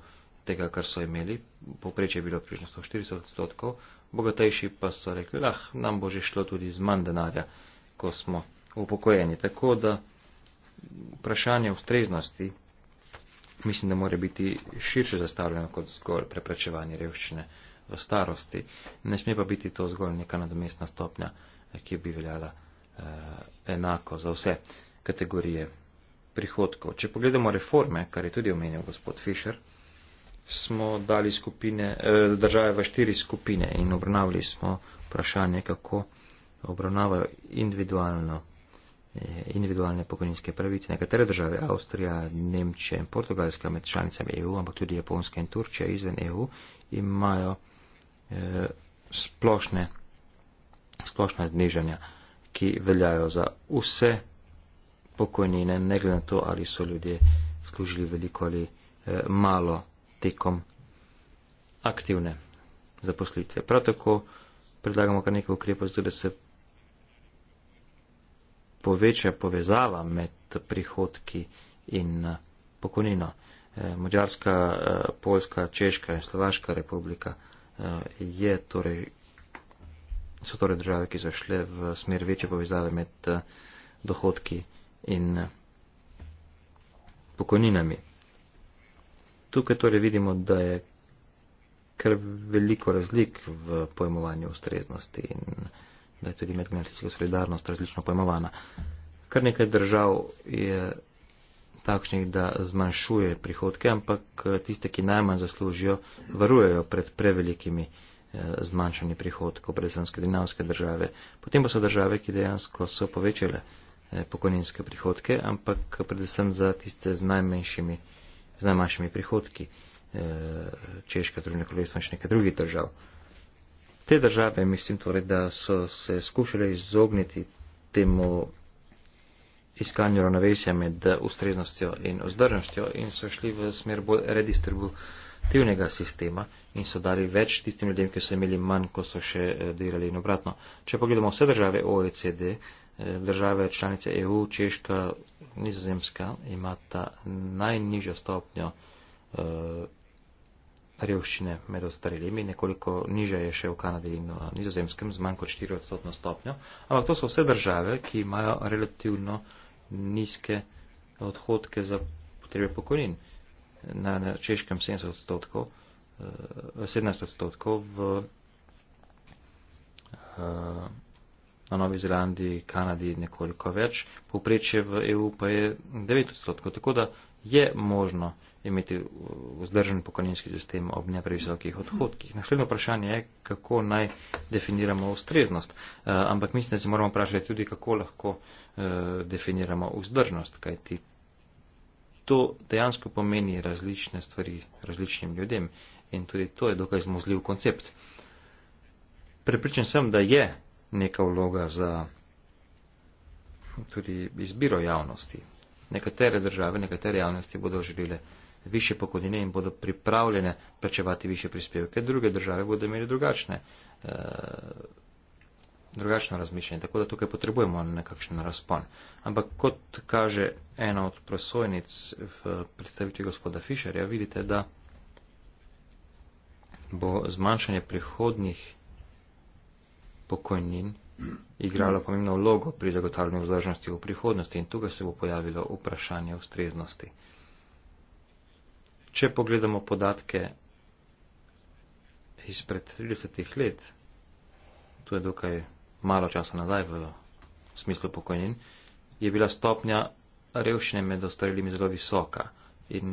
Speaker 2: tega, kar so imeli. Poprečje je bilo približno 140 odstotkov, bogatejši pa so rekli, lah, nam bo že šlo tudi z manj denarja, ko smo upokojeni. Tako da vprašanje ustreznosti mislim, da more biti širše zastavljeno kot zgolj preprečevanje revščine v starosti. Ne sme pa biti to zgolj neka nadomestna stopnja, ki bi veljala eh, enako za vse kategorije prihodkov. Če pogledamo reforme, kar je tudi omenil gospod Fischer, smo dali skupine, eh, države v štiri skupine in obravnavali smo vprašanje, kako obravnavajo individualno, eh, individualne pokojninske pravice. Nekatere države, Avstrija, Nemčija in Portugalska med članicami EU, ampak tudi Japonska in Turčija izven EU, imajo eh, splošne, splošna znižanja, ki veljajo za vse pokojnine, ne glede na to, ali so ljudje služili veliko ali malo tekom aktivne zaposlitve. Prav tako predlagamo kar nekaj ukrepov, zato da se poveča povezava med prihodki in eh, pokojnino. Eh, Mačarska, eh, Poljska, Češka in Slovaška republika torej, so torej države, ki so šle v smer večje povezave med dohodki in pokojninami. Tukaj torej vidimo, da je kar veliko razlik v pojmovanju ustreznosti in da je tudi medgeneracijska solidarnost različno pojmovana. Kar nekaj držav je takšnih, da zmanjšuje prihodke, ampak eh, tiste, ki najmanj zaslužijo, varujejo pred prevelikimi eh, zmanjšanji prihodkov, predvsem skandinavske države. Potem pa so države, ki dejansko so povečale eh, pokojninske prihodke, ampak predvsem za tiste z najmanjšimi prihodki z najmanjšimi prihodki eh, Češka, Združene kraljestva in še nekaj drugih držav. Te države, mislim torej, da so se skušale izogniti temu iskanju ravnovesja med ustreznostjo in vzdržnostjo in so šli v smer bolj redistributivnega sistema in so dali več tistim ljudem, ki so imeli manj, ko so še eh, delali in obratno. Če pogledamo vse države OECD, Eh, države članice EU, Češka, Nizozemska, imata najnižjo stopnjo uh, revščine med ostarelimi, nekoliko niža je še v Kanadi in v Nizozemskem, z manj kot 4 odstotno stopnjo. Ampak to so vse države, ki imajo relativno nizke odhodke za potrebe pokojnin. Na, na Češkem 70 odstotkov, uh, eh, 17 odstotkov, v uh, na Novi Zelandiji, Kanadi nekoliko več, povprečje v EU pa je 9 odstotkov. Tako da je možno imeti vzdržen pokojninski sistem ob ne previsokih odhodkih. Naslednje vprašanje je, kako naj definiramo ustreznost. Uh, ampak mislim, da se moramo vprašati tudi, kako lahko uh, definiramo vzdržnost, kajti to dejansko pomeni različne stvari različnim ljudem in tudi to je dokaj zmozljiv koncept. Prepričan sem, da je neka vloga za tudi izbiro javnosti. Nekatere države, nekatere javnosti bodo želile više pokodine in bodo pripravljene plačevati više prispevke, druge države bodo imeli drugačne, eh, drugačno razmišljanje, tako da tukaj potrebujemo nekakšen razpon. Ampak kot kaže ena od prosojnic v predstavitvi gospoda Fišerja, vidite, da bo zmanjšanje prihodnih pokojnin igralo pomembno vlogo pri zagotavljanju vzdržnosti v prihodnosti in tukaj se bo pojavilo vprašanje ustreznosti. Če pogledamo podatke izpred 30 let, to je dokaj malo časa nazaj v smislu pokojnin, je bila stopnja revščine med ostarelimi zelo visoka in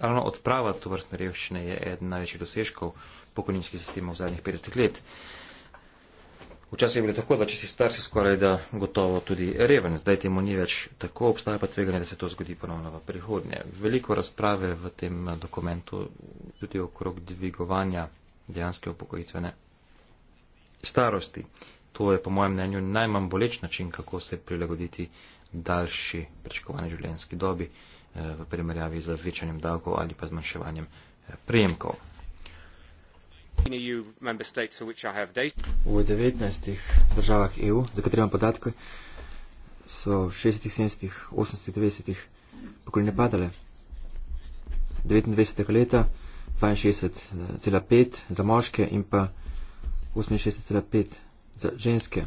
Speaker 2: ravno odprava to vrstne revščine je eden največjih dosežkov pokojninskih sistemov v zadnjih 50 letih. Včasih je bilo tako, da če si star, si skoraj da gotovo tudi reven. Zdaj temu ni več tako, obstaja pa tveganje, da se to zgodi ponovno v prihodnje. Veliko razprave v tem dokumentu tudi okrog dvigovanja dejanske upokojitvene starosti. To je po mojem mnenju najmanj boleč način, kako se prilagoditi daljši pričakovani življenjski dobi eh, v primerjavi z večanjem davkov ali pa zmanjševanjem eh, prejemkov.
Speaker 3: V 19
Speaker 1: državah EU, za katere imam podatke, so v 60, 70, 80, 90 pokojnine padale. 29. leta 62,5 za moške in pa 68,5 za ženske.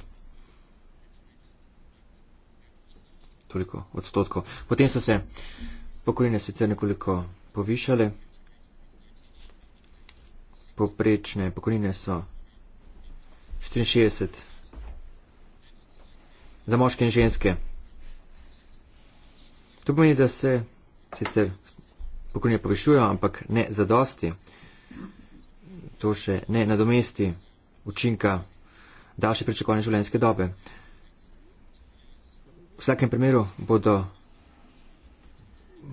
Speaker 1: Toliko odstotkov. Potem so se pokojnine sicer nekoliko povišale poprečne pokojnine so 64 za moške in ženske. To pomeni, da se sicer pokojnine povišujo, ampak ne za dosti. To še ne nadomesti učinka daljše pričakovane življenjske dobe. V vsakem primeru bodo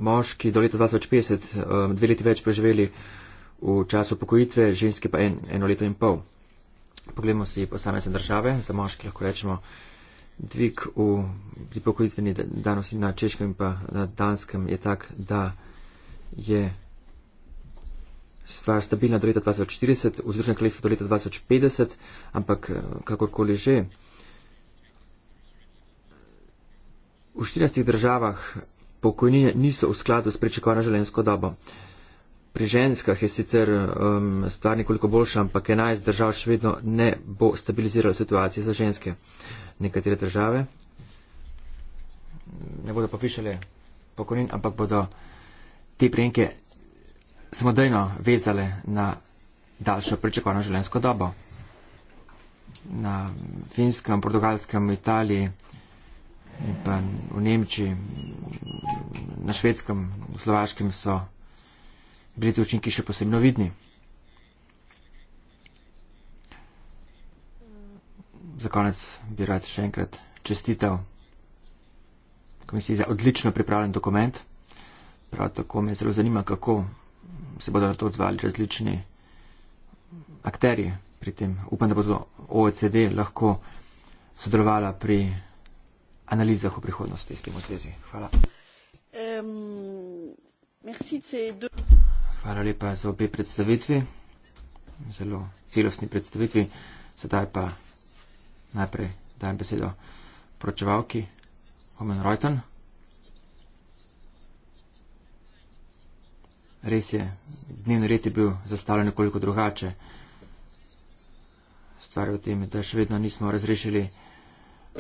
Speaker 1: moški do leta 2050 eh, dve leti več preživeli v času pokojitve, ženske pa en, eno leto in pol. Poglejmo si posamezne države, za moške lahko rečemo dvig v pripokojitveni danosti na češkem in pa na danskem je tak, da je stvar stabilna do leta 2040, v Združenem kraljestvu do leta 2050, ampak eh, kakorkoli že. V 14 državah pokojnine niso v skladu s pričakovano življenjsko dobo. Uh, Pri ženskah je sicer um, stvar nekoliko boljša, ampak 11 držav še vedno ne bo stabiliziralo situacije za ženske. Nekatere države ne bodo povišale pokojnin, ampak bodo te prejemke samodejno vezale na daljšo pričakovano življenjsko dobo. Na finskem, portugalskem, Italiji in pa v Nemčiji, na švedskem, v slovaškem so bili ti učinki še posebno vidni. Za konec bi rad še enkrat čestital komisiji za odlično pripravljen dokument. Prav tako me zelo zanima, kako se bodo na to odzvali različni akterji pri tem. Upam, da bodo OECD lahko sodelovala pri analizah v prihodnosti s tem v zvezi. Hvala. Um, merci, Hvala lepa za obe predstavitvi, zelo celostni predstavitvi. Sedaj pa najprej dajem besedo pročevalki Omen Reuton. Res je, dnevni red je bil zastavljen nekoliko drugače. Stvar je v tem, da še vedno nismo razrešili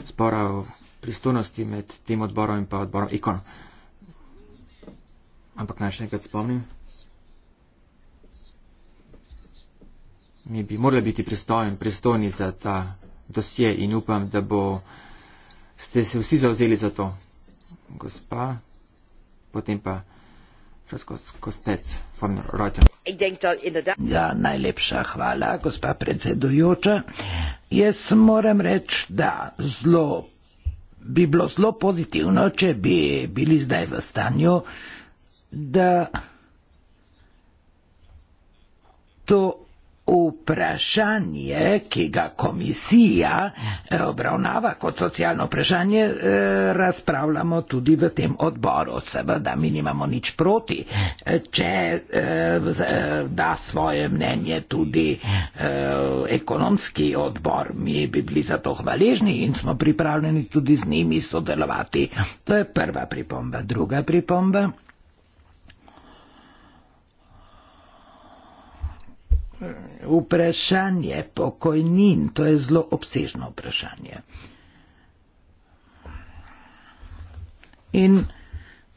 Speaker 1: spora o pristojnosti med tem odborom in pa odborom ikon. Ampak naj še enkrat spomnim. mi bi morali biti pristojen, pristojni za ta dosje in upam, da bo, ste se vsi zauzeli za to. Gospa, potem pa Raskos
Speaker 4: Kostec von Rotem. Ja, najlepša hvala, gospa predsedujoča. Jaz moram reči, da zlo, bi bilo zelo pozitivno, če bi bili zdaj v stanju, da to Vprašanje, ki ga komisija eh, obravnava kot socialno vprašanje, eh, razpravljamo tudi v tem odboru. Seveda mi nimamo nič proti, eh, če da svoje mnenje tudi ekonomski odbor. Mi bi bili za to hvaležni in smo pripravljeni tudi z njimi sodelovati. To je prva pripomba. Druga pripomba. Vprašanje pokojnin, to je zelo obsežno vprašanje. In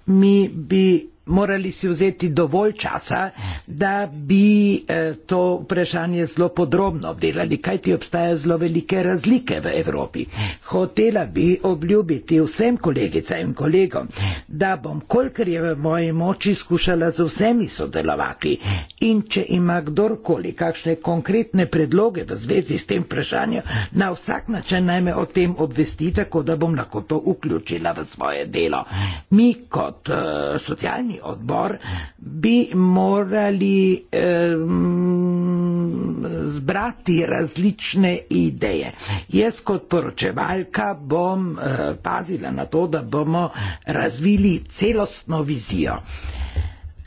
Speaker 4: mi bi morali si vzeti dovolj časa, da bi eh, to vprašanje zelo podrobno obdelali, kajti obstajajo zelo velike razlike v Evropi. Hotela bi obljubiti vsem kolegicam in kolegom, da bom, kolikor je v moji moči, skušala z vsemi sodelovati in če ima kdorkoli kakšne konkretne predloge v zvezi s tem vprašanjem, na vsak način naj me o tem obvesti, tako da bom lahko to vključila v svoje delo. Mi kot uh, socialni odbor, bi morali eh, zbrati različne ideje. Jaz kot poročevalka bom eh, pazila na to, da bomo razvili celostno vizijo.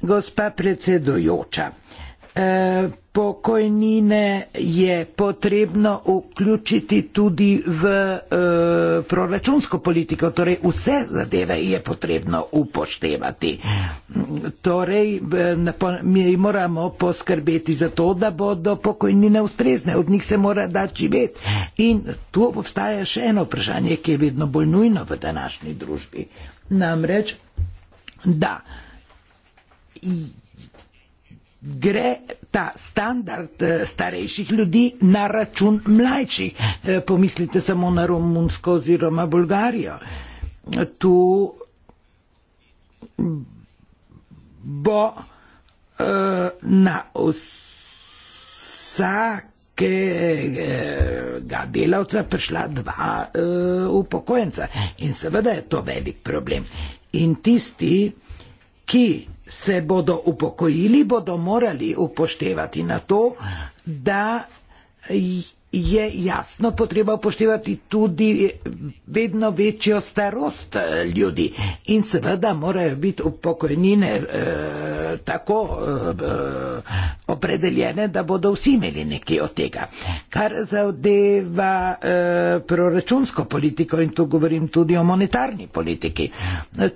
Speaker 4: Gospa predsedujoča, Eh, pokojnine je potrebno vključiti tudi v eh, proračunsko politiko, torej vse zadeve je potrebno upoštevati. Torej, eh, mi moramo poskrbeti za to, da bodo pokojnine ustrezne, od njih se mora dati živeti. In tu obstaja še eno vprašanje, ki je vedno bolj nujno v današnji družbi. Namreč, da gre ta standard eh, starejših ljudi na račun mlajših. Eh, pomislite samo na Romunsko oziroma Bolgarijo. Tu bo eh, na vsakega delavca prišla dva upokojenca. In seveda je to velik problem. In tisti, ki se bodo upokojili, bodo morali upoštevati na to, da je jasno potreba upoštevati tudi vedno večjo starost eh, ljudi in seveda morajo biti upokojnine eh, tako eh, opredeljene, da bodo vsi imeli nekaj od tega. Kar zadeva eh, proračunsko politiko in tu govorim tudi o monetarni politiki,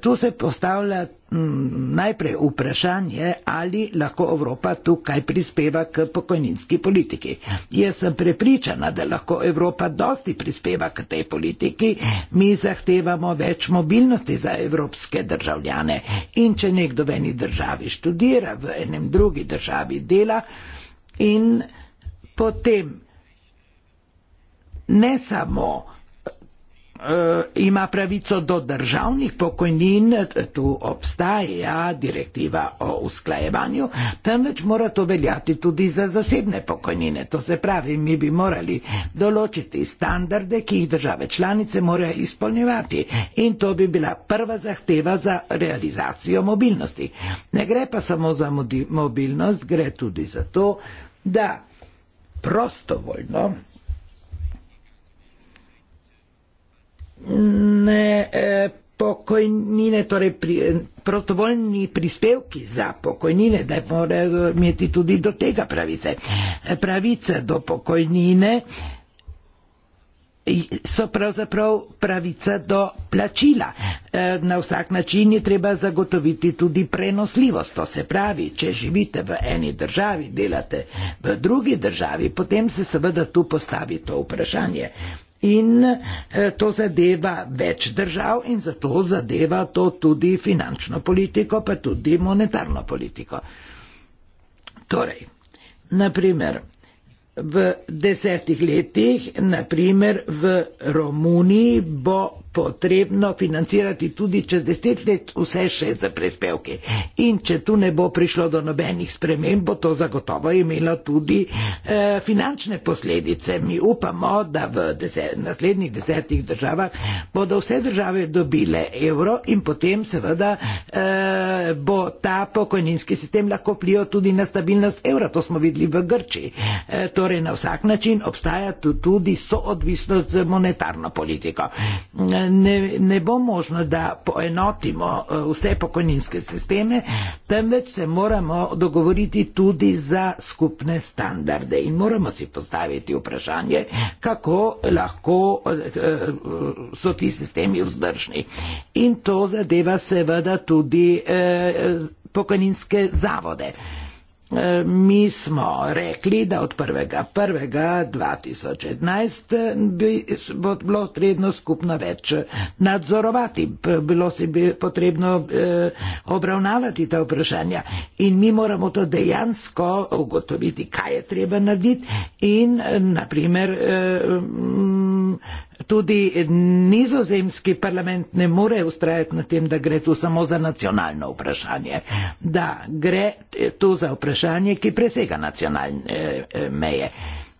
Speaker 4: tu se postavlja mm, najprej vprašanje, ali lahko Evropa tukaj prispeva k pokojninski politiki. Jaz sem prepričan, prepričana, da lahko Evropa dosti prispeva k tej politiki, mi zahtevamo več mobilnosti za evropske državljane. In če nekdo v eni državi študira, v enem drugi državi dela in potem ne samo Eh, ima pravico do državnih pokojnin, tu obstaja direktiva o usklajevanju, temveč mora to veljati tudi za zasebne pokojnine. To se pravi, mi bi morali določiti standarde, ki jih države članice morajo izpolnjevati in to bi bila prva zahteva za realizacijo mobilnosti. Ne gre pa samo za mobilnost, gre tudi za to, da prostovoljno ne, e, pokojnine, torej pri, prostovoljni prispevki za pokojnine, da morajo imeti tudi do tega pravice. E, pravice do pokojnine so pravzaprav pravica do plačila. E, na vsak način je treba zagotoviti tudi prenosljivost. To se pravi, če živite v eni državi, delate v drugi državi, potem se seveda tu postavi to vprašanje in eh, to zadeva več držav in zato zadeva to tudi finančno politiko, pa tudi monetarno politiko. Torej, naprimer, v desetih letih, naprimer v Romuniji bo potrebno financirati tudi čez deset let vse še za prispevke. In če tu ne bo prišlo do nobenih sprememb, bo to zagotovo imelo tudi e, finančne posledice. Mi upamo, da v deset, naslednjih desetih državah bodo vse države dobile evro in potem seveda e, bo ta pokojninski sistem lahko vplival tudi na stabilnost evra. To smo videli v Grčiji. E, torej na vsak način obstaja tudi soodvisnost z monetarno politiko. E, ne, ne bo možno, da poenotimo eh, vse pokojninske sisteme, temveč se moramo dogovoriti tudi za skupne standarde in moramo si postaviti vprašanje, kako lahko eh, eh, so ti sistemi vzdržni. In to zadeva seveda tudi pokojninske zavode. Eh, mi smo rekli, da od 1.1.2011 bi bilo potrebno skupno več nadzorovati, bilo si bi potrebno eh, obravnavati ta vprašanja in mi moramo to dejansko ugotoviti, kaj je treba narediti in eh, naprimer. Mm, tudi nizozemski parlament ne more ustrajati na tem, da gre tu samo za nacionalno vprašanje. Da gre tu za vprašanje, ki presega nacionalne eh, meje.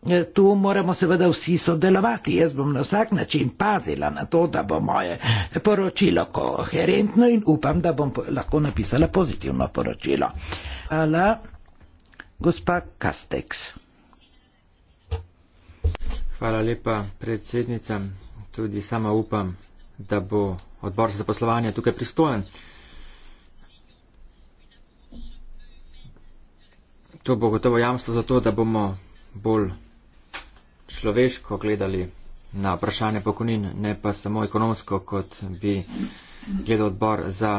Speaker 4: Eh, tu moramo seveda vsi sodelovati. Jaz bom na vsak način pazila na to, da bo moje poročilo koherentno in upam, da bom lahko napisala pozitivno poročilo. Hvala, gospa Kasteks.
Speaker 1: Hvala lepa, predsednica. Tudi sama upam, da bo odbor za poslovanje tukaj pristojen. To bo gotovo jamstvo za to, da bomo bolj človeško gledali na vprašanje pokojnin, ne pa samo ekonomsko, kot bi gledal odbor za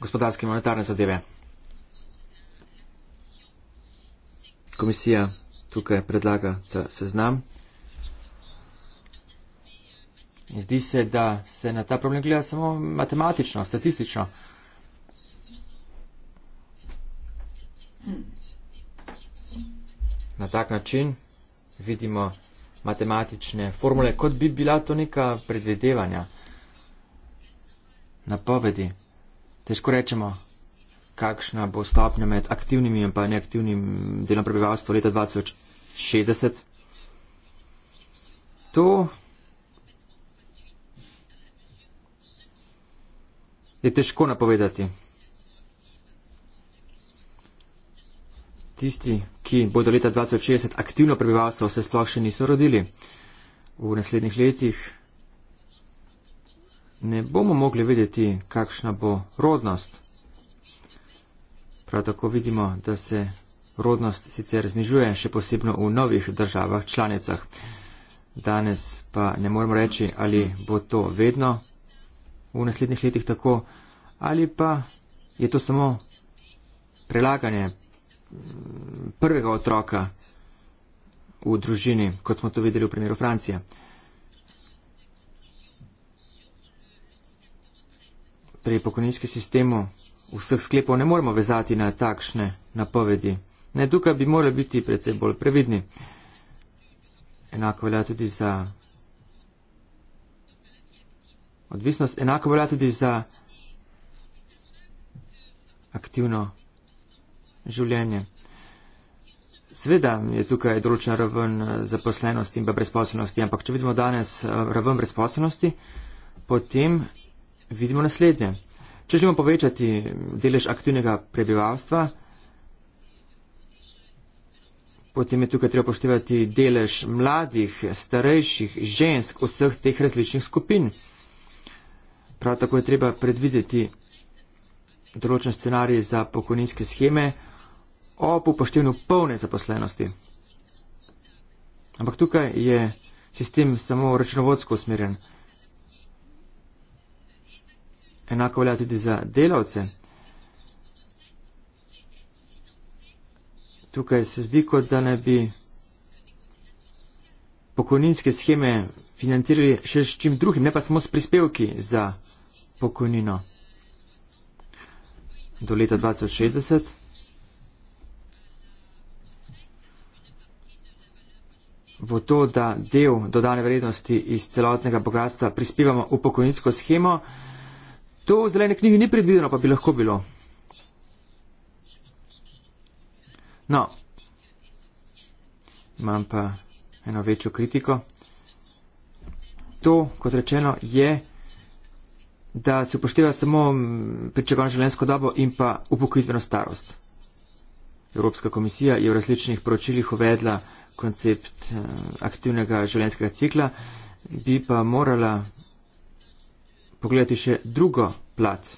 Speaker 1: gospodarske in monetarne zadeve. Komisija tukaj predlaga ta seznam. Zdi se, da se na ta problem gleda samo matematično, statistično. Na tak način vidimo matematične formule, kot bi bila to neka predvidevanja, napovedi. Težko rečemo, kakšna bo stopnja med aktivnim in pa neaktivnim delom prebivalstva leta 2008. 60. To je težko napovedati. Tisti, ki bodo leta 2060 aktivno prebivalstvo se sploh še niso rodili v naslednjih letih, ne bomo mogli vedeti, kakšna bo rodnost. Prav tako vidimo, da se rodnost sicer znižuje, še posebno v novih državah članicah. Danes pa ne moremo reči, ali bo to vedno v naslednjih letih tako, ali pa je to samo prelaganje mm, prvega otroka v družini, kot smo to videli v primeru Francije. Pri pokojninskem sistemu vseh sklepov ne moremo vezati na takšne napovedi. Ne, tukaj bi morali biti predvsej bolj previdni. Enako velja tudi za odvisnost, enako velja tudi za aktivno življenje. Sveda je tukaj določena raven eh, zaposlenosti in pa brezposobnosti, ampak če vidimo danes eh, raven brezposobnosti, potem vidimo naslednje. Če želimo povečati delež aktivnega prebivalstva, Potem je tukaj treba poštevati delež mladih, starejših, žensk vseh teh različnih skupin. Prav tako je treba predvideti določen scenarij za pokojninske scheme ob upoštevanju polne zaposlenosti. Ampak tukaj je sistem samo računovodsko usmerjen. Enako velja tudi za delavce. tukaj se zdi, kot da ne bi pokojninske scheme financirali še s čim drugim, ne pa samo s prispevki za pokojnino do leta 2060. bo to, da del dodane vrednosti iz celotnega bogatstva prispevamo v pokojninsko schemo. To v zelene knjigi ni predvideno, pa bi lahko bilo. No, imam pa eno večjo kritiko. To, kot rečeno, je, da se upošteva samo pričakovano življenjsko dobo in pa upokojitveno starost. Evropska komisija je v različnih poročilih uvedla koncept eh, aktivnega življenjskega cikla, bi pa morala pogledati še drugo plat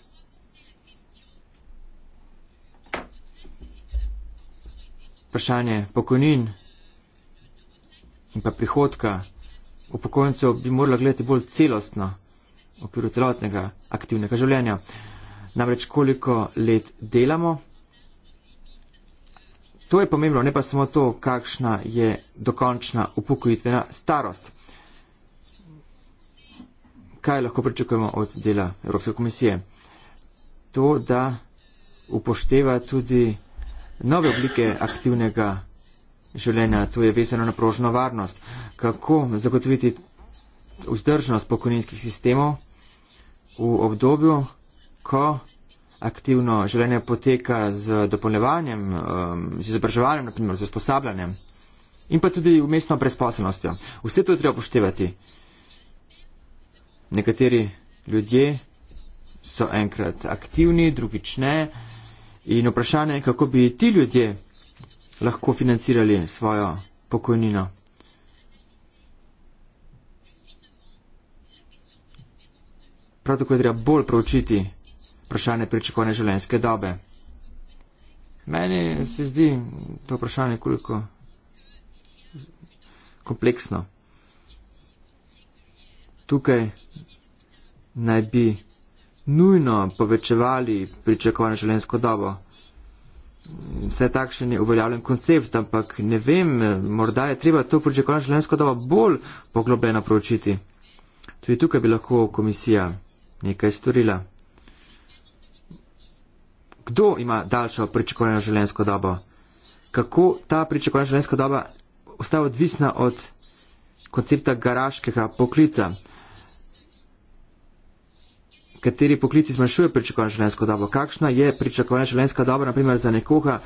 Speaker 1: vprašanje pokojnin in pa prihodka upokojencev bi morala gledati bolj celostno v okviru celotnega aktivnega življenja. Namreč koliko let delamo. To je pomembno, ne pa samo to, kakšna je dokončna upokojitvena starost. Kaj lahko pričakujemo od dela Evropske komisije? To, da upošteva tudi nove oblike aktivnega življenja, tu je vezano na prožno varnost. Kako zagotoviti vzdržnost pokojninskih sistemov v obdobju, ko aktivno življenje poteka z dopolnevanjem, um, z izobraževanjem, naprimer z usposabljanjem in pa tudi umestno brezposobnostjo. Vse to treba upoštevati. Nekateri ljudje so enkrat aktivni, drugič ne. Uh, In vprašanje je, kako bi ti ljudje lahko financirali svojo pokojnino. Prav tako je treba bolj proučiti vprašanje pričakovane življenjske dobe. Meni se zdi to vprašanje koliko kompleksno. Tukaj naj bi nujno povečevali pričakovano življenjsko dobo. Vse takšen je uveljavljen koncept, ampak ne vem, morda je treba to pričakovano življenjsko dobo bolj poglobljeno proučiti. Tudi tukaj bi lahko komisija nekaj storila. Kdo ima daljšo pričakovano življenjsko dobo? Kako ta pričakovana življenjska doba ostaja odvisna od koncepta garaškega poklica? kateri poklici zmanjšujejo pričakovano življenjsko dobo. Kakšna je pričakovana življenjska doba, naprimer, za nekoga,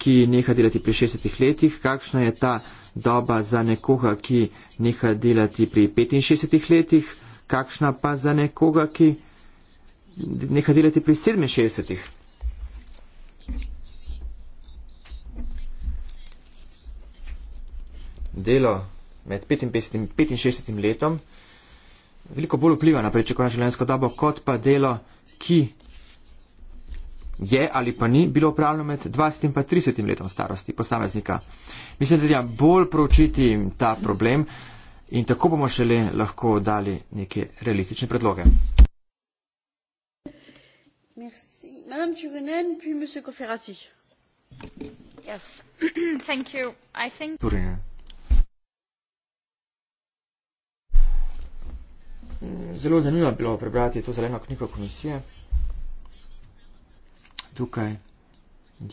Speaker 1: ki neha delati pri 60 letih, kakšna je ta doba za nekoga, ki neha delati pri 65 letih, kakšna pa za nekoga, ki neha delati pri 67. Delo med 55 in 65 letom veliko bolj vpliva na pričakovano življenjsko dobo, kot pa delo, ki je ali pa ni bilo upravljeno med 20 in 30 letom starosti posameznika. Mislim, da je treba bolj proučiti ta problem in tako bomo šele lahko dali neke realistične predloge.
Speaker 3: Merci. Madame, Yes, [CLEARS THROAT] thank you. I think.
Speaker 1: Turine. zelo zanimivo bilo prebrati to zeleno knjigo komisije. Tukaj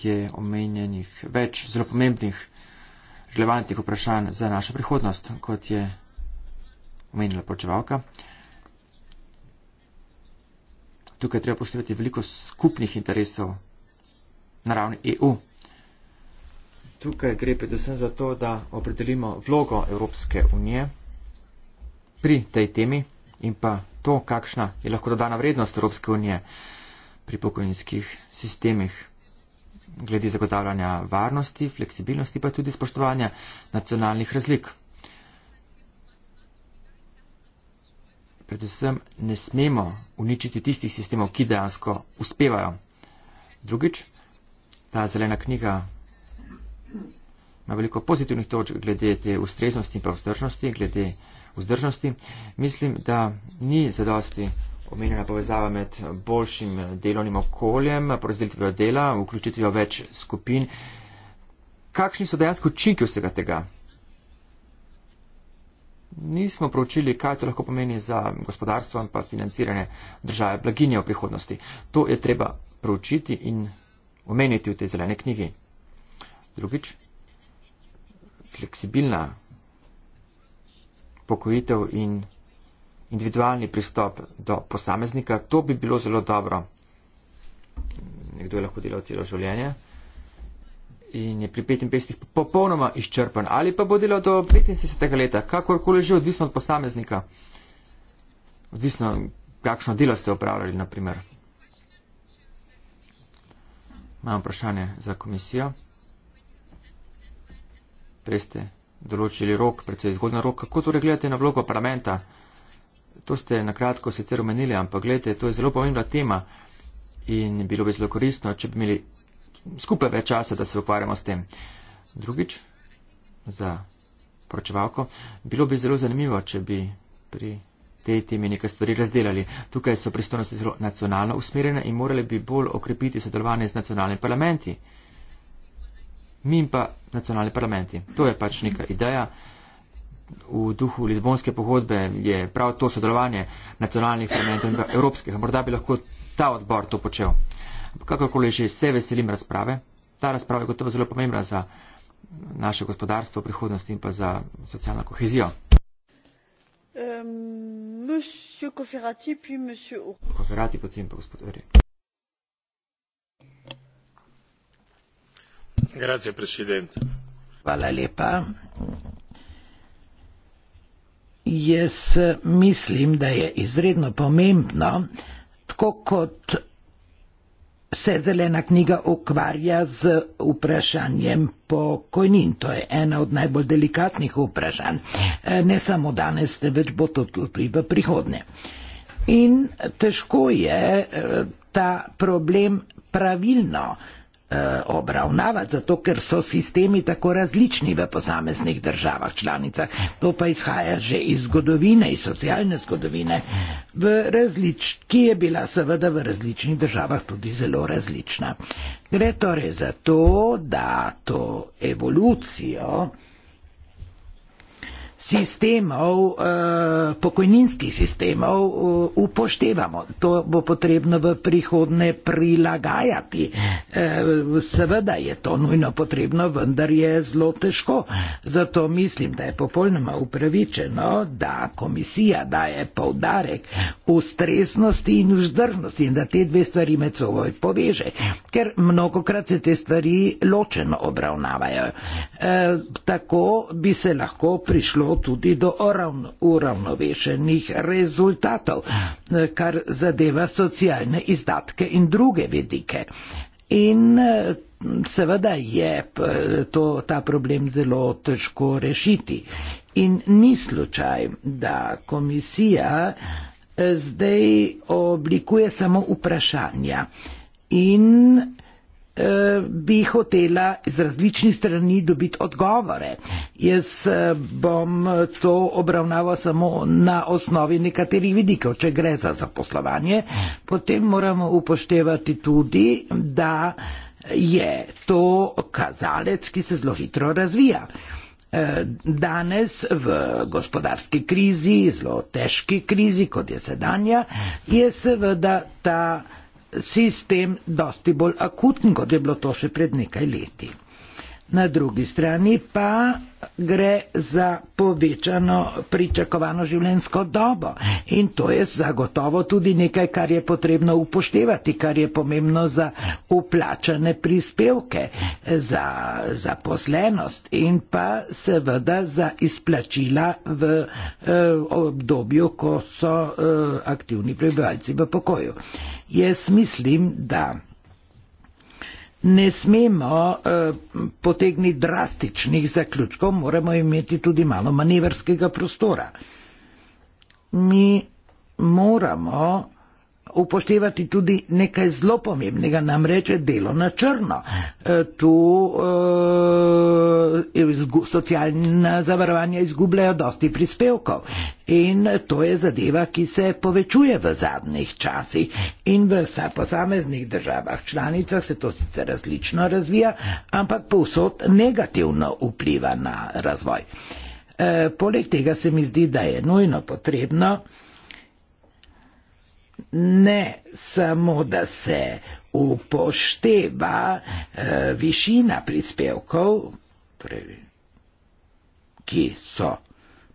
Speaker 1: je omenjenih več zelo pomembnih relevantnih vprašanj za našo prihodnost, kot je omenila počevalka. Tukaj treba poštevati veliko skupnih interesov na ravni EU. Tukaj gre predvsem za to, da opredelimo vlogo Evropske unije pri tej temi in pa to, kakšna je lahko dodana vrednost Evropske unije pri pokojninskih sistemih glede zagotavljanja varnosti, fleksibilnosti pa tudi spoštovanja nacionalnih razlik. Predvsem ne smemo uničiti tistih sistemov, ki dejansko uspevajo. Drugič, ta zelena knjiga ima veliko pozitivnih točk glede te ustreznosti in pa vzdržnosti, glede uh, vzdržnosti. Mislim, da ni zadosti omenjena povezava med boljšim delovnim okoljem, porazdelitvijo dela, vključitvijo več skupin. Kakšni so dejansko učinki vsega tega? Nismo pročili, kaj to lahko pomeni za gospodarstvo in pa financiranje države blaginje v prihodnosti. To je treba pročiti in omeniti v tej zelene knjigi. Drugič, fleksibilna pokojitev in individualni pristop do posameznika, to bi bilo zelo dobro. Nekdo je lahko delal celo življenje in je pri 55 popolnoma izčrpan ali pa bo delal do 75 leta, kakorkoli že, odvisno od posameznika, odvisno kakšno delo ste opravljali, naprimer. Imam vprašanje za komisijo. Preste določili rok, predvsej zgodna rok. Kako torej gledate na vlogo parlamenta? To ste na kratko sicer omenili, ampak gledajte, to je zelo pomembna tema in bilo bi zelo koristno, če bi imeli skupaj več časa, da se ukvarjamo s tem. Drugič, za pročevalko, bilo bi zelo zanimivo, če bi pri tej temi nekaj stvari razdelali. Tukaj so pristojnosti zelo nacionalno usmerjene in morali bi bolj okrepiti sodelovanje z nacionalnimi parlamenti mi in pa nacionalni parlamenti. To je pač neka ideja. V duhu Lizbonske pogodbe je prav to sodelovanje nacionalnih parlamentov in pa evropskih. Morda bi lahko ta odbor to počel. Kakorkoli že se veselim razprave. Ta razprava je gotovo zelo pomembna za naše gospodarstvo v prihodnosti in pa za socialno kohezijo.
Speaker 3: Um, Monsieur Koferati,
Speaker 1: potem pa gospod Ori.
Speaker 4: Gracias, presidente. Hvala lepa. Jaz mislim, da je izredno pomembno, tako kot se zelena knjiga ukvarja z vprašanjem pokojnin. To je ena od najbolj delikatnih vprašanj. Eh, ne samo danes, več bo to tudi v prihodnje. In težko je eh, ta problem pravilno Eh, obravnavati, zato ker so sistemi tako različni v posameznih državah članicah. To pa izhaja že iz zgodovine, iz socialne zgodovine, različ, ki je bila seveda v različnih državah tudi zelo različna. Gre torej za to, da to evolucijo sistemov, eh, pokojninskih sistemov eh, upoštevamo. To bo potrebno v prihodne prilagajati. Eh, seveda je to nujno potrebno, vendar je zelo težko. Zato mislim, da je popolnoma upravičeno, da komisija daje povdarek ustreznosti in vzdržnosti in da te dve stvari med seboj poveže, ker mnogokrat se te stvari ločeno obravnavajo. Tako bi se lahko prišlo tudi do uravnovešenih rezultatov, ja. kar zadeva socialne izdatke in druge vedike. In seveda je to, ta problem zelo težko rešiti. In ni slučaj, da komisija eh, zdaj oblikuje samo vprašanja. In Eh, bi hotela iz različnih strani dobiti odgovore. Jaz eh, bom eh, to obravnaval samo na osnovi nekaterih vidikov. Če gre za zaposlovanje, potem moramo upoštevati tudi, da je to kazalec, ki se zelo hitro razvija. Danes v gospodarski krizi, zelo težki krizi, kot je sedanja, je seveda ta sistem dosti bolj akuten, kot je bilo to še pred nekaj leti. Na drugi strani pa gre za povečano pričakovano življenjsko dobo in to je zagotovo tudi nekaj, kar je potrebno upoštevati, kar je pomembno za uplačane prispevke, za zaposlenost in pa seveda za izplačila v eh, obdobju, ko so eh, aktivni prebivalci v pokoju. Jaz mislim, da Ne smemo eh, potegniti drastičnih zaključkov, moramo imeti tudi malo manevrskega prostora. Mi moramo upoštevati tudi nekaj zelo pomembnega, nam reče delo na črno. E, tu e, izgu, socialna zavarovanja izgubljajo dosti prispevkov in to je zadeva, ki se povečuje v zadnjih časih in v posameznih državah članicah se to sicer različno razvija, ampak povsod negativno vpliva na razvoj. E, poleg tega se mi zdi, da je nujno potrebno, ne samo, da se upošteva e, višina prispevkov, torej, ki so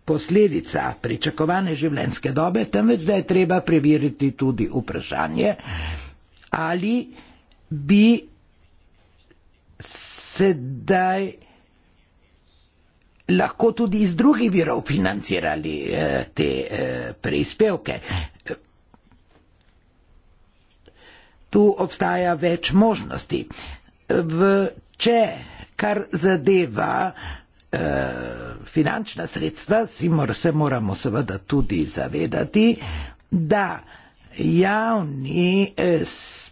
Speaker 4: posledica pričakovane življenjske dobe, temveč da je treba preveriti tudi vprašanje, ali bi sedaj lahko tudi iz drugih virov financirali eh, te eh, prispevke. tu obstaja več možnosti. V če, kar zadeva eh, finančna sredstva, si mor, se moramo seveda tudi zavedati, da javni eh,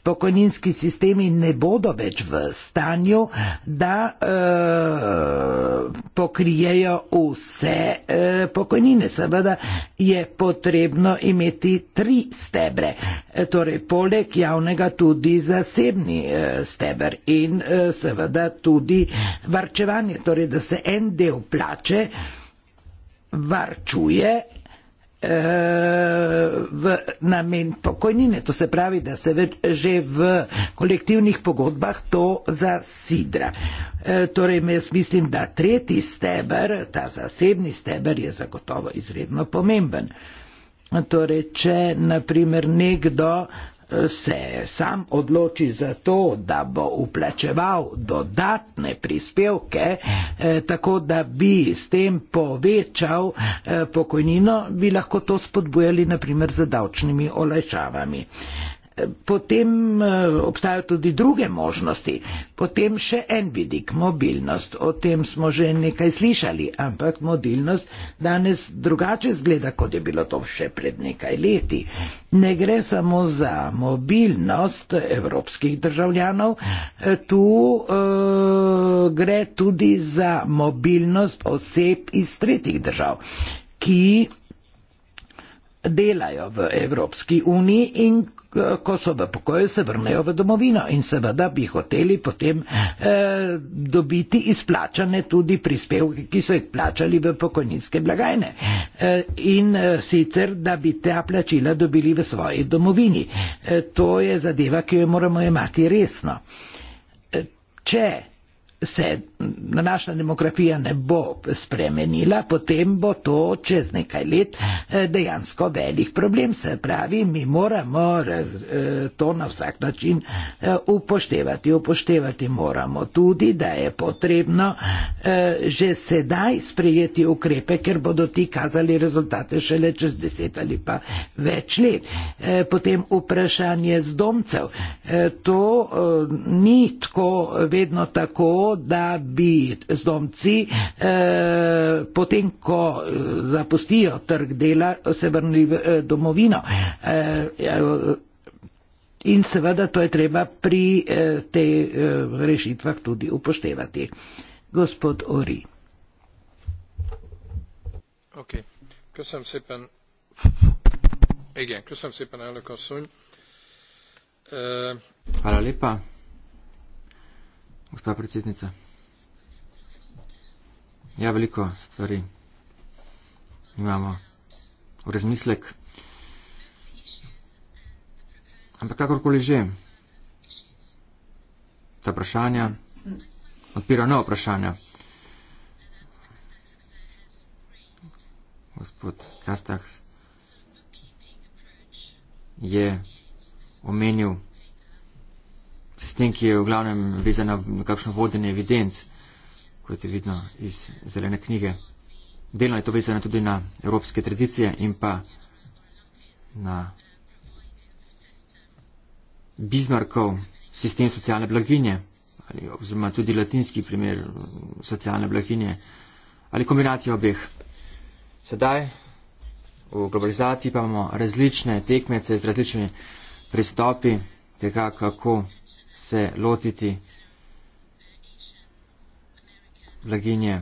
Speaker 4: pokojninski sistemi ne bodo več v stanju, da eh, pokrijejo vse eh, pokojnine. Seveda je potrebno imeti tri stebre, eh, torej poleg javnega tudi zasebni eh, steber in eh, seveda tudi varčevanje, torej da se en del plače varčuje v namen pokojnine, to se pravi, da se več že v kolektivnih pogodbah to zasidra. E, torej, jaz mislim, da tretji steber, ta zasebni steber je zagotovo izredno pomemben. Torej, če naprimer nekdo se sam odloči za to, da bo uplačeval dodatne prispevke, ja. eh, tako da bi s tem povečal eh, pokojnino, bi lahko to spodbujali naprimer z davčnimi olajšavami. Potem eh, obstajajo tudi druge možnosti. Potem še en vidik, mobilnost. O tem smo že nekaj slišali, ampak mobilnost danes drugače zgleda, kot je bilo to še pred nekaj leti. Ne gre samo za mobilnost evropskih državljanov, eh, tu e, gre tudi za mobilnost oseb iz tretjih držav, ki delajo v Evropski uniji in eh, ko so v pokoju, se vrnejo v domovino in seveda bi hoteli potem eh, dobiti izplačane tudi prispevke, ki so jih plačali v pokojninske blagajne eh, in eh, sicer, da bi ta plačila dobili v svoji domovini. Eh, to je zadeva, ki jo moramo imati resno. Eh, če se naša demografija ne bo spremenila, potem bo to čez nekaj let eh, dejansko velik problem. Se pravi, mi moramo eh, to na vsak način eh, upoštevati. Upoštevati moramo tudi, da je potrebno že sedaj sprejeti ukrepe, ker bodo ti kazali rezultate šele čez deset ali pa več let. Potem vprašanje zdomcev. To ni tako vedno tako, da bi zdomci, eh, potem ko eh, zapustijo trg dela, se vrnili v eh, domovino. Eh, ja, In seveda to je treba pri eh, te eh, rešitvah tudi upoštevati. Gospod Ori.
Speaker 3: Ok, köszönöm szépen. Igen, köszönöm szépen, elnök asszony. Uh,
Speaker 1: Hvala lepa gospa predsednica. Ja, veliko stvari imamo v razmislek. Ampak kakorkoli že, ta vprašanja odpira nove vprašanja. Gospod Kastaks je omenil s tem, ki je v glavnem vezana na kakšno vodenje evidenc, kot je vidno iz zelene knjige. Delno je to vezano tudi na evropske tradicije in pa na Bismarckov sistem socialne blaginje, ali, oziroma tudi latinski primer socialne blaginje, ali kombinacija obeh. Sedaj v globalizaciji pa imamo različne tekmece z različnimi pristopi tega, kako se lotiti blaginje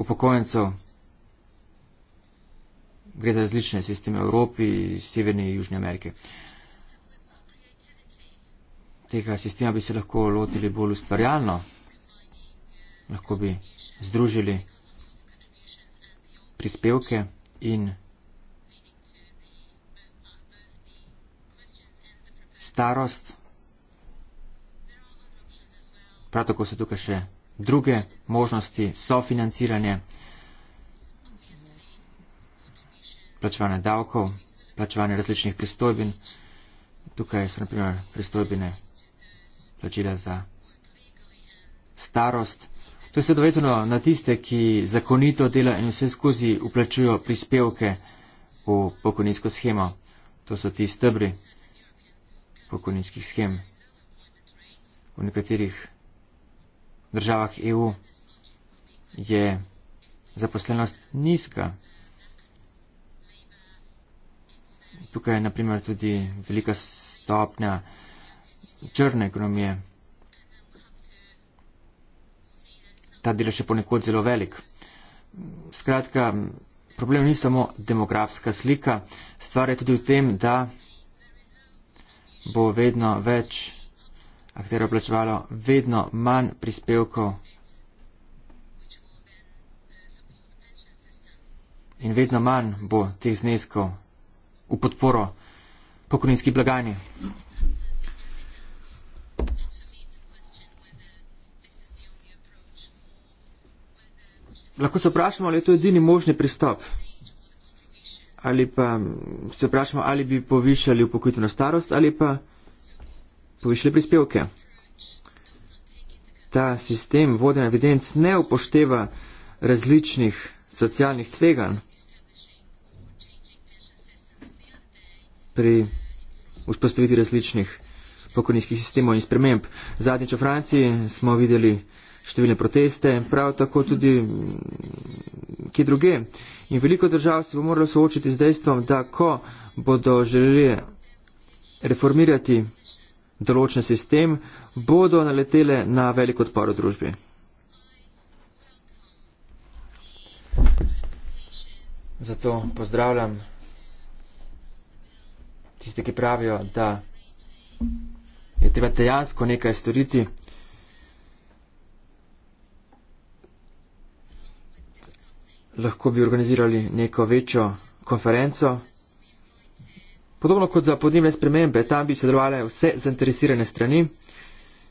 Speaker 1: upokojencev. Gre za različne sisteme Evropi, Severne in Južne Amerike. Tega sistema bi se lahko lotili bolj ustvarjalno, lahko bi združili prispevke in starost. Prav tako so tukaj še druge možnosti sofinanciranja, plačevanja davkov, plačevanja različnih pristojbin. Tukaj so naprimer pristojbine plačila za starost. To je sedovetno na tiste, ki zakonito dela in vse skozi uplačujo prispevke v pokojninsko schemo. To so ti stebri pokojninskih schem. V nekaterih državah EU je zaposlenost nizka. Tukaj je naprimer tudi velika stopnja črne ekonomije. Ta del je še ponekod zelo velik. Skratka, problem ni samo demografska slika, stvar je tudi v tem, da bo vedno več katero je plačevalo vedno manj prispevkov in vedno manj bo teh zneskov v podporo pokojninski blagajni. Lahko se vprašamo, ali je to edini možni pristop. Ali pa se vprašamo, ali bi povišali upokojitveno starost, ali pa povišile prispevke. Ta sistem vodenja evidenc ne upošteva različnih socialnih tveganj. pri vzpostaviti različnih pokojninskih sistemov in sprememb. Zadnjič v Franciji smo videli številne proteste, prav tako tudi mm, ki druge. In veliko držav se bo moralo soočiti z dejstvom, da ko bodo želeli reformirati določen sistem, bodo naletele na veliko odpor v družbi. Zato pozdravljam tiste, ki pravijo, da je treba dejansko nekaj storiti. Lahko bi organizirali neko večjo konferenco. Podobno kot za podnebne spremembe, tam bi sodelovali vse zainteresirane strani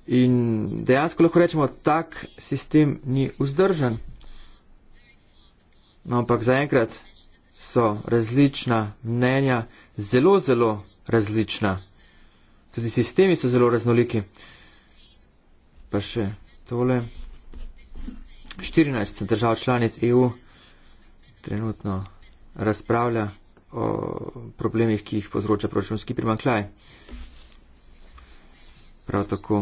Speaker 1: in dejansko lahko rečemo, tak sistem ni vzdržen. No, ampak zaenkrat so različna mnenja, zelo, zelo različna. Tudi sistemi so zelo raznoliki. Pa še tole. 14 držav članic EU trenutno razpravlja o problemih, ki jih povzroča proračunski primankljaj. Prav tako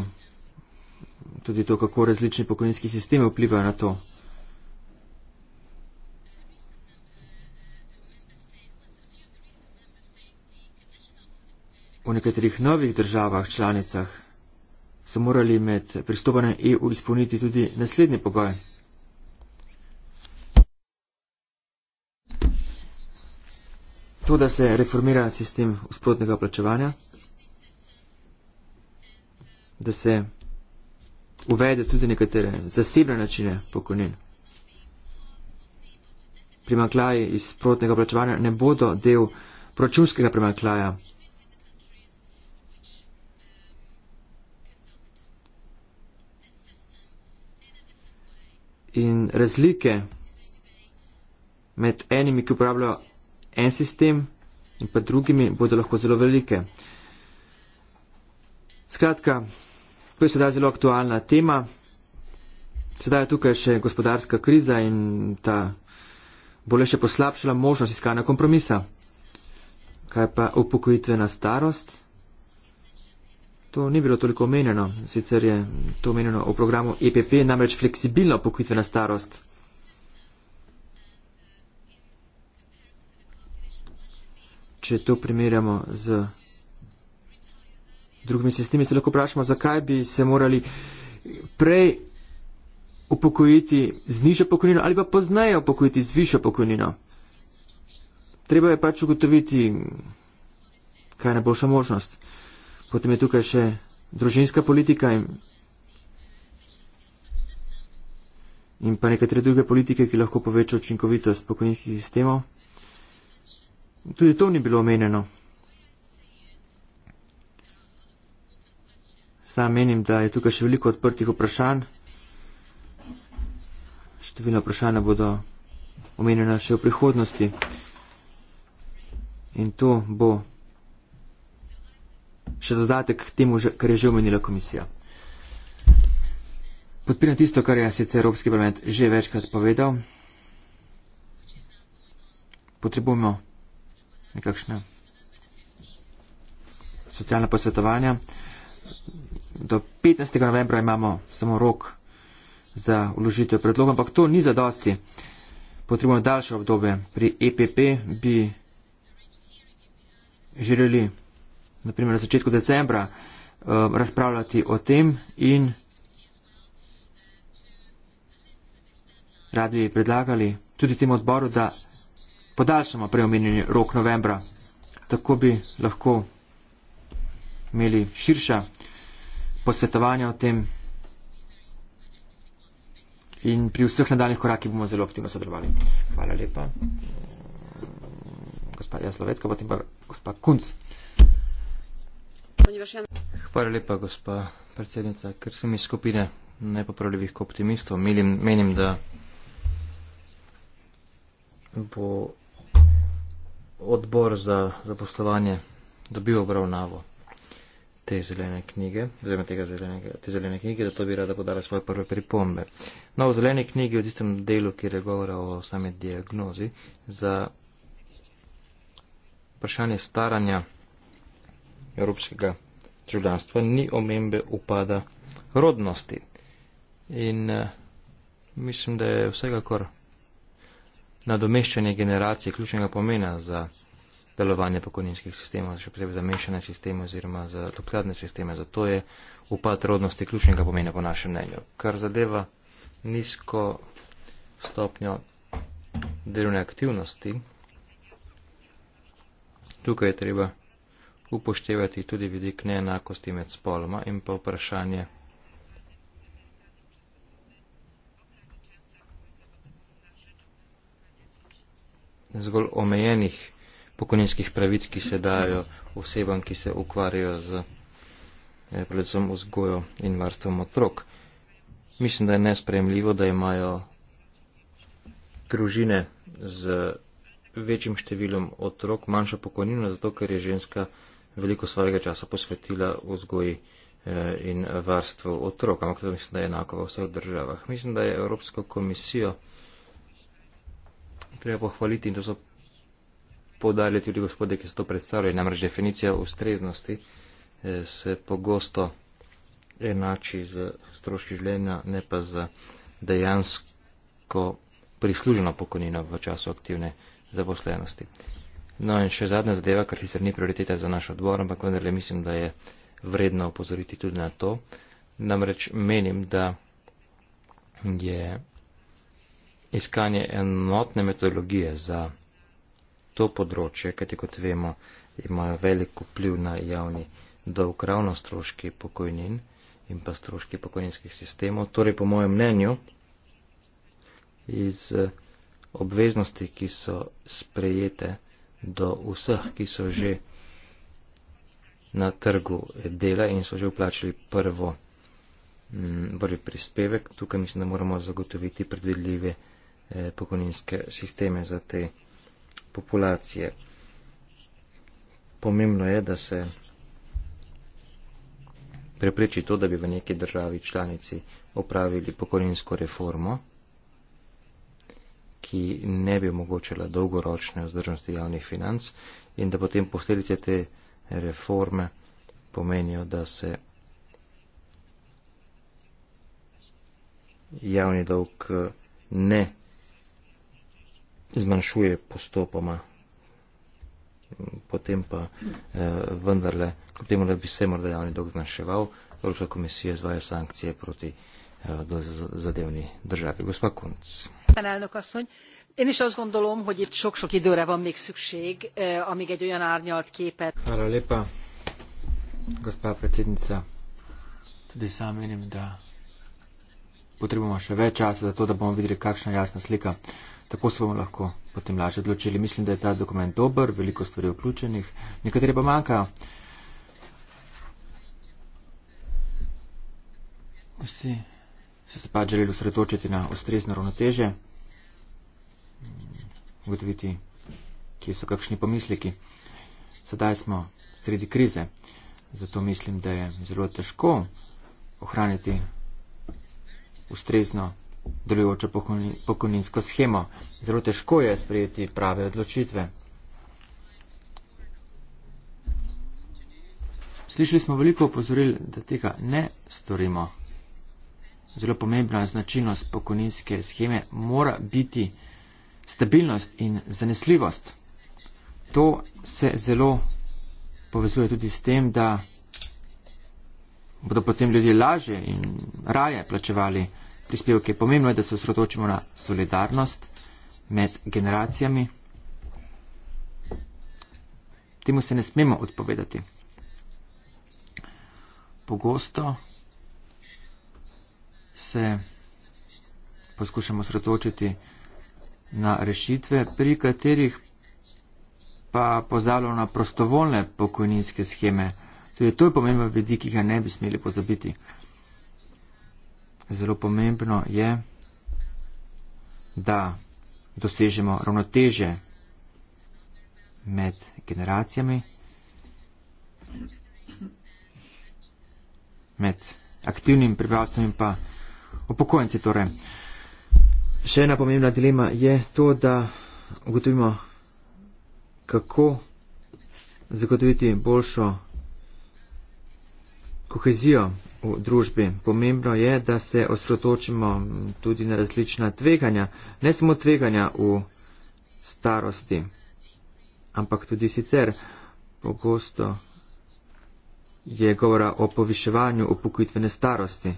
Speaker 1: tudi to, kako različni pokojninski sistemi vplivajo na to. V nekaterih novih državah, članicah so morali med pristopanjem EU izpolniti tudi naslednji pogoj. to, da se reformira sistem usprotnega plačevanja, da se uvede tudi nekatere zasebne načine pokojnin. Primaklaji iz sprotnega plačevanja ne bodo del proračunskega primaklaja. In razlike med enimi, ki uporabljajo en sistem in pa drugimi bodo lahko zelo velike. Skratka, to je sedaj zelo aktualna tema. Sedaj je tukaj še gospodarska kriza in ta bo le še poslabšala možnost iskanja kompromisa. Kaj pa upokojitvena starost? To ni bilo toliko omenjeno, sicer je to omenjeno v programu EPP, namreč fleksibilna upokojitvena starost. če to primerjamo z drugimi sistemi, se lahko vprašamo, zakaj bi se morali prej upokojiti z nižjo pokojnino ali pa poznaje upokojiti z višjo pokojnino. Treba je pač ugotoviti, kaj je najboljša možnost. Potem je tukaj še družinska politika in, in pa nekatere druge politike, ki lahko povečajo učinkovitost pokojninskih sistemov. Tudi to ni bilo omenjeno. Sam menim, da je tukaj še veliko odprtih vprašanj. Številna vprašanja bodo omenjena še v prihodnosti. In to bo še dodatek k temu, kar je že omenila komisija. Podpiram tisto, kar je sicer Evropski parlament že večkrat povedal. Potrebujemo nekakšne socialne posvetovanja. Do 15. novembra imamo samo rok za uložitev predlogov, ampak to ni zadosti. Potrebujemo daljše obdobje. Pri EPP bi želeli, naprimer na začetku decembra, eh, razpravljati o tem in radi bi predlagali tudi tem odboru, da podaljšamo preomenjeni rok novembra, tako bi lahko imeli širša posvetovanja o tem in pri vseh nadaljnih korakih bomo zelo aktivno sodelovali. Hvala lepa. Gospa Jaslovecka, potem pa gospa Kunc.
Speaker 2: Hvala lepa, gospa predsednica, ker sem iz skupine nepopravljivih optimistov. Menim, menim, da bo odbor za zaposlovanje dobil obravnavo te zelene knjige, oziroma te zelene knjige, zato bi rada podala svoje prve pripombe. No, v zeleni knjigi, v tistem delu, kjer je govora o sami diagnozi, za vprašanje staranja evropskega življanstva ni omembe upada rodnosti. In uh, mislim, da je vsega kar nadomeščanje generacije ključnega pomena za delovanje pokojninskih sistemov, še posebej za mešane sisteme oziroma za dokladne sisteme. Zato je upad rodnosti ključnega pomena po našem mnenju. Kar zadeva nizko stopnjo delovne aktivnosti, tukaj je treba upoštevati tudi vidik neenakosti med spoloma in pa vprašanje zgolj omejenih pokojninskih pravic, ki se dajo osebam, ki se ukvarjajo z eh, predvsem vzgojo in varstvom otrok. Mislim, da je nespremljivo, da imajo družine z večjim številom otrok manjšo pokojnino, zato ker je ženska veliko svojega časa posvetila vzgoji eh, in varstvu otrok, ampak to mislim, da je enako v vseh državah. Mislim, da je Evropsko komisijo treba pohvaliti in to so podarili tudi gospode, ki so to predstavljali. Namreč definicija ustreznosti eh, se pogosto enači z stroški življenja, ne pa z dejansko prisluženo pokojnino v času aktivne zaposlenosti. No in še zadnja zadeva, kar sicer ni prioriteta za naš odbor, ampak vendarle mislim, da je vredno opozoriti tudi na to. Namreč menim, da je iskanje enotne metodologije za to področje, kajti kot vemo, imajo veliko pliv na javni dolg ravno stroški pokojnin in pa stroški pokojninskih sistemov. Torej, po mojem mnenju, iz eh, obveznosti, ki so sprejete do vseh, ki so že na trgu dela in so že vplačali prvo, mm, prvi prispevek, tukaj mislim, da moramo zagotoviti predvidljive Eh, pokojninske sisteme za te populacije. Pomembno je, da se prepreči to, da bi v neki državi članici opravili pokojninsko reformo, ki ne bi omogočila dolgoročne vzdržnosti javnih financ in da potem posledice te reforme pomenijo, da se javni dolg ne zmanjšuje postopoma. Potem pa eh, vendarle, kljub temu, da bi se morda javni dolg zmanjševal, Evropska komisija izvaja sankcije proti eh, do, zadevni državi. Gospa Kunc.
Speaker 4: Én is azt gondolom, hogy itt sok-sok időre van még szükség, eh, amíg egy olyan árnyalt képet.
Speaker 1: Hála lépa, gospa predsednica, tudi sam menim, da potrebujemo še več časa, zato da bomo videli, kakšna jasna slika. Eh, tako se bomo lahko potem lažje odločili. Mislim, da je ta dokument dober, veliko stvari vključenih, nekatere pa manjka. Vsi so se pa želeli usredotočiti na ustrezno ravnoteže, ugotoviti, kje so kakšni pomisleki. Sedaj smo sredi krize, zato mislim, da je zelo težko ohraniti ustrezno ravnoteže delujočo pokojninsko schemo. Zelo težko je sprejeti prave odločitve. Slišali smo veliko opozoril, da tega ne storimo. Zelo pomembna značilnost pokojninske scheme mora biti stabilnost in zanesljivost. To se zelo povezuje tudi s tem, da bodo potem ljudje lažje in raje plačevali prispevke. Pomembno je, da se osredotočimo na solidarnost med generacijami. Temu se ne smemo odpovedati. Pogosto se poskušamo osredotočiti na rešitve, pri katerih pa pozdravljamo na prostovoljne pokojninske scheme. Tudi to je pomemben vidik, ki ga ne bi smeli pozabiti zelo pomembno je, da dosežemo ravnoteže med generacijami, med aktivnim prebivalstvom in pa upokojenci. Torej. Še ena pomembna dilema je to, da ugotovimo, kako zagotoviti boljšo kohezijo v družbi. Pomembno je, da se osredotočimo tudi na različna tveganja, ne samo tveganja v starosti, ampak tudi sicer pogosto je govora o poviševanju upokojitvene starosti.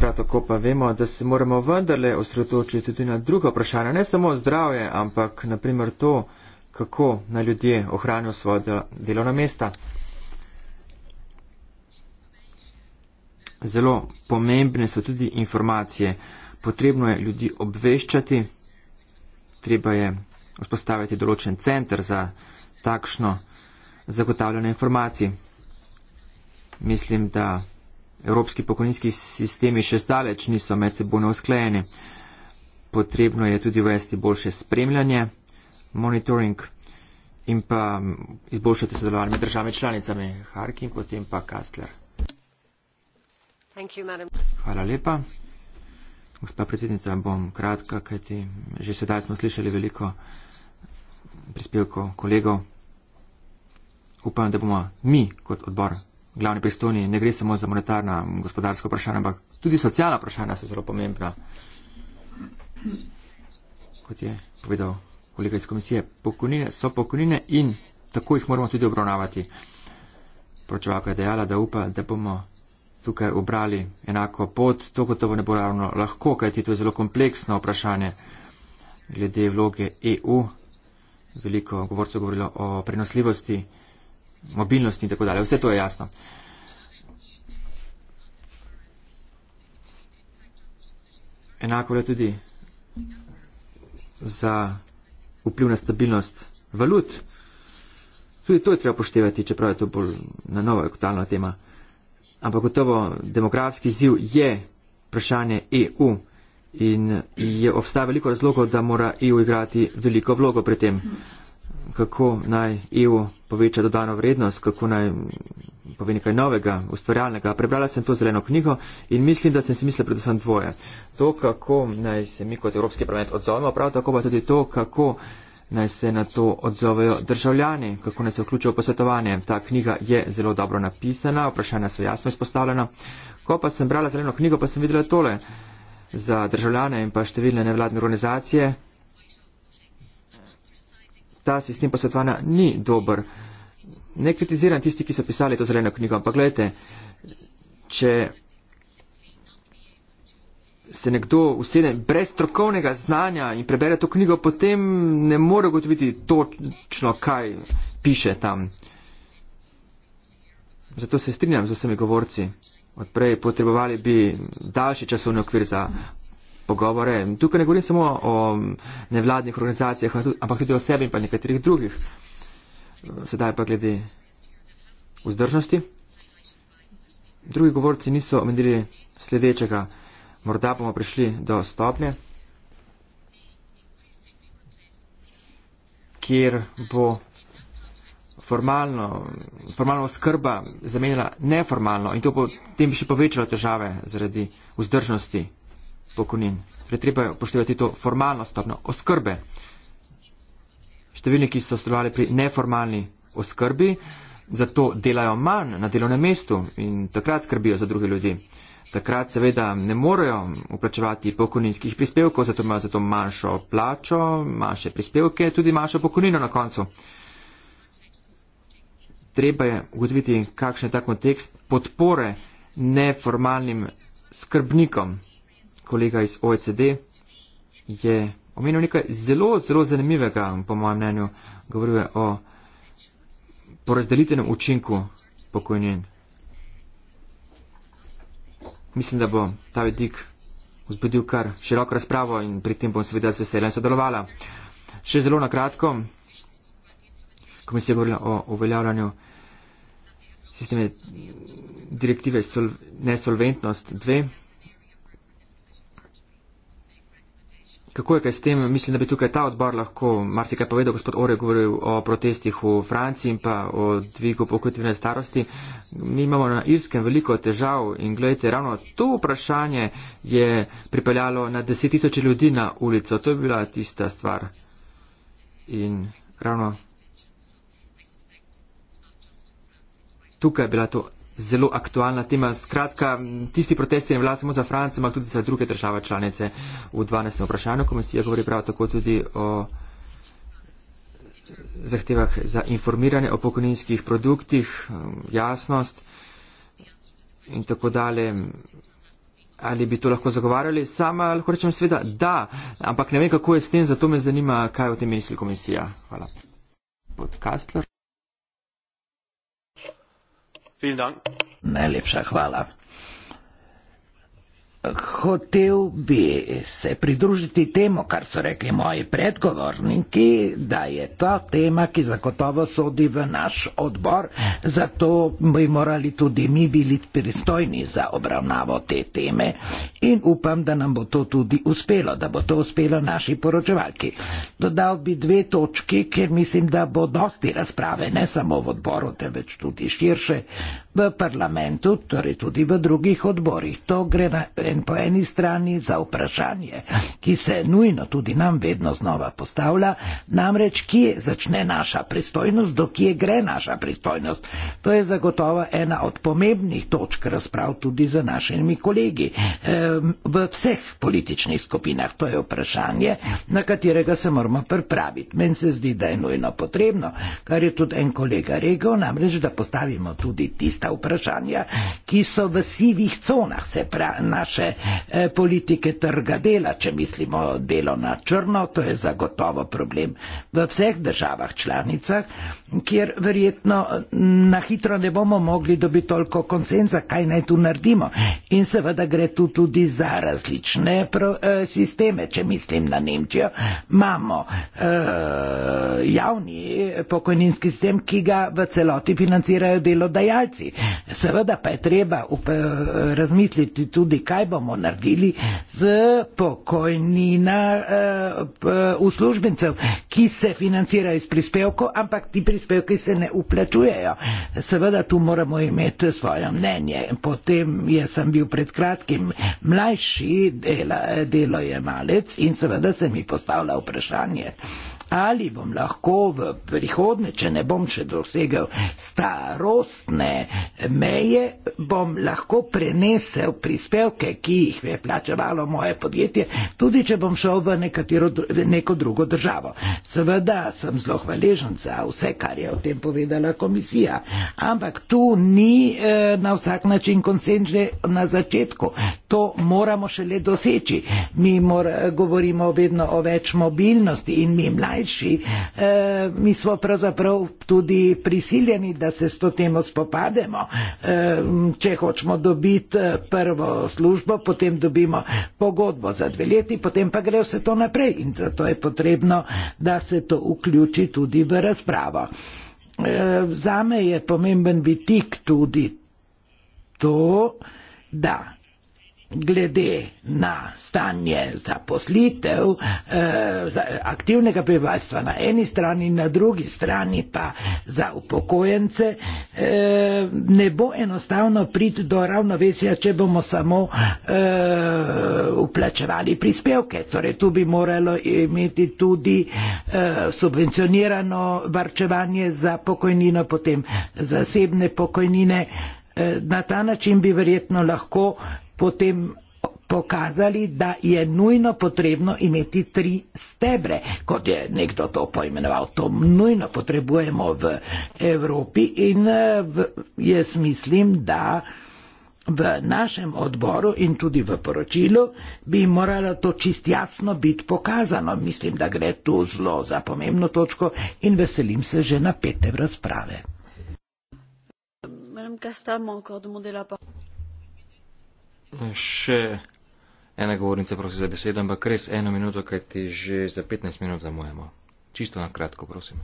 Speaker 1: Prav tako pa vemo, da se moramo vendarle osredotočiti tudi na druga vprašanja, ne samo zdravje, ampak naprimer to, kako na ljudje ohranijo svoje delovna mesta. zelo pomembne so tudi informacije. Potrebno je ljudi obveščati, treba je vzpostaviti določen center za takšno zagotavljanje informacij. Mislim, da evropski pokojninski sistemi še zdaleč niso med seboj neusklajeni. Potrebno je tudi uvesti boljše spremljanje, monitoring in pa izboljšati sodelovanje med državami članicami Harki in potem pa Kastler.
Speaker 3: Hvala
Speaker 1: lepa. Gospa predsednica, bom kratka, kajti že sedaj smo slišali veliko prispevkov kolegov. Upam, da bomo mi kot odbor, glavni pristojni, ne gre samo za monetarna gospodarska vprašanja, ampak tudi socialna vprašanja so zelo pomembna. Kot je povedal kolega iz komisije, pokojnine so pokojnine in tako jih moramo tudi obravnavati. Pročevalka je dejala, da upa, da bomo tukaj obrali enako pot, to gotovo ne bo ravno lahko, kajti to je zelo kompleksno vprašanje glede vloge EU. Veliko govorcev govorilo o prenosljivosti, mobilnosti in tako dalje. Vse to je jasno. Enako je tudi za vpliv na stabilnost valut. Tudi to je treba poštevati, čeprav je to bolj na novo aktualna tema ampak gotovo demografski ziv je vprašanje EU in je obstaja veliko razlogov, da mora EU igrati veliko vlogo pri tem, kako naj EU poveča dodano vrednost, kako naj pove nekaj novega, ustvarjalnega. Prebrala sem to zeleno knjigo in mislim, da sem si mislila predvsem dvoje. To, kako naj se mi kot Evropski parlament odzovemo, prav tako pa tudi to, kako naj se na to odzovejo državljani, kako naj se vključijo v posvetovanje. Ta knjiga je zelo dobro napisana, vprašanja so jasno izpostavljena. Ko pa sem brala zeleno knjigo, pa sem videla tole za državljane in pa številne nevladne organizacije. Ta sistem posvetovanja ni dober. Ne kritiziram tisti, ki so pisali to zeleno knjigo, ampak gledajte, če se nekdo usede brez strokovnega znanja in prebere to knjigo, potem ne more gotoviti točno, kaj piše tam. Zato se strinjam z vsemi govorci. Odprej potrebovali bi daljši časovni okvir za pogovore. Tukaj ne govorim samo o nevladnih organizacijah, ampak tudi o sebi in pa nekaterih drugih. Sedaj pa glede vzdržnosti. Drugi govorci niso omenili sledečega. Morda bomo prišli do stopnje, kjer bo formalno, formalno skrba zamenjala neformalno in to bo tem še povečalo težave zaradi vzdržnosti pokojnin. Torej treba poštevati to formalno stopno oskrbe. Številni, ki so sodelovali pri neformalni oskrbi, zato delajo manj na delovnem mestu in takrat skrbijo za druge ljudi takrat seveda ne morejo uplačevati pokojninskih prispevkov, zato imajo zato manjšo plačo, manjše prispevke, tudi manjšo pokojnino na koncu. Treba je ugotoviti, kakšen je ta kontekst podpore neformalnim skrbnikom. Kolega iz OECD je omenil nekaj zelo, zelo zanimivega, po mojem mnenju, govoril je o porazdelitenem učinku pokojnin mislim, da bo ta vidik vzbudil kar široko razpravo in pri tem bom seveda z veseljem sodelovala. Še zelo na kratko, komisija govorila o uveljavljanju sisteme direktive nesolventnost 2. Kako je kaj s tem? Mislim, da bi tukaj ta odbor lahko marsikaj povedal. Gospod Ore je govoril o protestih v Franciji in pa o dvigu pokojnine starosti. Mi imamo na Irskem veliko težav in gledajte, ravno to vprašanje je pripeljalo na deset tisoč ljudi na ulico. To je bila tista stvar. In ravno tukaj je bila to zelo aktualna tema. Skratka, tisti protest je vlad samo za Francijo, ampak tudi za druge države članice v 12. vprašanju. Komisija govori prav tako tudi o zahtevah za informiranje o pokojninskih produktih, jasnost in tako dalje. Ali bi to lahko zagovarjali? Sama lahko rečem sveda da, ampak ne vem, kako je s tem, zato me zanima, kaj o tem misli komisija. Hvala. Podkastler.
Speaker 3: Vielen Dank.
Speaker 4: Najlepša hvala. Hotel bi se pridružiti temu, kar so rekli moji predgovorniki, da je to tema, ki zagotovo sodi v naš odbor, zato bi morali tudi mi biti pristojni za obravnavo te teme in upam, da nam bo to tudi uspelo, da bo to uspelo naši poročevalki. Dodal bi dve točki, ker mislim, da bo dosti razprave, ne samo v odboru, temveč tudi širše, V parlamentu, torej tudi v drugih odborih, to gre na, en po eni strani za vprašanje, ki se nujno tudi nam vedno znova postavlja, namreč kje začne naša pristojnost, do kje gre naša pristojnost. To je zagotovo ena od pomembnih točk razprav tudi za našimi kolegi ehm, v vseh političnih skupinah. To je vprašanje, na katerega se moramo pripraviti. Meni se zdi, da je nujno potrebno, kar je tudi en kolega rekel, namreč da postavimo tudi tisti, ta vprašanja, ki so v sivih conah, se pravi naše eh, politike trga dela, če mislimo delo na črno, to je zagotovo problem v vseh državah članicah, kjer verjetno eh, na hitro ne bomo mogli dobiti toliko konsenza, kaj naj tu naredimo. In seveda gre tu tudi za različne pro, eh, sisteme, če mislim na Nemčijo, imamo eh, javni pokojninski sistem, ki ga v celoti financirajo delodajalci. Seveda pa je treba eh, razmisliti tudi, kaj bomo naredili z pokojnina eh, uslužbencev, ki se financirajo iz prispevkov, ampak ti prispevki se ne uplačujejo. Seveda tu moramo imeti svoje mnenje. Potem jaz sem bil pred kratkim mlajši dela, delojemalec in seveda se mi postavlja vprašanje ali bom lahko v prihodnje, če ne bom še dosegel starostne meje, bom lahko prenesel prispevke, ki jih je plačevalo moje podjetje, tudi če bom šel v, nekatero, v neko drugo državo. Seveda sem zelo hvaležen za vse, kar je o tem povedala komisija, ampak tu ni eh, na vsak način konsenz že na začetku. To moramo šele doseči. Mi mora, govorimo vedno o več mobilnosti in mi mlajši krajši, eh, mi smo pravzaprav tudi prisiljeni, da se s to temo spopademo. Eh, če hočemo dobiti eh, prvo službo, potem dobimo pogodbo za dve leti, potem pa gre vse to naprej in zato je potrebno, da se to vključi tudi v razpravo. Zame je pomemben vitik tudi to, da glede na stanje zaposlitev eh, za aktivnega prebivalstva na eni strani, na drugi strani pa za upokojence, eh, ne bo enostavno priti do ravnovesja, če bomo samo eh, uplačevali prispevke. Torej, tu bi moralo imeti tudi eh, subvencionirano varčevanje za pokojnino, potem zasebne pokojnine. Eh, na ta način bi verjetno lahko potem pokazali, da je nujno potrebno imeti tri stebre, kot je nekdo to poimenoval. To nujno potrebujemo v Evropi in eh, v, jaz mislim, da v našem odboru in tudi v poročilu bi moralo to čist jasno biti pokazano. Mislim, da gre tu zelo za pomembno točko in veselim se že na pete razprave
Speaker 2: še ena govornica, prosim za besedo, ampak res eno minuto, kaj ti že za 15 minut zamujamo. Čisto na kratko, prosim.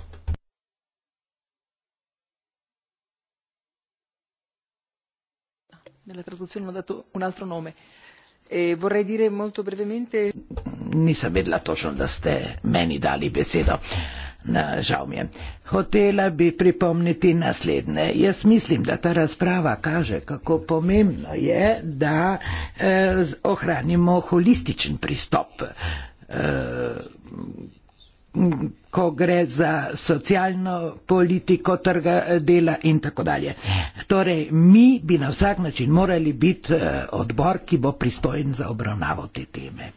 Speaker 1: Nella traduzione ho dato un altro nome. E vorrei dire molto brevemente.
Speaker 4: Nisem vedela točno, da ste meni dali besedo. Na, žal mi je. Hotela bi pripomniti naslednje. Jaz mislim, da ta razprava kaže, kako pomembno je, da eh, ohranimo holističen pristop. Eh, ko gre za socialno politiko trga eh, dela in tako dalje. Torej, mi bi na vsak način morali biti eh, odbor, ki bo pristojen za obravnavo te teme.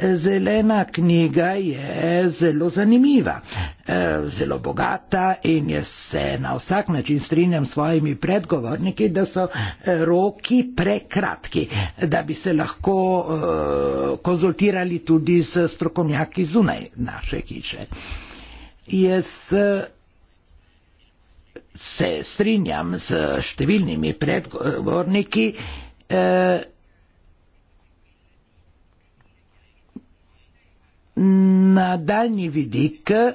Speaker 4: Zelena knjiga je zelo zanimiva, eh, zelo bogata in jaz se na vsak način strinjam s svojimi predgovorniki, da so eh, roki prekratki, da bi se lahko eh, konzultirali tudi s strokovnjaki zunaj naše hiše. Jaz se strinjam s številnimi predgovorniki, na daljni vidik eh,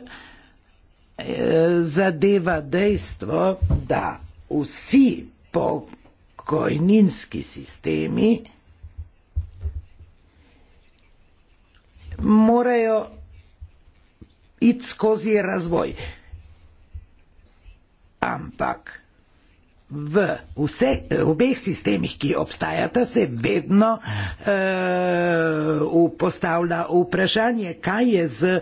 Speaker 4: zadeva dejstvo, da vsi pokojninski sistemi morajo iti skozi razvoj. Ampak v vse, obeh sistemih, ki obstajata, se vedno uh, postavlja vprašanje, kaj je z uh,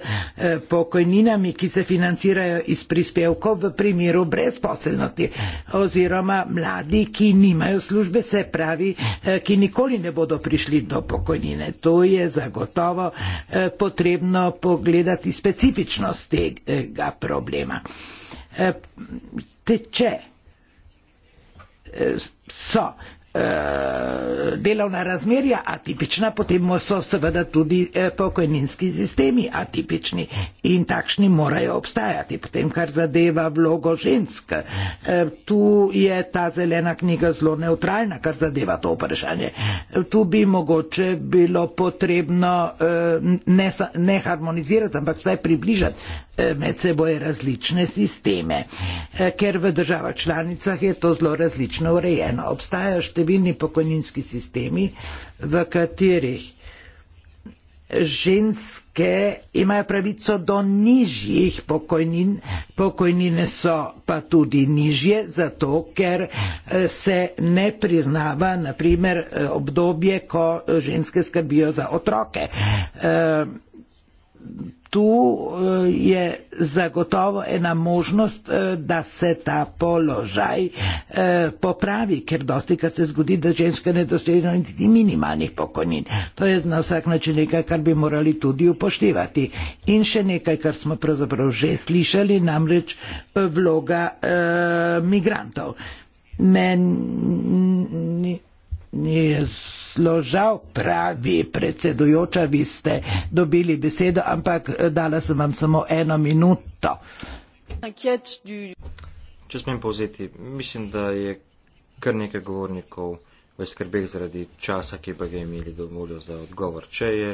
Speaker 4: pokojninami, ki se financirajo iz prispevkov v primeru brezposelnosti oziroma mladi, ki nimajo službe, se pravi, uh, ki nikoli ne bodo prišli do pokojnine. To je zagotovo uh, potrebno pogledati specifičnost tega problema. Uh, teče. Eh, so Eh, delovna razmerja atipična, potem so seveda tudi eh, pokojninski sistemi atipični in takšni morajo obstajati. Potem, kar zadeva vlogo žensk, eh, tu je ta zelena knjiga zelo neutralna, kar zadeva to vprašanje. Tu bi mogoče bilo potrebno ne, ne harmonizirati, ampak vsaj približati med seboj različne sisteme, ker v državah članicah je to zelo različno urejeno. Obstajajo številni pokojninski sistemi, v katerih ženske imajo pravico do nižjih pokojnin, pokojnine so pa tudi nižje, zato ker eh, se ne priznava naprimer eh, obdobje, ko ženske skrbijo za otroke. Uh, tu eh, je zagotovo ena možnost, eh, da se ta položaj eh, popravi, ker dosti krat se zgodi, da ženska ne dosežejo niti minimalnih pokojnin. To je na vsak način nekaj, kar bi morali tudi upoštevati. In še nekaj, kar smo pravzaprav že slišali, namreč vloga eh, migrantov. Meni Ni zložal pravi predsedujoča, vi ste dobili besedo, ampak eh, dala sem vam samo eno minuto.
Speaker 3: Če smem
Speaker 2: povzeti, mislim, da je kar nekaj govornikov v skrbeh zaradi časa, ki pa ga imeli dovoljo za odgovor. Če je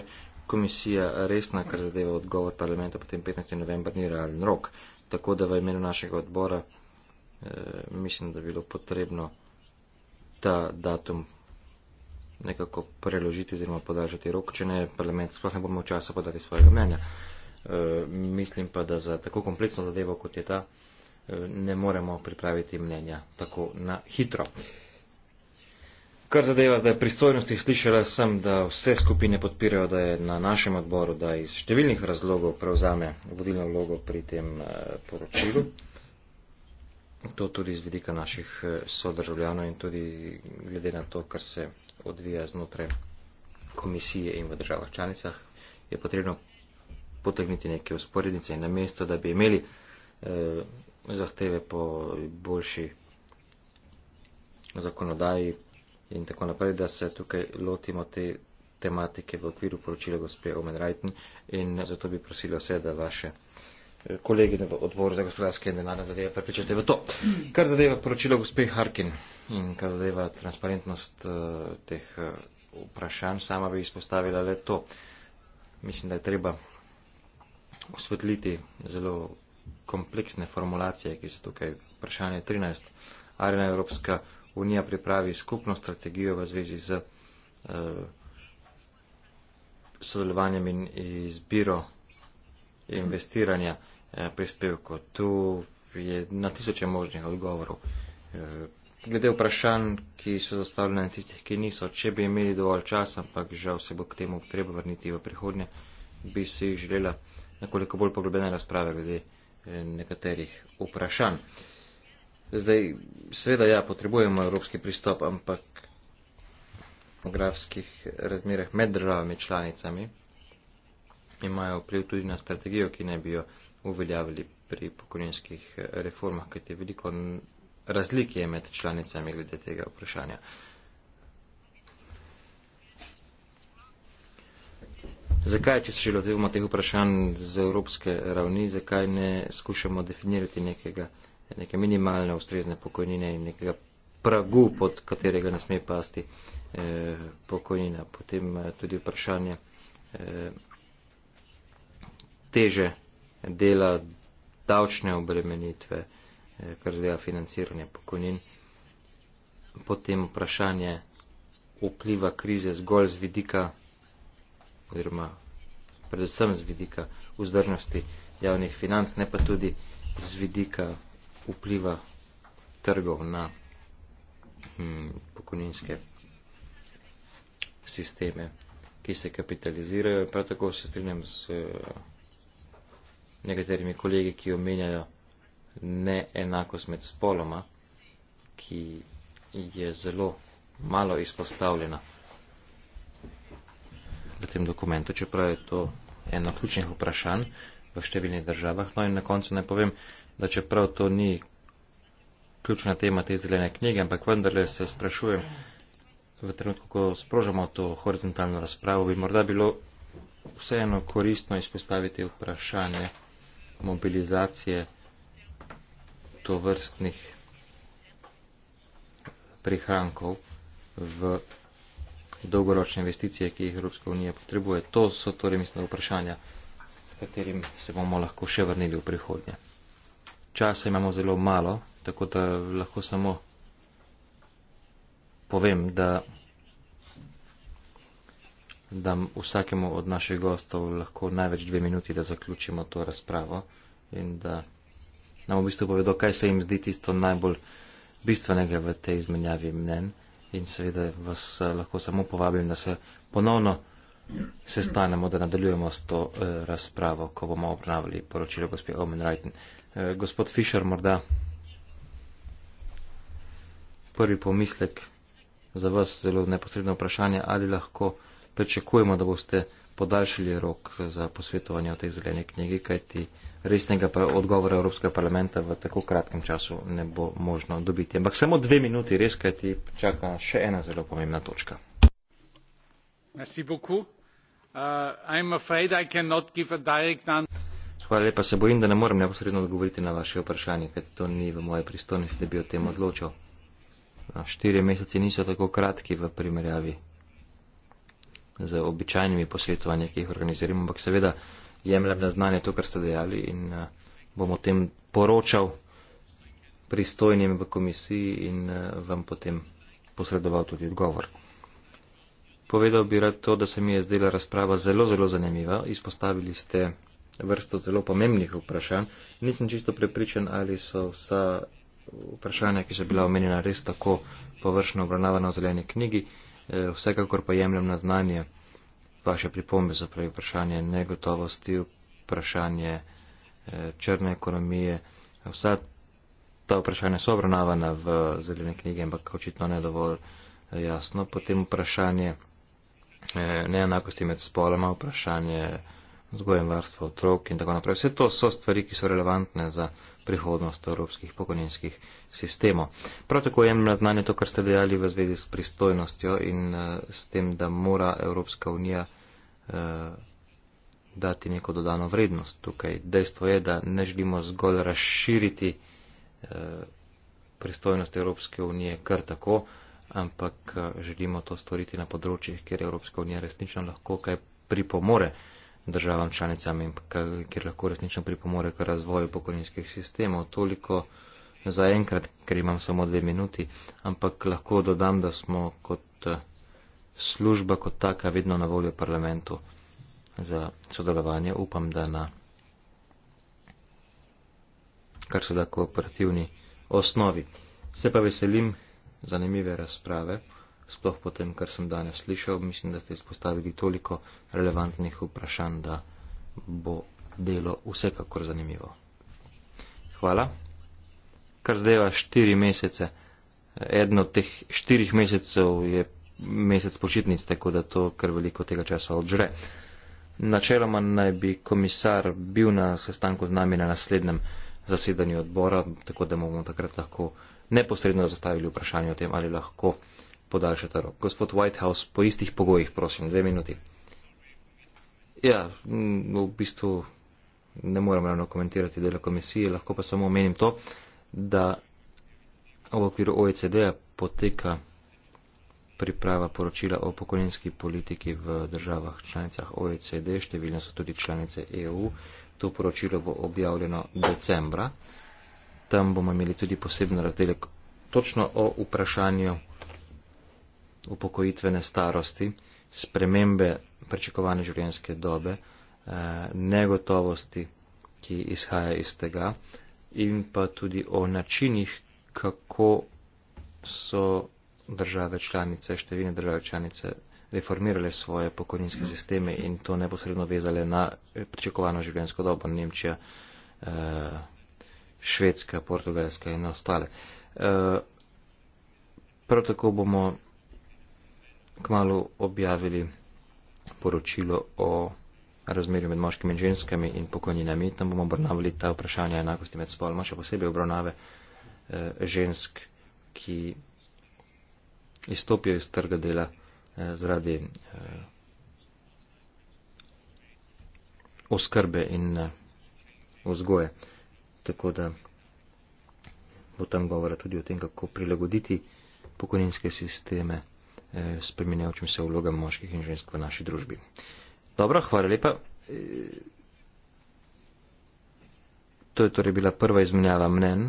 Speaker 2: komisija resna, kar zadeva odgovor parlamenta, potem 15. novembra ni realen rok. Tako da v imenu našega odbora eh, mislim, da bi bilo potrebno ta datum nekako preložiti oziroma podaljšati rok, če ne, parlament sploh ne bomo časa podati svojega mnenja. E, mislim pa, da za tako kompleksno zadevo, kot je ta, e, ne moremo pripraviti mnenja tako na hitro. Kar zadeva zdaj pristojnosti, slišala sem, da vse skupine podpirajo, da je na našem odboru, da iz številnih razlogov prevzame vodilno vlogo pri tem e, poročilu. To tudi iz vedika naših e, sodržavljanov in tudi glede na to, kar se odvija znotraj komisije in v državah članicah, je potrebno potegniti neke usporednice in na mesto, da bi imeli eh, zahteve po boljši zakonodaji in tako naprej, da se tukaj lotimo te tematike v okviru poročila gospe Omen Reitn in zato bi prosila vse, da vaše eh, kolegi v odboru za gospodarske in denarne zadeve prepričate v to. Kar zadeva poročilo gospe Harkin in kar zadeva transparentnost uh, teh uh, vprašanj, sama bi izpostavila le to. Mislim, da je treba osvetliti zelo kompleksne formulacije, ki so tukaj vprašanje 13. Ali na Evropska unija pripravi skupno strategijo v zvezi z uh, sodelovanjem in izbiro investiranja? Hmm. Eh, prispevku. Tu je na tisoče možnih odgovorov. Eh, glede vprašanj, ki so zastavljene na tistih, ki niso, če bi imeli dovolj časa, ampak žal se bo k temu treba vrniti v prihodnje, bi si želela nekoliko bolj poglobljene razprave glede eh, nekaterih vprašanj. Zdaj, sveda ja, potrebujemo evropski pristop, ampak v grafskih razmerah med državami članicami imajo vpliv tudi na strategijo, ki naj bi jo uveljavili pri pokojninskih eh, reformah, kajte veliko razlik je med članicami glede tega vprašanja. Zakaj, če se že lotevamo teh vprašanj z evropske ravni, zakaj ne skušamo definirati nekega, neke minimalne ustrezne pokojnine in nekega pragu, pod katerega ne sme pasti eh, pokojnina. Potem eh, tudi vprašanje eh, teže dela, davčne obremenitve, eh, kar zdaj je financiranje pokojnin, potem vprašanje vpliva krize zgolj z vidika oziroma predvsem z vidika vzdržnosti javnih financ, ne pa tudi z vidika vpliva trgov na hm, pokojninske sisteme, ki se kapitalizirajo. Prav tako se strinjam z eh, nekaterimi kolegi, ki omenjajo neenakost med spoloma, ki je zelo malo izpostavljena v tem dokumentu, čeprav je to eno ključnih vprašanj v številnih državah. No in na koncu naj povem, da čeprav to ni ključna tema te zelene knjige, ampak vendarle se sprašujem, v trenutku, ko sprožamo to horizontalno razpravo, bi morda bilo vseeno koristno izpostaviti vprašanje mobilizacije to vrstnih prihrankov v dolgoročne investicije, ki jih Evropska unija potrebuje. To so torej mislim vprašanja, s katerim se bomo lahko še vrnili v prihodnje. Časa imamo zelo malo, tako da lahko samo povem, da da vsakemu od naših gostov lahko največ dve minuti, da zaključimo to razpravo in da nam v bistvu povedo, kaj se jim zdi tisto najbolj bistvenega v tej izmenjavi mnen. In seveda vas eh, lahko samo povabim, da se ponovno sestanemo, da nadaljujemo s to eh, razpravo, ko bomo obravnavali poročilo gospe Omen Reiten. Eh, gospod Fischer, morda prvi pomislek za vas, zelo neposredno vprašanje, ali lahko pričakujemo, da boste podaljšali rok za posvetovanje o tej zeleni knjigi, kajti resnega odgovora Evropskega parlamenta v tako kratkem času ne bo možno dobiti. Ampak samo dve minuti res, kajti čaka še ena zelo pomembna točka.
Speaker 4: Uh,
Speaker 2: Hvala lepa, se bojim, da ne morem neposredno odgovoriti na vaše vprašanje, ker to ni v moje pristojnosti, da bi o tem odločil. No, štirje meseci niso tako kratki v primerjavi z običajnimi posvetovanji, ki jih organiziramo, ampak seveda jemljem na znanje to, kar ste dejali in eh, bom o tem poročal pristojnim v komisiji in eh, vam potem posredoval tudi odgovor. Povedal bi rad to, da se mi je zdela razprava zelo, zelo zanimiva. Izpostavili ste vrsto zelo pomembnih vprašanj. Nisem čisto prepričan, ali so vsa vprašanja, ki so bila omenjena, res tako površno obravnavana v zeleni knjigi. E, vsekakor pa jemljam na znanje vaše pripombe za pravi vprašanje negotovosti, vprašanje e, črne ekonomije. Vsa ta vprašanja so obravnavana v zelene knjige, ampak očitno ne dovolj e, jasno. Potem vprašanje neenakosti med spoloma, vprašanje vzgojem varstva otrok in tako naprej. Vse to so stvari, ki so relevantne za prihodnost evropskih pokojninskih sistemov. Prav tako jem na znanje to, kar ste dejali v zvezi s pristojnostjo in uh, s tem, da mora Evropska unija uh, dati neko dodano vrednost tukaj. Dejstvo je, da ne želimo zgolj razširiti uh, eh, pristojnost Evropske unije kar tako, ampak uh, želimo to storiti na področjih, kjer Evropska unija resnično lahko kaj pripomore. Uh, državam članicam in kjer lahko resnično pripomore k razvoju pokojninskih sistemov. Toliko za enkrat, ker imam samo dve minuti, ampak lahko dodam, da smo kot eh, služba, kot taka, vedno na voljo parlamentu za sodelovanje. Upam, da na kar se da kooperativni osnovi. Se pa veselim zanimive razprave sploh potem, kar sem danes slišal, mislim, da ste izpostavili toliko relevantnih vprašanj, da bo delo vsekakor zanimivo. Hvala. Kar zdajva štiri mesece, eden od teh štirih mesecev je mesec počitnic, tako da to kar veliko tega časa odžre. Načeloma naj bi komisar bil na sestanku z nami na naslednjem zasedanju odbora, tako da bomo takrat lahko neposredno zastavili vprašanje o tem, ali lahko uh, podaljšate rok. Gospod Whitehouse, po istih pogojih, prosim, dve minuti. Ja, v bistvu ne moram ravno komentirati dela komisije, lahko pa samo omenim to, da v okviru OECD-a poteka priprava poročila o pokojninski politiki v državah članicah OECD, številne so tudi članice EU. To poročilo bo objavljeno decembra. Tam bomo imeli tudi posebno razdelek točno o vprašanju upokojitvene starosti, spremembe pričakovane življenjske dobe, eh, negotovosti, ki izhaja iz tega, in pa tudi o načinih, kako so države članice, številne države članice reformirale svoje pokojninske sisteme in to neposredno vezale na eh, pričakovano življenjsko dobo Nemčija, eh, Švedska, Portugalska in ostale. Prav tako bomo kmalo objavili poročilo o razmerju med moškimi in ženskami in pokojninami. Tam bomo obravnavali ta vprašanja enakosti med spoloma, še posebej obravnave eh, žensk, ki izstopijo iz trga dela eh, zaradi eh, oskrbe in eh, vzgoje. Tako da bo tam govora tudi o tem, kako prilagoditi pokojninske sisteme. Eh, spremenjajočim se vlogam moških in žensk v naši družbi. Dobro, hvala lepa. Eh, to je torej bila prva izmenjava mnen.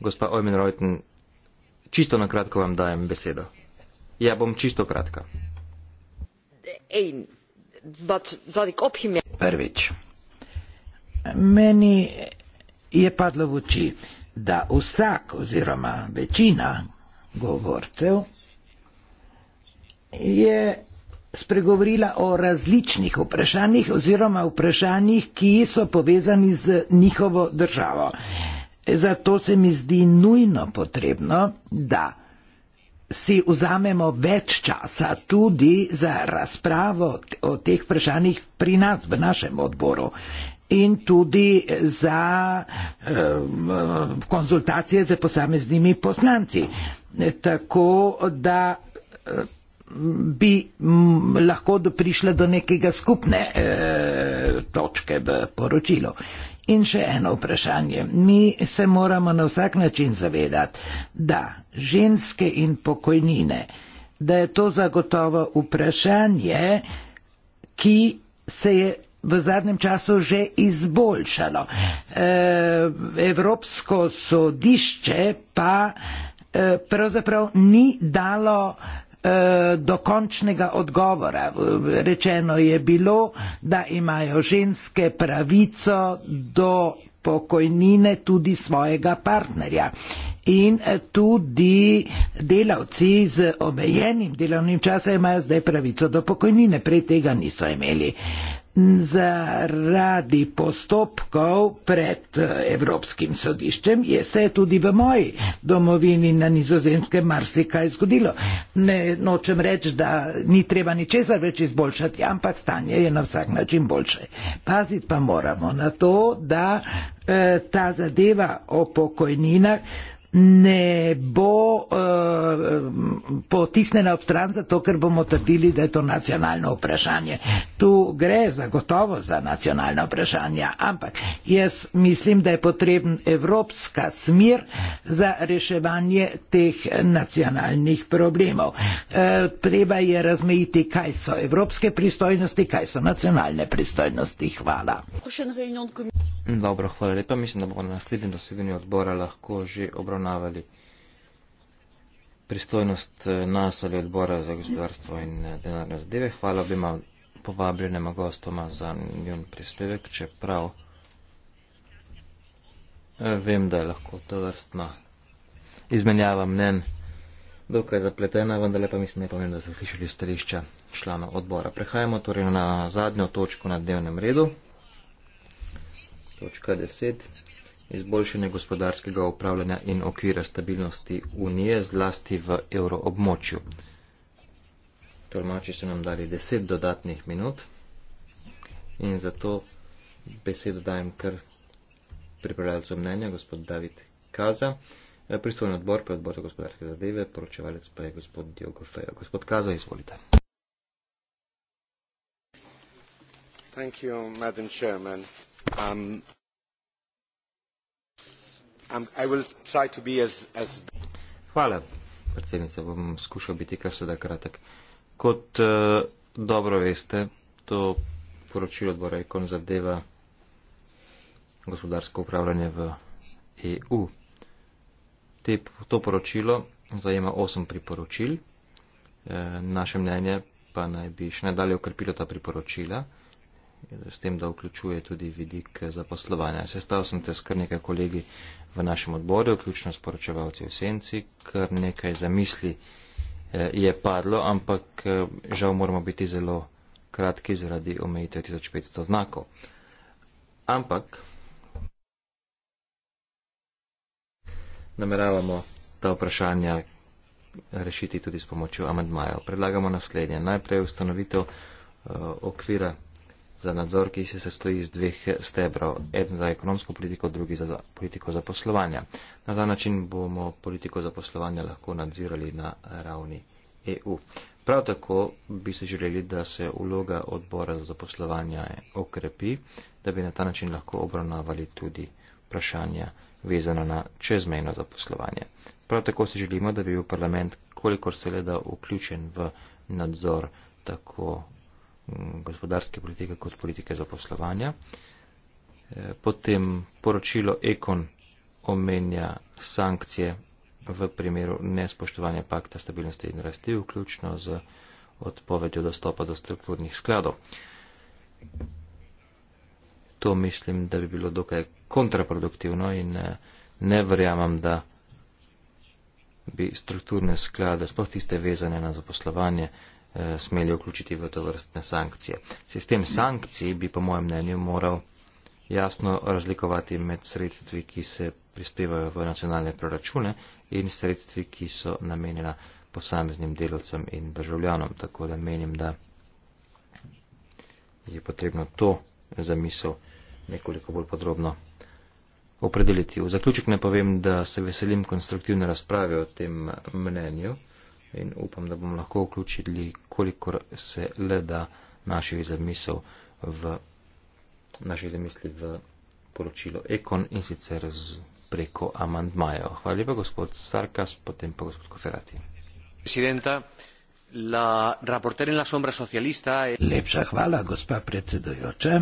Speaker 2: Gospa Ojmen Rojten, čisto na kratko vam dajem besedo. Ja, bom čisto kratka.
Speaker 4: Prvič. Meni je padlo v oči, da vsak oziroma večina govorcev je spregovorila o različnih vprašanjih oziroma vprašanjih, ki so povezani z njihovo državo. Zato se mi zdi nujno potrebno, da si vzamemo več časa tudi za razpravo o teh vprašanjih pri nas v našem odboru in tudi za eh, konzultacije z posameznimi poslanci. Tako da. Eh, bi lahko prišla do nekega skupne eh, točke v poročilu. In še eno vprašanje. Mi se moramo na vsak način zavedati, da ženske in pokojnine, da je to zagotovo vprašanje, ki se je v zadnjem času že izboljšalo. E, Evropsko sodišče pa e, pravzaprav ni dalo Eh, dokončnega odgovora. Rečeno je bilo, da imajo ženske pravico do pokojnine tudi svojega partnerja. In tudi delavci z omejenim delovnim časom imajo zdaj pravico do pokojnine, prej tega niso imeli. Zaradi postopkov pred eh, Evropskim sodiščem je se tudi v moji domovini na nizozemskem marsikaj zgodilo. Ne nočem reči, da ni treba ničesar več izboljšati, ampak stanje je na vsak način boljše. Paziti pa moramo na to, da eh, ta zadeva o pokojninah ne bo uh, potisnjena ob stran zato, ker bomo trdili, da je to nacionalno vprašanje. Tu gre zagotovo za nacionalna vprašanja, ampak jaz mislim, da je potreben evropska smer za reševanje teh nacionalnih problemov. Uh, treba je razmejiti, kaj so evropske pristojnosti, kaj so nacionalne pristojnosti. Hvala. Dobro, hvala lepa. Mislim, da bomo na naslednjem dosedanju odbora lahko že obravnavali obravnavali
Speaker 2: pristojnost eh, nas ali odbora za gospodarstvo in eh, denarne zadeve. Hvala obima povabljenima gostoma za njun prispevek, čeprav eh, vem, da je lahko to vrstna izmenjava mnen dokaj zapletena, vendar lepa mislim, da je pomembno, da ste slišali stališča članov odbora. Prehajamo torej na zadnjo točko na dnevnem redu. Točka 10 izboljšanje gospodarskega upravljanja in okvira stabilnosti unije, zlasti v euroobmočju. Tolmači so nam dali deset dodatnih minut in zato besedo dajem kar pripravljalcu mnenja, gospod David Kaza. E, pristojni odbor pa je odbor za gospodarske zadeve, poročevalec pa je gospod Diogo Fejo. Gospod Kaza, izvolite. Thank you, Madam Chairman. Um... Um, Hvala, predsednica, bom skušal biti kar se da kratek. Kot uh, dobro veste, to poročilo odbora ECON zadeva gospodarsko upravljanje v EU. Te, to poročilo zajema osem priporočil, e, naše mnenje pa naj bi še nadalje okrepilo ta priporočila, eh, s tem, da vključuje tudi vidik zaposlovanja. Sestal sem te s kar nekaj kolegi v našem odboru, vključno s poročevalci v Senci, kar nekaj zamisli eh, je padlo, ampak eh, žal moramo biti zelo kratki zaradi omejitev 1500 znakov. Ampak nameravamo ta vprašanja rešiti tudi s pomočjo amandmajev. Predlagamo naslednje. Najprej ustanovitev eh, okvira za nadzor, ki se sestoji iz dveh stebrov, eden za ekonomsko politiko, drugi za politiko zaposlovanja. Na ta način bomo politiko zaposlovanja lahko nadzirali na ravni EU. Prav tako bi se želeli, da se uloga odbora za zaposlovanje okrepi, da bi na ta način lahko obravnavali tudi vprašanja vezana na čezmejno zaposlovanje. Prav tako si želimo, da bi bil parlament kolikor se leda vključen v nadzor tako gospodarske politike kot politike zaposlovanja. Eh, potem poročilo Ekon omenja sankcije v primeru nespoštovanja pakta stabilnosti in rasti, vključno z odpovedjo dostopa do strukturnih skladov. To mislim, da bi bilo dokaj kontraproduktivno in eh, ne verjamem, da bi strukturne sklade, sploh tiste vezane na zaposlovanje, Eh, smeli vključiti v to vrstne sankcije. Sistem sankcij bi po mojem mnenju moral jasno razlikovati med sredstvi, ki se prispevajo v nacionalne proračune in sredstvi, ki so namenjena posameznim delovcem in državljanom. Tako da menim, da je potrebno to zamisel nekoliko bolj podrobno opredeliti. V zaključek ne povem, da se veselim konstruktivne razprave o tem mnenju in upam, da bomo lahko vključili, kolikor se le da naših zamisel v naših zamisli v poročilo Ekon in sicer z, preko amandmajev. Hvala lepa, gospod Sarkas, potem pa gospod Koferati.
Speaker 1: Presidenta, la raporter in la sombra socialista. Je... Lepša
Speaker 4: hvala, gospa predsedujoča.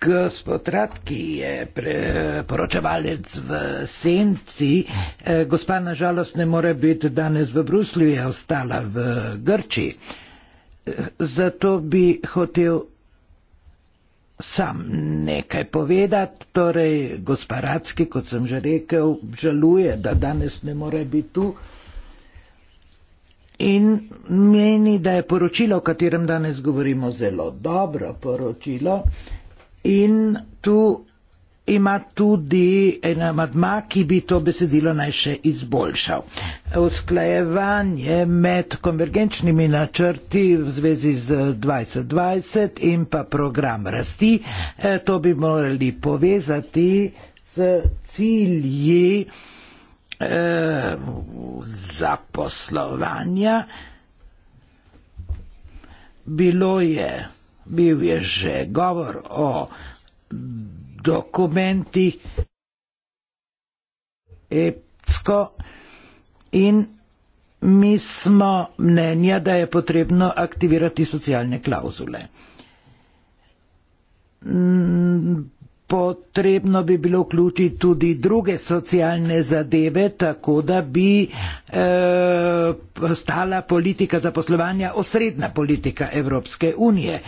Speaker 4: Gospod Rad, ki je poročevalec v Senci, eh, gospa nažalost ne more biti danes v Bruslju, je ostala v Grči. Eh, zato bi hotel sam nekaj povedati. Torej, gospa Radski, kot sem že rekel, žaluje, da danes ne more biti tu. In meni, da je poročilo, o katerem danes govorimo, zelo dobro poročilo in tu ima tudi en amadma, ki bi to besedilo naj še izboljšal. Usklajevanje med konvergenčnimi načrti v zvezi z 2020 in pa program rasti, eh, to bi morali povezati s cilji eh, zaposlovanja. Bilo je bil je že govor o dokumentih, epsko in mi smo mnenja, da je potrebno aktivirati socialne klauzule potrebno bi bilo vključiti tudi druge socialne zadeve, tako da bi e, eh, stala politika zaposlovanja osrednja politika Evropske unije.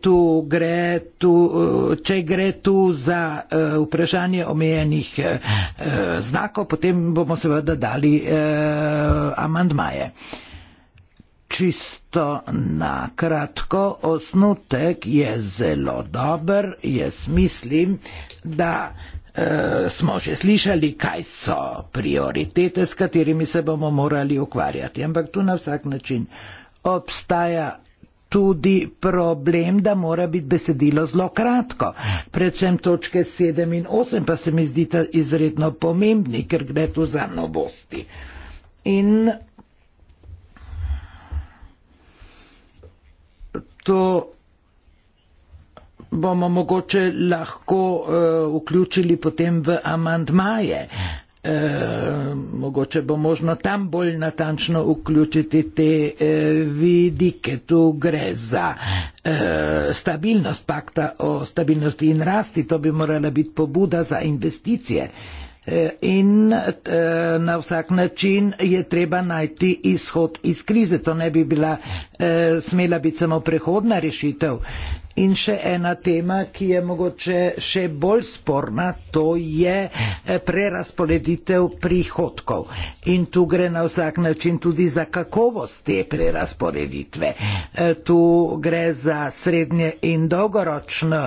Speaker 4: Tu gre, tu, eh, če gre tu za e, vprašanje omejenih e, znakov, potem bomo seveda dali e, amandmaje. Čisto čisto na kratko, osnutek je zelo dober. Jaz mislim, da e, smo že slišali, kaj so prioritete, s katerimi se bomo morali ukvarjati. Ampak tu na vsak način obstaja tudi problem, da mora biti besedilo zelo kratko. Predvsem točke 7 in 8 pa se mi zdita izredno pomembni, ker gre tu za novosti. In to bomo mogoče lahko uh, vključili potem v amantmaje. Uh, eh, mogoče bo možno tam bolj natančno vključiti te uh, vidike. Tu gre za uh, stabilnost pakta o stabilnosti in rasti. To bi morala biti pobuda za investicije. Uh, Eh, in eh, na vsak način je treba najti izhod iz krize. To ne bi bila, eh, smela biti samo prehodna rešitev. In še ena tema, ki je mogoče še bolj sporna, to je prerasporeditev prihodkov. In tu gre na vsak način tudi za kakovost te prerasporeditve. Tu gre za srednje in dolgoročno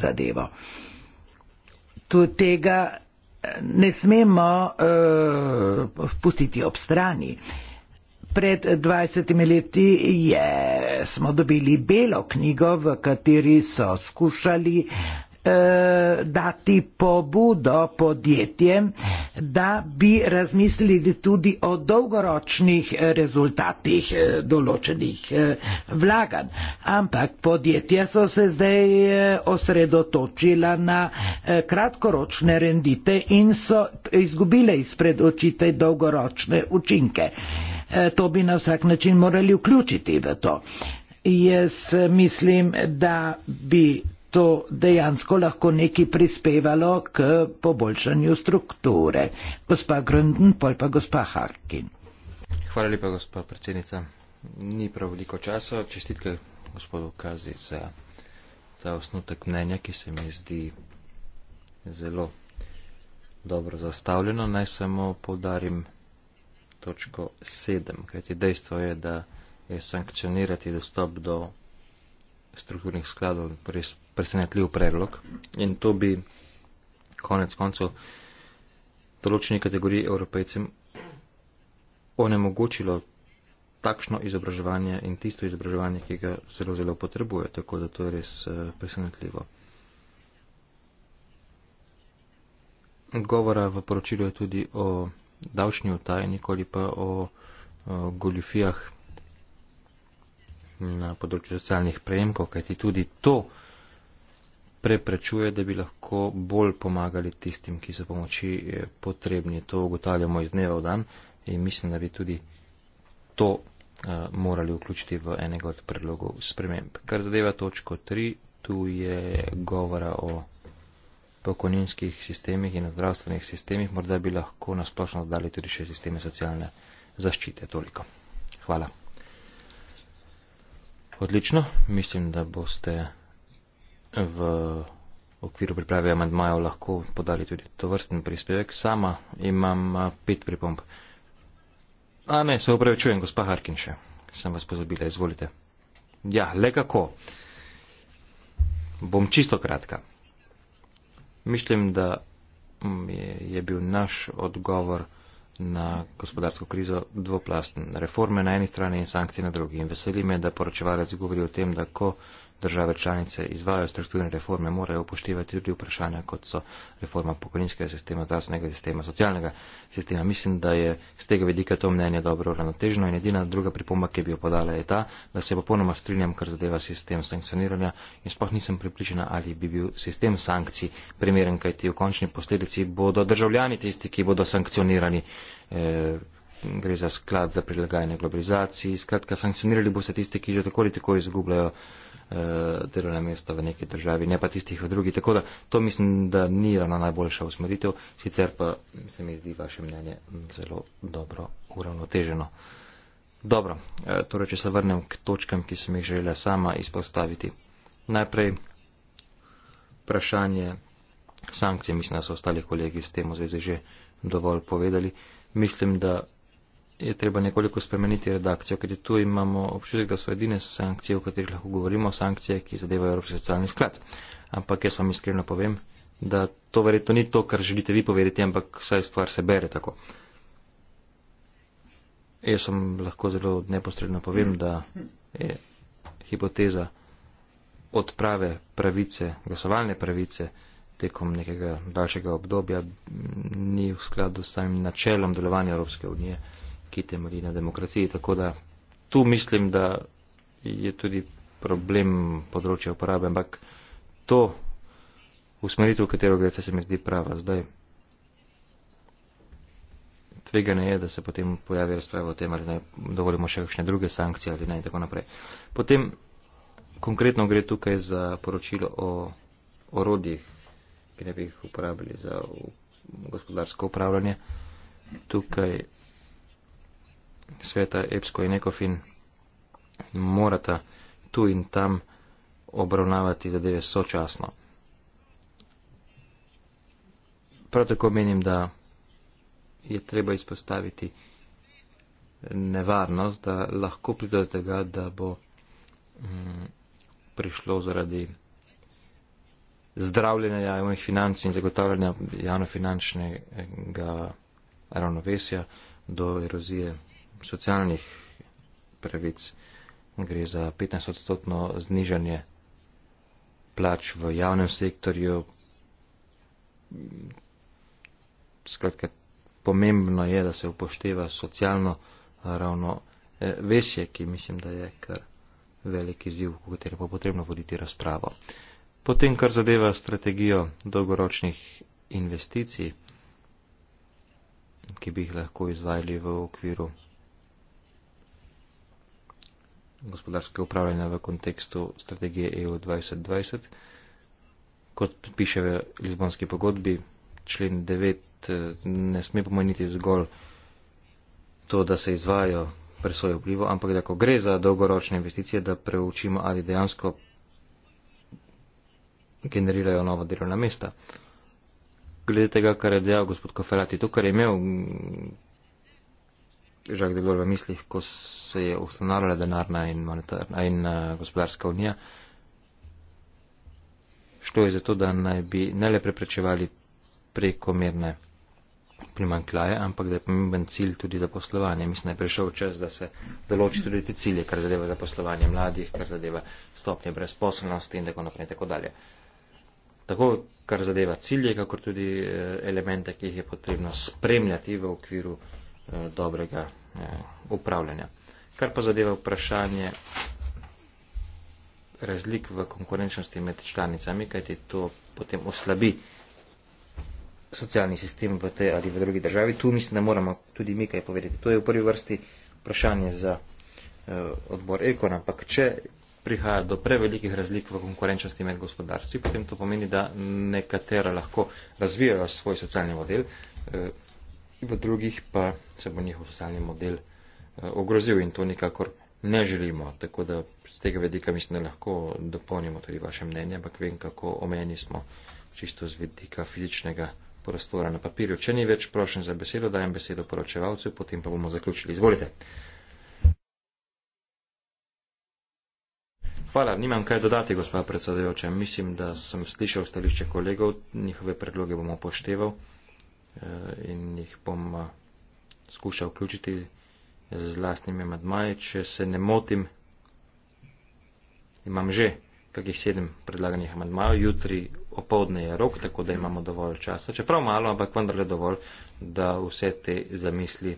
Speaker 4: zadevo. Tu tega ne smemo uh, pustiti ob strani. Pred 20 leti je, smo dobili belo knjigo, v kateri so skušali Eh, dati pobudo podjetjem, da bi razmislili tudi o dolgoročnih eh, rezultatih eh, določenih vlaganj. Ampak podjetja so se zdaj osredotočila na kratkoročne rendite in so izgubile izpred očite dolgoročne učinke. To bi na vsak način morali vključiti v to. Jaz mislim, da bi to dejansko lahko neki prispevalo k poboljšanju strukture. Gospa Grunden, pol pa gospa Harkin.
Speaker 2: Hvala lepa, gospa predsednica. Ni prav veliko časa. Čestitke gospodu Kazi za ta osnutek mnenja, ki se mi zdi zelo dobro zastavljeno. Naj samo podarim točko 7, kajti dejstvo je, da je sankcionirati dostop do strukturnih skladov res presenetljiv predlog in to bi konec koncev določeni kategoriji evropejcem onemogočilo takšno izobraževanje in tisto izobraževanje, ki ga zelo, zelo potrebuje, tako da to je res eh, presenetljivo. Govora v poročilu je tudi o davčni utaji, nikoli pa o, o goljufijah na področju socialnih prejemkov, kajti tudi to, preprečuje, da bi lahko bolj pomagali tistim, ki so pomoči eh, potrebni. To ugotavljamo iz dneva v dan in mislim, da bi tudi to eh, morali vključiti v enega od predlogov sprememb. Kar zadeva točko 3, tu je govora o pokojninskih sistemih in o zdravstvenih sistemih, morda bi lahko nasplošno dodali tudi še sisteme socialne zaščite. Toliko. Hvala. Odlično, mislim, da boste v okviru priprave amandmajev lahko podali tudi to vrsten prispevek. Sama imam pet pripomb. A ne, se upravičujem, gospa Harkinše. Sem vas pozabila, izvolite. Ja, le kako. Bom čisto kratka. Mislim, da mm, je bil naš odgovor na gospodarsko krizo dvoplasten. Reforme na eni strani in sankcije na drugi. In veseli me, da poročevalec govori o tem, da ko države članice izvajo strukturne reforme, morajo upoštevati tudi vprašanja, kot so reforma pokolinskega sistema, zdravstvenega sistema, socialnega sistema. Mislim, da je z tega vedika to mnenje dobro ravnotežno in edina druga pripomba, ki bi jo podala, je ta, da se popolnoma strinjam, kar zadeva sistem sankcioniranja in sploh nisem pripričana, ali bi bil sistem sankcij primeren, kajti v končni posledici bodo državljani tisti, ki bodo sankcionirani. Eh, gre za sklad za prilagajanje globalizaciji. Skratka, sankcionirali boste tiste, ki že tako ali tako izgubljajo eh, delovna mesta v neki državi, ne pa tistih v drugi. Tako da to mislim, da ni ravno najboljša usmeritev, sicer pa se mi zdi vaše mnenje zelo dobro uravnoteženo. Dobro, eh, torej, če se vrnem k točkam, ki sem jih želela sama izpostaviti. Najprej vprašanje sankcij, mislim, da so ostali kolegi s tem v zvezi že dovolj povedali. Mislim, da je treba nekoliko spremeniti redakcijo, ker tu imamo občutek, da so edine sankcije, o katerih lahko govorimo, sankcije, ki zadevajo Evropski socialni sklad. Ampak jaz vam iskreno povem, da to verjetno ni to, kar želite vi povedati, ampak vsaj stvar se bere tako. Jaz vam lahko zelo neposredno povem, da je hipoteza odprave pravice, glasovalne pravice tekom nekega daljšega obdobja ni v skladu s samim načelom delovanja Evropske unije ki temelji na demokraciji. Tako da tu mislim, da je tudi problem področja uporabe, ampak to usmeritev, v katero gre, se mi zdi prava zdaj. Tvegane je, da se potem pojavi razprava o tem, ali naj dovolimo še kakšne druge sankcije ali ne in tako naprej. Potem konkretno gre tukaj za poročilo o orodjih, ki ne bi jih uporabili za gospodarsko upravljanje. Tukaj sveta Epsko in Ekofin morata tu in tam obravnavati zadeve sočasno. Prav tako menim, da je treba izpostaviti nevarnost, da lahko pride do tega, da bo mm, prišlo zaradi zdravljenja javnih financ in zagotavljanja javnofinančnega ravnovesja do erozije socialnih pravic. Gre za 15 odstotno znižanje plač v javnem sektorju. Skratka, pomembno je, da se upošteva socialno ravno eh, vesje, ki mislim, da je kar velik izziv, v katerem bo potrebno voditi razpravo. Potem, kar zadeva strategijo dolgoročnih investicij, ki bi jih lahko izvajali v okviru gospodarske upravljanja v kontekstu strategije EU 2020. Kot piše v Lizbonski pogodbi, člen 9 eh, ne sme pomeniti zgolj to, da se izvajo presoje vplivo, ampak da ko gre za dolgoročne investicije, da preučimo, ali dejansko generirajo nova delovna mesta. Glede tega, kar je dejal gospod Koferati, to, kar je imel Žak Delor v mislih, ko se je ustanavljala denarna in, monetarna in gospodarska unija. Šlo je zato, da naj bi ne le preprečevali prekomerne primankljaje, ampak da je pomemben cilj tudi za poslovanje. Mislim, da je prišel čas, da se določi tudi te cilje, kar zadeva za poslovanje mladih, kar zadeva stopnje brezposobnosti in tako naprej. Tako, tako kar zadeva cilje, kakor tudi e, elemente, ki jih je potrebno spremljati v okviru Eh, dobrega eh, upravljanja. Kar pa zadeva vprašanje razlik v konkurenčnosti med članicami, kajti to potem oslabi socialni sistem v tej ali v drugi državi. Tu mislim, da moramo tudi mi kaj povedati. To je v prvi vrsti vprašanje za eh, odbor Ekon, ampak če prihaja do prevelikih razlik v konkurenčnosti med gospodarstvi, potem to pomeni, da nekatera lahko razvijajo svoj socialni model. Eh, v drugih pa se bo njihov socialni model eh, ogrozil in to nikakor ne želimo. Tako da z tega vedika mislim, da lahko dopolnimo tudi vaše mnenje, ampak vem, kako omeni smo čisto z vedika fizičnega prostora na papirju. Če ni več prošen za besedo, dajem besedo poročevalcu, potem pa bomo zaključili. Izvolite. Hvala, nimam kaj dodati, gospod predsedujoča. Mislim, da sem slišal stališče kolegov, njihove predloge bomo upošteval. Eh, in jih bom eh, skušal vključiti z vlastnimi amadmaji. Če se ne motim, imam že kakih sedem predlaganih amadmajev, jutri opovdne je rok, tako da imamo dovolj časa, čeprav malo, ampak vendarle dovolj, da vse te zamisli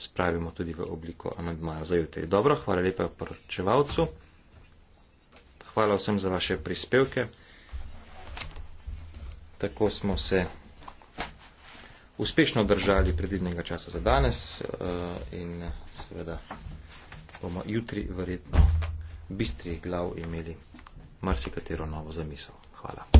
Speaker 2: spravimo tudi v obliko amadmaja za jutri. Dobro, hvala lepa poročevalcu. Hvala vsem za vaše prispevke tako smo se uspešno držali predvidnega časa za danes eh, in eh, seveda bomo jutri verjetno bistri glav imeli marsikatero novo zamisel. Hvala.